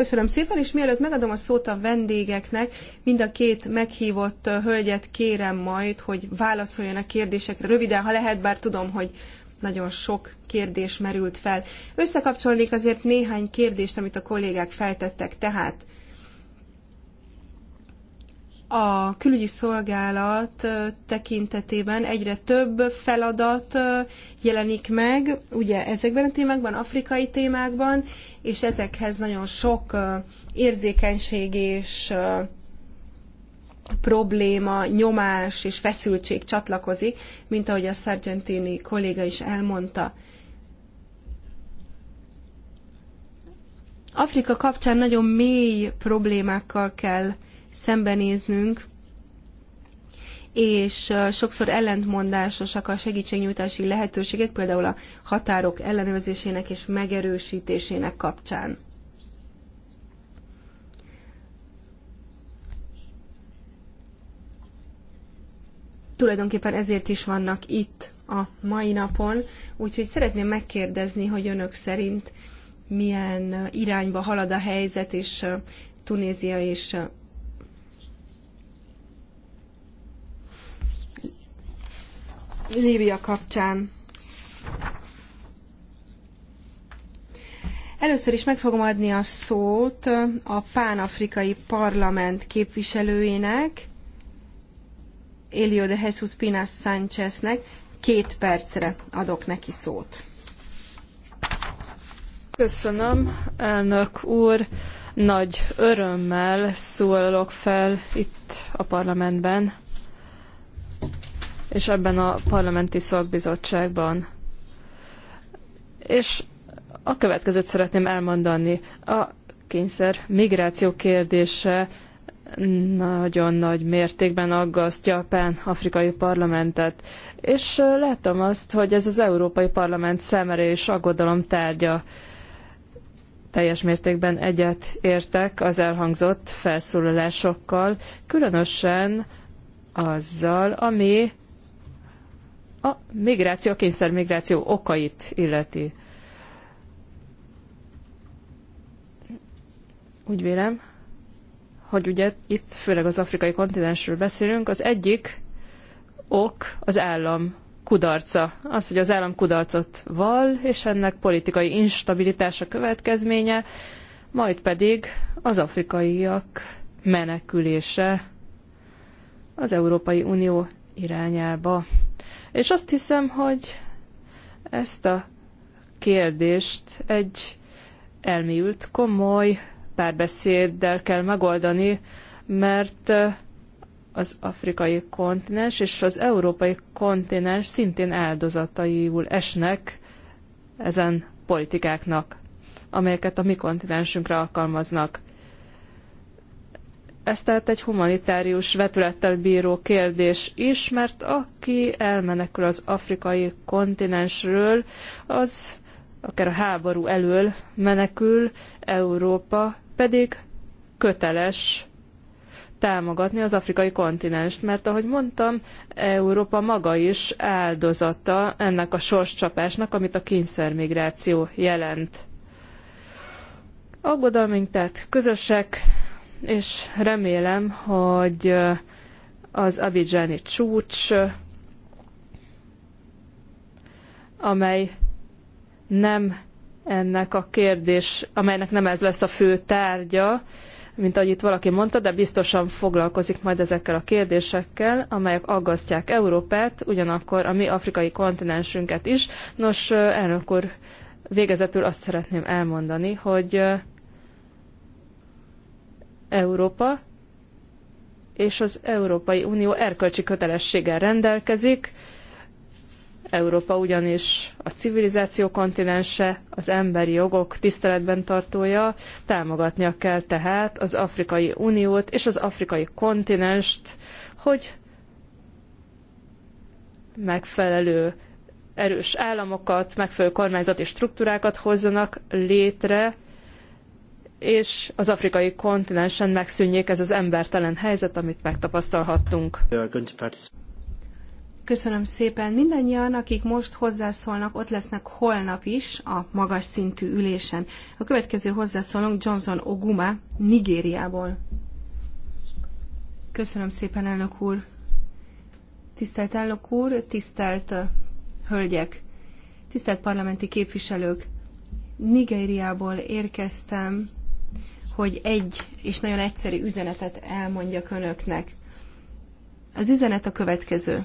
Köszönöm szépen, és mielőtt megadom a szót a vendégeknek, mind a két meghívott hölgyet kérem majd, hogy válaszoljon a kérdésekre röviden, ha lehet, bár tudom, hogy nagyon sok kérdés merült fel. Összekapcsolnék azért néhány kérdést, amit a kollégák feltettek. Tehát a külügyi szolgálat tekintetében egyre több feladat jelenik meg, ugye ezekben a témákban, afrikai témákban, és ezekhez nagyon sok érzékenység és probléma, nyomás és feszültség csatlakozik, mint ahogy a Sargentini kolléga is elmondta. Afrika kapcsán nagyon mély problémákkal kell szembenéznünk, és sokszor ellentmondásosak a segítségnyújtási lehetőségek, például a határok ellenőrzésének és megerősítésének kapcsán. Tulajdonképpen ezért is vannak itt a mai napon, úgyhogy szeretném megkérdezni, hogy önök szerint milyen irányba halad a helyzet, és Tunézia és Líbia kapcsán. Először is meg fogom adni a szót a pánafrikai parlament képviselőjének, Elio de Jesus Pinas Sáncheznek. Két percre adok neki szót. Köszönöm, elnök úr. Nagy örömmel szólalok fel itt a parlamentben és ebben a parlamenti szakbizottságban. És a következőt szeretném elmondani. A kényszer migráció kérdése nagyon nagy mértékben aggaszt Japán afrikai parlamentet, és láttam azt, hogy ez az Európai Parlament szemere és aggodalom tárgya. Teljes mértékben egyet értek az elhangzott felszólalásokkal, különösen azzal, ami a migráció, a kényszermigráció okait illeti. Úgy vélem, hogy ugye itt főleg az afrikai kontinensről beszélünk, az egyik ok az állam kudarca. Az, hogy az állam kudarcot val, és ennek politikai instabilitása következménye, majd pedig az afrikaiak menekülése az Európai Unió irányába. És azt hiszem, hogy ezt a kérdést egy elmélyült, komoly párbeszéddel kell megoldani, mert az afrikai kontinens és az európai kontinens szintén áldozataiul esnek ezen politikáknak, amelyeket a mi kontinensünkre alkalmaznak ez tehát egy humanitárius vetülettel bíró kérdés is, mert aki elmenekül az afrikai kontinensről, az akár a háború elől menekül, Európa pedig köteles támogatni az afrikai kontinenst, mert ahogy mondtam, Európa maga is áldozata ennek a sorscsapásnak, amit a kényszermigráció jelent. Aggodalmink tehát közösek, és remélem, hogy az abidzsáni csúcs, amely nem ennek a kérdés, amelynek nem ez lesz a fő tárgya, mint ahogy itt valaki mondta, de biztosan foglalkozik majd ezekkel a kérdésekkel, amelyek aggasztják Európát, ugyanakkor a mi afrikai kontinensünket is. Nos, elnök úr, végezetül azt szeretném elmondani, hogy Európa és az Európai Unió erkölcsi kötelességgel rendelkezik. Európa ugyanis a civilizáció kontinense, az emberi jogok tiszteletben tartója, támogatnia kell tehát az Afrikai Uniót és az afrikai kontinenst, hogy megfelelő erős államokat, megfelelő kormányzati struktúrákat hozzanak létre, és az afrikai kontinensen megszűnjék ez az embertelen helyzet, amit megtapasztalhattunk. Köszönöm szépen. Mindannyian, akik most hozzászólnak, ott lesznek holnap is a magas szintű ülésen. A következő hozzászólónk Johnson Oguma, Nigériából. Köszönöm szépen, elnök úr. Tisztelt elnök úr, tisztelt hölgyek, tisztelt parlamenti képviselők. Nigériából érkeztem, hogy egy és nagyon egyszerű üzenetet elmondjak önöknek. Az üzenet a következő.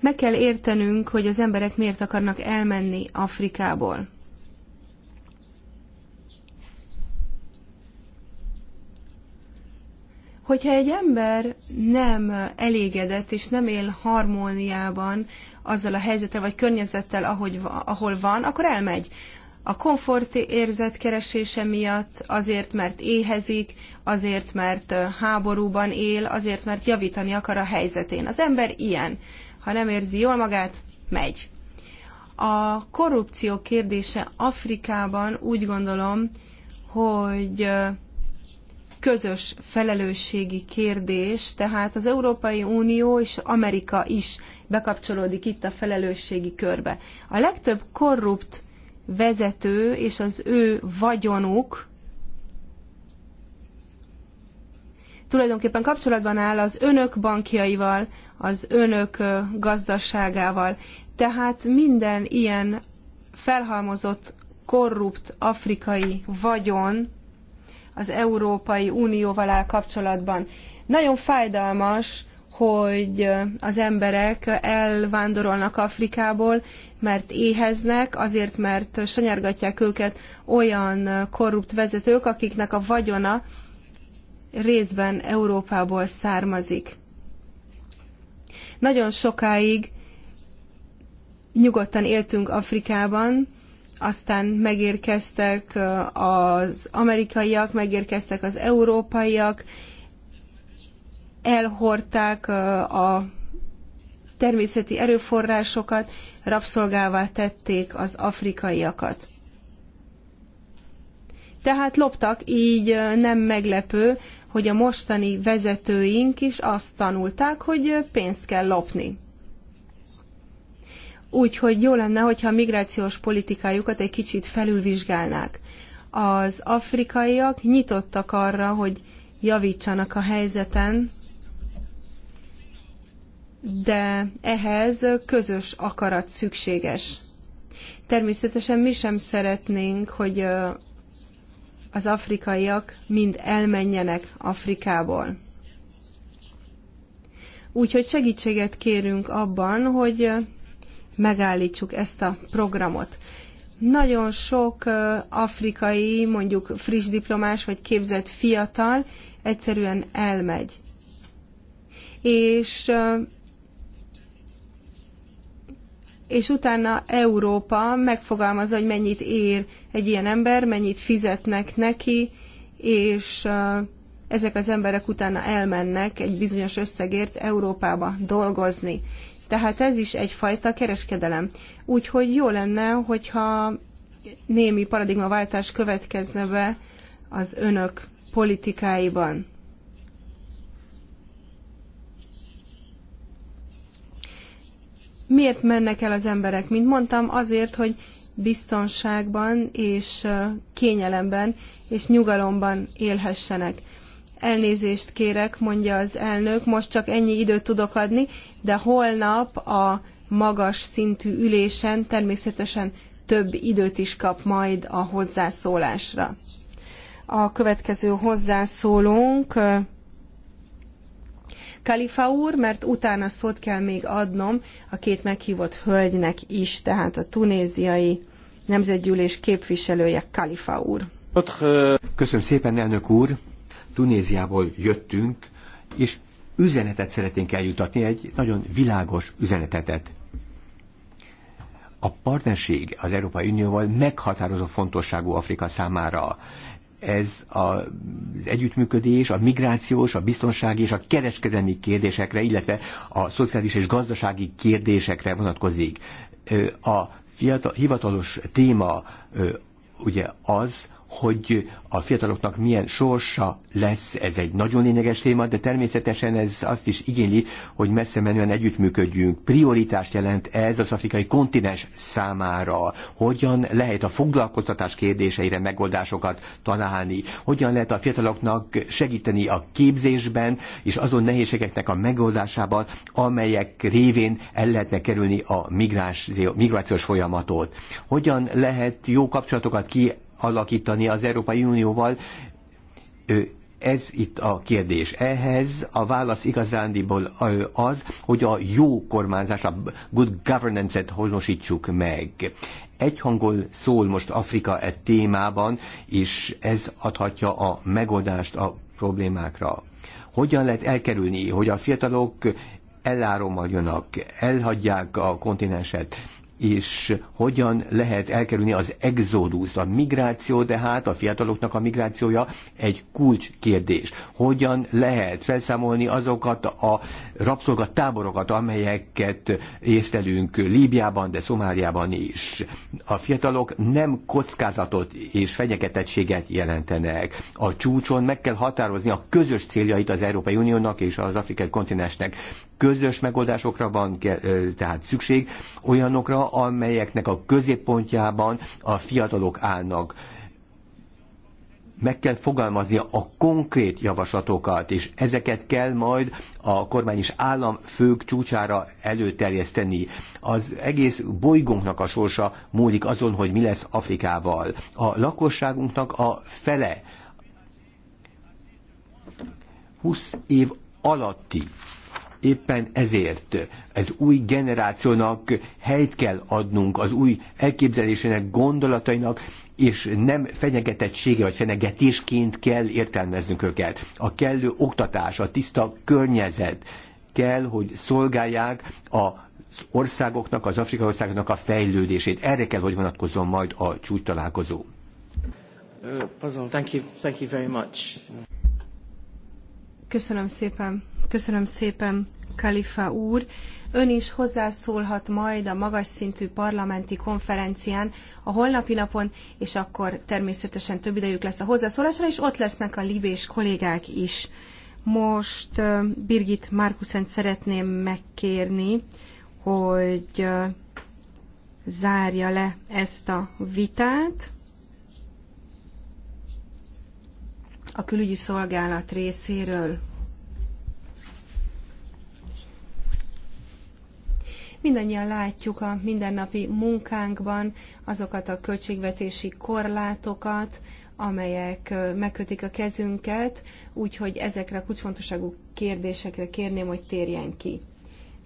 Meg kell értenünk, hogy az emberek miért akarnak elmenni Afrikából. Hogyha egy ember nem elégedett és nem él harmóniában azzal a helyzettel vagy környezettel, ahogy, ahol van, akkor elmegy. A komfort érzet keresése miatt, azért, mert éhezik, azért, mert háborúban él, azért, mert javítani akar a helyzetén. Az ember ilyen. Ha nem érzi jól magát, megy. A korrupció kérdése Afrikában úgy gondolom, hogy közös felelősségi kérdés, tehát az Európai Unió és Amerika is bekapcsolódik itt a felelősségi körbe. A legtöbb korrupt vezető és az ő vagyonuk tulajdonképpen kapcsolatban áll az önök bankjaival, az önök gazdaságával. Tehát minden ilyen felhalmozott korrupt afrikai vagyon az Európai Unióval áll kapcsolatban. Nagyon fájdalmas, hogy az emberek elvándorolnak Afrikából, mert éheznek, azért, mert sanyargatják őket olyan korrupt vezetők, akiknek a vagyona részben Európából származik. Nagyon sokáig nyugodtan éltünk Afrikában, aztán megérkeztek az amerikaiak, megérkeztek az európaiak, elhordták a természeti erőforrásokat, rabszolgává tették az afrikaiakat. Tehát loptak, így nem meglepő, hogy a mostani vezetőink is azt tanulták, hogy pénzt kell lopni. Úgyhogy jó lenne, hogyha a migrációs politikájukat egy kicsit felülvizsgálnák. Az afrikaiak nyitottak arra, hogy javítsanak a helyzeten, de ehhez közös akarat szükséges. Természetesen mi sem szeretnénk, hogy az afrikaiak mind elmenjenek Afrikából. Úgyhogy segítséget kérünk abban, hogy megállítsuk ezt a programot. Nagyon sok afrikai, mondjuk friss diplomás vagy képzett fiatal egyszerűen elmegy. És és utána Európa megfogalmazza, hogy mennyit ér egy ilyen ember, mennyit fizetnek neki, és ezek az emberek utána elmennek egy bizonyos összegért Európába dolgozni. Tehát ez is egyfajta kereskedelem. Úgyhogy jó lenne, hogyha némi paradigmaváltás következne be az önök politikáiban. Miért mennek el az emberek? Mint mondtam, azért, hogy biztonságban és kényelemben és nyugalomban élhessenek. Elnézést kérek, mondja az elnök, most csak ennyi időt tudok adni, de holnap a magas szintű ülésen természetesen több időt is kap majd a hozzászólásra. A következő hozzászólónk Kalifa úr, mert utána szót kell még adnom a két meghívott hölgynek is, tehát a tunéziai nemzetgyűlés képviselője Kalifa úr. Köszönöm szépen, elnök úr! Tunéziából jöttünk, és üzenetet szeretnénk eljutatni, egy nagyon világos üzenetetet. A partnerség az Európai Unióval meghatározó fontosságú Afrika számára ez a, az együttműködés, a migrációs, a biztonsági és a kereskedelmi kérdésekre, illetve a szociális és gazdasági kérdésekre vonatkozik. A fiatal, hivatalos téma ugye az, hogy a fiataloknak milyen sorsa lesz, ez egy nagyon lényeges téma, de természetesen ez azt is igényli, hogy messze menően együttműködjünk. Prioritást jelent ez az afrikai kontinens számára. Hogyan lehet a foglalkoztatás kérdéseire megoldásokat találni? Hogyan lehet a fiataloknak segíteni a képzésben és azon nehézségeknek a megoldásában, amelyek révén el lehetne kerülni a migrációs folyamatot? Hogyan lehet jó kapcsolatokat ki alakítani az Európai Unióval. Ez itt a kérdés. Ehhez a válasz igazándiból az, hogy a jó kormányzás, a good governance-et honosítsuk meg egyhangol szól most Afrika e témában, és ez adhatja a megoldást a problémákra. Hogyan lehet elkerülni, hogy a fiatalok eláromoljanak, elhagyják a kontinenset? és hogyan lehet elkerülni az exodus, a migráció, tehát a fiataloknak a migrációja egy kulcskérdés. Hogyan lehet felszámolni azokat a rabszolgatáborokat, amelyeket észlelünk Líbiában, de Szomáliában is. A fiatalok nem kockázatot és fenyegetettséget jelentenek. A csúcson meg kell határozni a közös céljait az Európai Uniónak és az afrikai kontinensnek. Közös megoldásokra van tehát szükség, olyanokra, amelyeknek a középpontjában a fiatalok állnak meg kell fogalmazni a konkrét javaslatokat, és ezeket kell majd a kormány és államfők csúcsára előterjeszteni. Az egész bolygónknak a sorsa múlik azon, hogy mi lesz Afrikával. A lakosságunknak a fele 20 év alatti Éppen ezért ez új generációnak helyt kell adnunk az új elképzelésének, gondolatainak, és nem fenyegetettsége vagy fenyegetésként kell értelmeznünk őket. A kellő oktatás, a tiszta környezet kell, hogy szolgálják a az országoknak, az afrikai országoknak a fejlődését. Erre kell, hogy vonatkozzon majd a csúcs találkozó. Uh, thank you, thank you very much. Köszönöm szépen, köszönöm szépen, Kalifa úr. Ön is hozzászólhat majd a magas szintű parlamenti konferencián a holnapi napon, és akkor természetesen több idejük lesz a hozzászólásra, és ott lesznek a libés kollégák is. Most Birgit Márkuszent szeretném megkérni, hogy zárja le ezt a vitát. a külügyi szolgálat részéről. Mindannyian látjuk a mindennapi munkánkban azokat a költségvetési korlátokat, amelyek megkötik a kezünket, úgyhogy ezekre a kulcsfontosságú kérdésekre kérném, hogy térjen ki.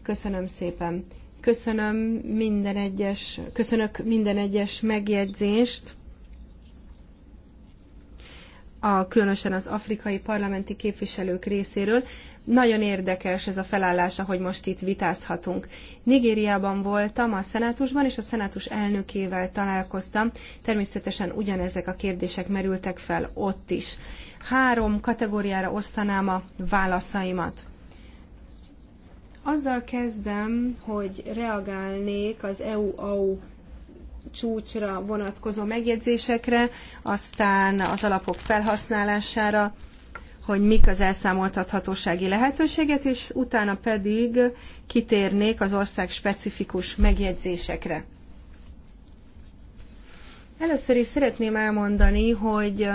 Köszönöm szépen. Köszönöm minden egyes, köszönök minden egyes megjegyzést a, különösen az afrikai parlamenti képviselők részéről. Nagyon érdekes ez a felállás, ahogy most itt vitázhatunk. Nigériában voltam a szenátusban, és a szenátus elnökével találkoztam. Természetesen ugyanezek a kérdések merültek fel ott is. Három kategóriára osztanám a válaszaimat. Azzal kezdem, hogy reagálnék az EU-AU csúcsra vonatkozó megjegyzésekre, aztán az alapok felhasználására, hogy mik az elszámoltathatósági lehetőséget, és utána pedig kitérnék az ország specifikus megjegyzésekre. Először is szeretném elmondani, hogy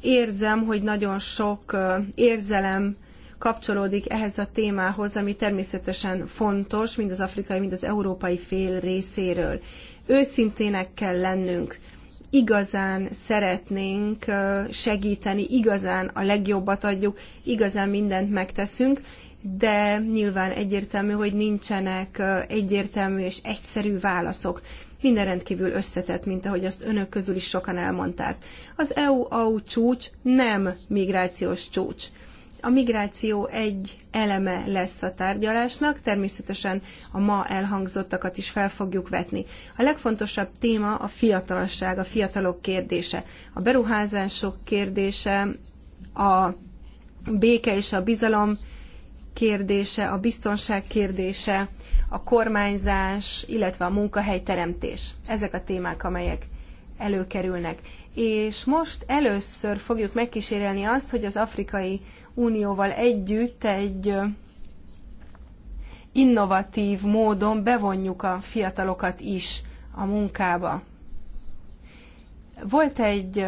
érzem, hogy nagyon sok érzelem kapcsolódik ehhez a témához, ami természetesen fontos, mind az afrikai, mind az európai fél részéről. Őszintének kell lennünk. Igazán szeretnénk segíteni, igazán a legjobbat adjuk, igazán mindent megteszünk, de nyilván egyértelmű, hogy nincsenek egyértelmű és egyszerű válaszok. Minden rendkívül összetett, mint ahogy azt önök közül is sokan elmondták. Az EU-AU csúcs nem migrációs csúcs. A migráció egy eleme lesz a tárgyalásnak, természetesen a ma elhangzottakat is fel fogjuk vetni. A legfontosabb téma a fiatalság, a fiatalok kérdése, a beruházások kérdése, a béke és a bizalom kérdése, a biztonság kérdése, a kormányzás, illetve a munkahelyteremtés. Ezek a témák, amelyek előkerülnek. És most először fogjuk megkísérelni azt, hogy az afrikai Unióval együtt egy innovatív módon bevonjuk a fiatalokat is a munkába. Volt egy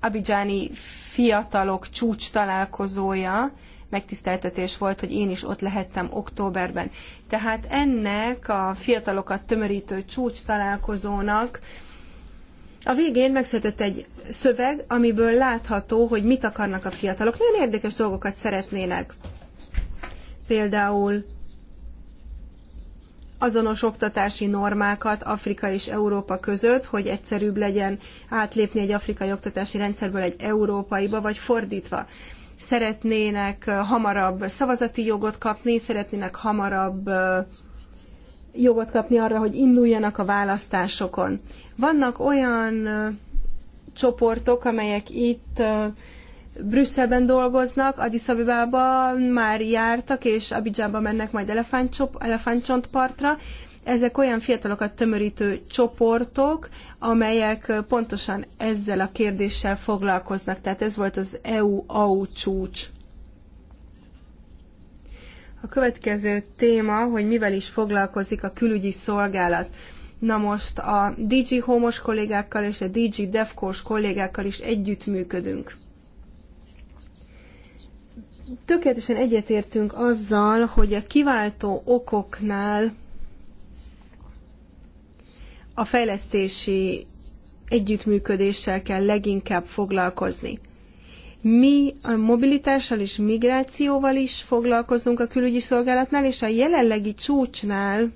abidzsáni fiatalok csúcs találkozója, megtiszteltetés volt, hogy én is ott lehettem októberben. Tehát ennek a fiatalokat tömörítő csúcs találkozónak a végén megszületett egy szöveg, amiből látható, hogy mit akarnak a fiatalok. Nagyon érdekes dolgokat szeretnének. Például azonos oktatási normákat Afrika és Európa között, hogy egyszerűbb legyen átlépni egy afrikai oktatási rendszerből egy európaiba, vagy fordítva. Szeretnének hamarabb szavazati jogot kapni, szeretnének hamarabb jogot kapni arra, hogy induljanak a választásokon. Vannak olyan csoportok, amelyek itt Brüsszelben dolgoznak, Addis Abibába már jártak, és Abidzsába mennek majd elefántcsontpartra. Ezek olyan fiatalokat tömörítő csoportok, amelyek pontosan ezzel a kérdéssel foglalkoznak. Tehát ez volt az EU-AU csúcs. A következő téma, hogy mivel is foglalkozik a külügyi szolgálat. Na most a DG Homos kollégákkal és a DG Defcos kollégákkal is együttműködünk. Tökéletesen egyetértünk azzal, hogy a kiváltó okoknál a fejlesztési együttműködéssel kell leginkább foglalkozni. Mi a mobilitással és migrációval is foglalkozunk a külügyi szolgálatnál, és a jelenlegi csúcsnál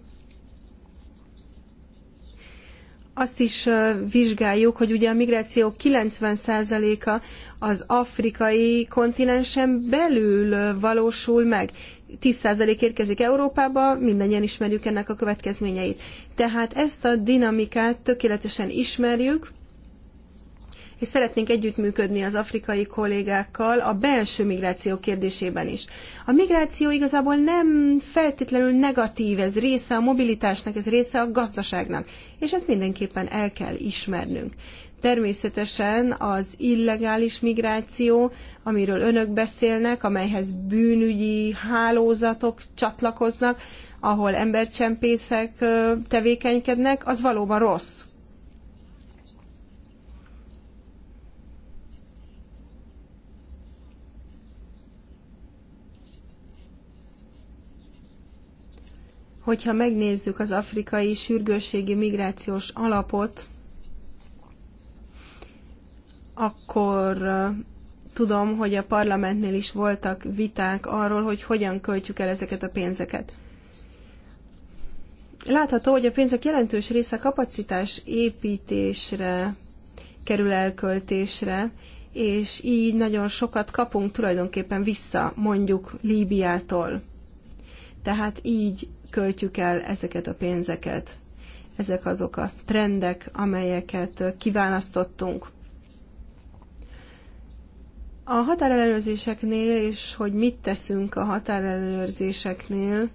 azt is vizsgáljuk, hogy ugye a migráció 90%-a az afrikai kontinensen belül valósul meg. 10% érkezik Európába, mindannyian ismerjük ennek a következményeit. Tehát ezt a dinamikát tökéletesen ismerjük, és szeretnénk együttműködni az afrikai kollégákkal a belső migráció kérdésében is. A migráció igazából nem feltétlenül negatív, ez része a mobilitásnak, ez része a gazdaságnak, és ezt mindenképpen el kell ismernünk. Természetesen az illegális migráció, amiről önök beszélnek, amelyhez bűnügyi hálózatok csatlakoznak, ahol embercsempészek tevékenykednek, az valóban rossz hogyha megnézzük az afrikai sürgősségi migrációs alapot, akkor tudom, hogy a parlamentnél is voltak viták arról, hogy hogyan költjük el ezeket a pénzeket. Látható, hogy a pénzek jelentős része kapacitás építésre kerül elköltésre, és így nagyon sokat kapunk tulajdonképpen vissza, mondjuk Líbiától. Tehát így költjük el ezeket a pénzeket. Ezek azok a trendek, amelyeket kiválasztottunk. A határellenőrzéseknél, és hogy mit teszünk a határellenőrzéseknél,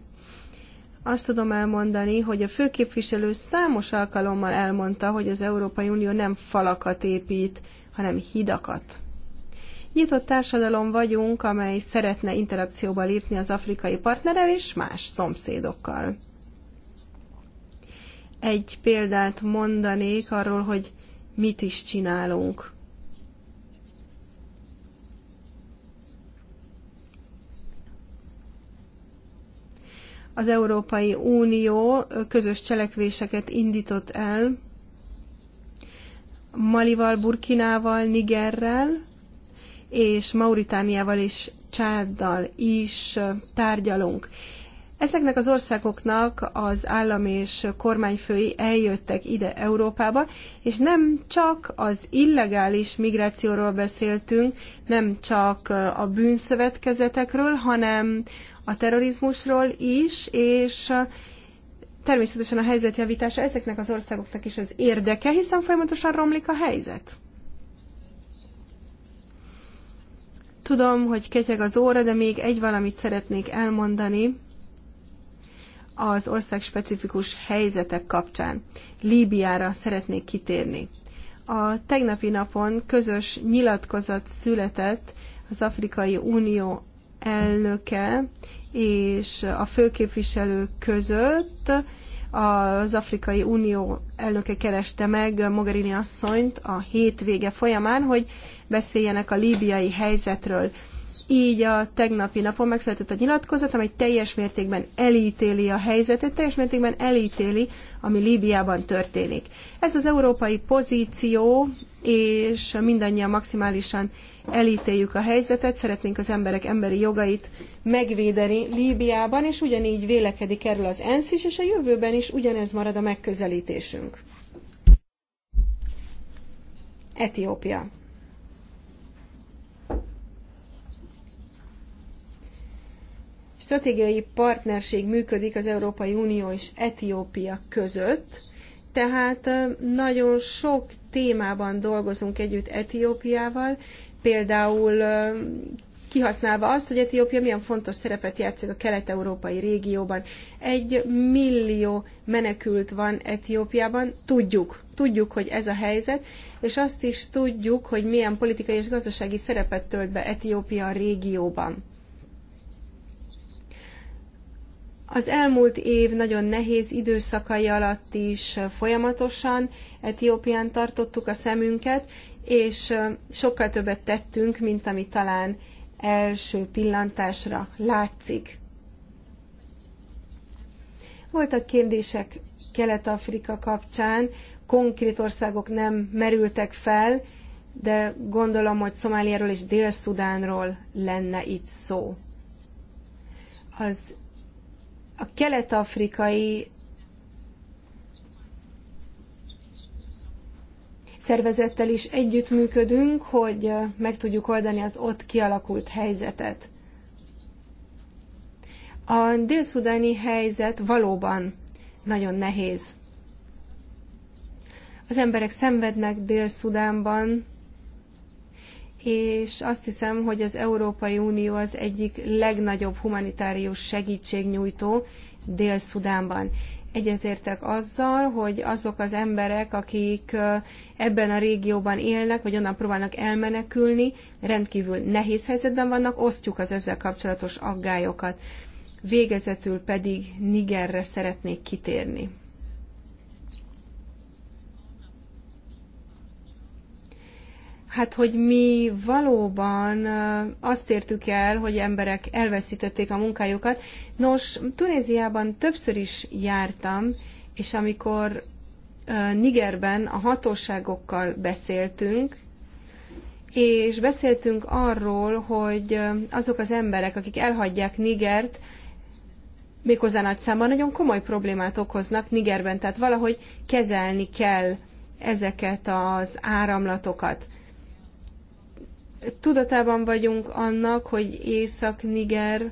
azt tudom elmondani, hogy a főképviselő számos alkalommal elmondta, hogy az Európai Unió nem falakat épít, hanem hidakat nyitott társadalom vagyunk, amely szeretne interakcióba lépni az afrikai partnerrel és más szomszédokkal. Egy példát mondanék arról, hogy mit is csinálunk. Az Európai Unió közös cselekvéseket indított el Malival, Burkinával, Nigerrel, és Mauritániával és Csáddal is tárgyalunk. Ezeknek az országoknak az állam és kormányfői eljöttek ide Európába, és nem csak az illegális migrációról beszéltünk, nem csak a bűnszövetkezetekről, hanem a terrorizmusról is, és természetesen a helyzetjavítása ezeknek az országoknak is az érdeke, hiszen folyamatosan romlik a helyzet. Tudom, hogy ketyeg az óra, de még egy valamit szeretnék elmondani az ország specifikus helyzetek kapcsán. Líbiára szeretnék kitérni. A tegnapi napon közös nyilatkozat született az Afrikai Unió elnöke és a főképviselő között az Afrikai Unió elnöke kereste meg Mogherini asszonyt a hétvége folyamán, hogy beszéljenek a líbiai helyzetről. Így a tegnapi napon megszületett a nyilatkozat, amely teljes mértékben elítéli a helyzetet, teljes mértékben elítéli, ami Líbiában történik. Ez az európai pozíció, és mindannyian maximálisan elítéljük a helyzetet, szeretnénk az emberek emberi jogait megvédeni Líbiában, és ugyanígy vélekedik erről az ENSZ is, és a jövőben is ugyanez marad a megközelítésünk. Etiópia. Stratégiai partnerség működik az Európai Unió és Etiópia között, tehát nagyon sok témában dolgozunk együtt Etiópiával, például kihasználva azt, hogy Etiópia milyen fontos szerepet játszik a kelet-európai régióban. Egy millió menekült van Etiópiában, tudjuk, tudjuk, hogy ez a helyzet, és azt is tudjuk, hogy milyen politikai és gazdasági szerepet tölt be Etiópia a régióban. Az elmúlt év nagyon nehéz időszakai alatt is folyamatosan Etiópián tartottuk a szemünket, és sokkal többet tettünk, mint ami talán első pillantásra látszik. Voltak kérdések Kelet-Afrika kapcsán, konkrét országok nem merültek fel, de gondolom, hogy Szomáliáról és Dél-Szudánról lenne itt szó. Az a kelet-afrikai szervezettel is együttműködünk, hogy meg tudjuk oldani az ott kialakult helyzetet. A délszudáni helyzet valóban nagyon nehéz. Az emberek szenvednek Dél-Szudánban, és azt hiszem, hogy az Európai Unió az egyik legnagyobb humanitárius segítségnyújtó Dél-Szudánban. Egyetértek azzal, hogy azok az emberek, akik ebben a régióban élnek, vagy onnan próbálnak elmenekülni, rendkívül nehéz helyzetben vannak, osztjuk az ezzel kapcsolatos aggályokat. Végezetül pedig Nigerre szeretnék kitérni. hát hogy mi valóban azt értük el, hogy emberek elveszítették a munkájukat. Nos, Tunéziában többször is jártam, és amikor Nigerben a hatóságokkal beszéltünk, és beszéltünk arról, hogy azok az emberek, akik elhagyják Nigert, méghozzá nagy számban nagyon komoly problémát okoznak Nigerben, tehát valahogy kezelni kell ezeket az áramlatokat. Tudatában vagyunk annak, hogy Észak-Niger,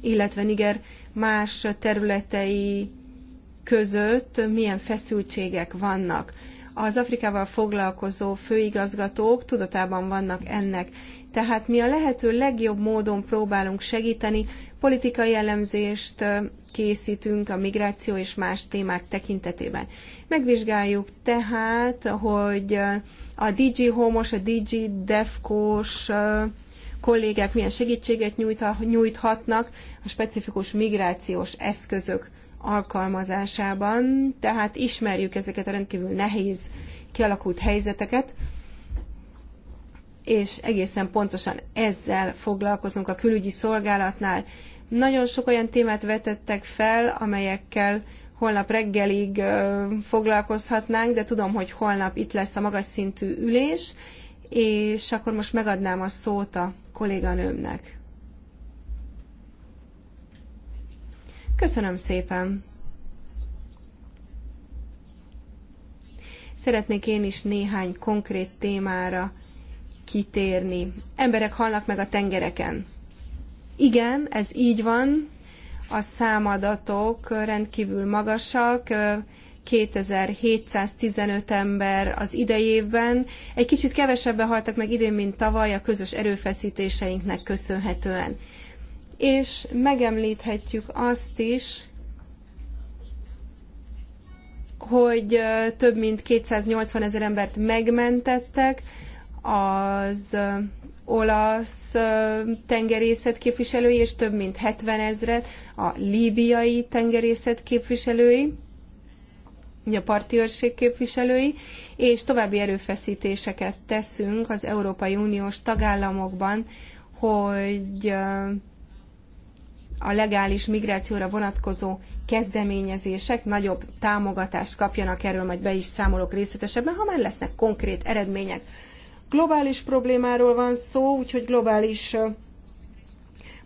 illetve Niger más területei között milyen feszültségek vannak. Az Afrikával foglalkozó főigazgatók tudatában vannak ennek, tehát mi a lehető legjobb módon próbálunk segíteni, politikai jellemzést készítünk a migráció és más témák tekintetében. Megvizsgáljuk tehát, hogy a DG Homos, a DG Defkos kollégák milyen segítséget nyújthatnak a specifikus migrációs eszközök alkalmazásában, tehát ismerjük ezeket a rendkívül nehéz kialakult helyzeteket, és egészen pontosan ezzel foglalkozunk a külügyi szolgálatnál. Nagyon sok olyan témát vetettek fel, amelyekkel holnap reggelig foglalkozhatnánk, de tudom, hogy holnap itt lesz a magas szintű ülés, és akkor most megadnám a szót a kolléganőmnek. Köszönöm szépen! Szeretnék én is néhány konkrét témára kitérni. Emberek halnak meg a tengereken. Igen, ez így van. A számadatok rendkívül magasak. 2715 ember az idei évben. Egy kicsit kevesebben haltak meg idén, mint tavaly a közös erőfeszítéseinknek köszönhetően. És megemlíthetjük azt is, hogy több mint 280 ezer embert megmentettek, az olasz tengerészet képviselői, és több mint 70 ezret a líbiai tengerészet képviselői, a parti őrség képviselői, és további erőfeszítéseket teszünk az Európai Uniós tagállamokban, hogy a legális migrációra vonatkozó kezdeményezések nagyobb támogatást kapjanak, erről majd be is számolok részletesebben, ha már lesznek konkrét eredmények. Globális problémáról van szó, úgyhogy globális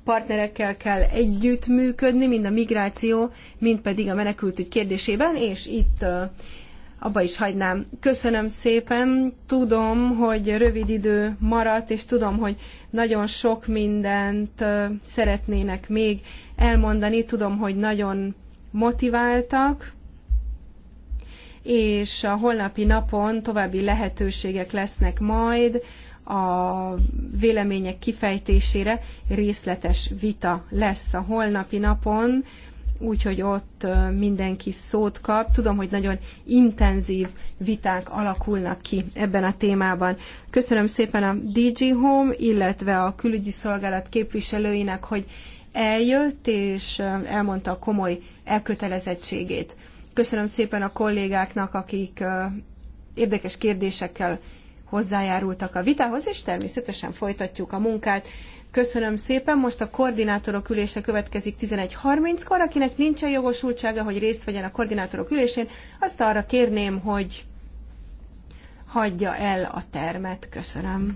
partnerekkel kell együttműködni, mind a migráció, mind pedig a menekültügy kérdésében, és itt abba is hagynám. Köszönöm szépen, tudom, hogy rövid idő maradt, és tudom, hogy nagyon sok mindent szeretnének még elmondani, tudom, hogy nagyon motiváltak, és a holnapi napon további lehetőségek lesznek majd a vélemények kifejtésére részletes vita lesz a holnapi napon, úgyhogy ott mindenki szót kap. Tudom, hogy nagyon intenzív viták alakulnak ki ebben a témában. Köszönöm szépen a DG Home, illetve a külügyi szolgálat képviselőinek, hogy eljött és elmondta a komoly elkötelezettségét. Köszönöm szépen a kollégáknak, akik érdekes kérdésekkel hozzájárultak a vitához, és természetesen folytatjuk a munkát. Köszönöm szépen, most a koordinátorok ülése következik 11.30-kor, akinek nincsen jogosultsága, hogy részt vegyen a koordinátorok ülésén, azt arra kérném, hogy hagyja el a termet. Köszönöm.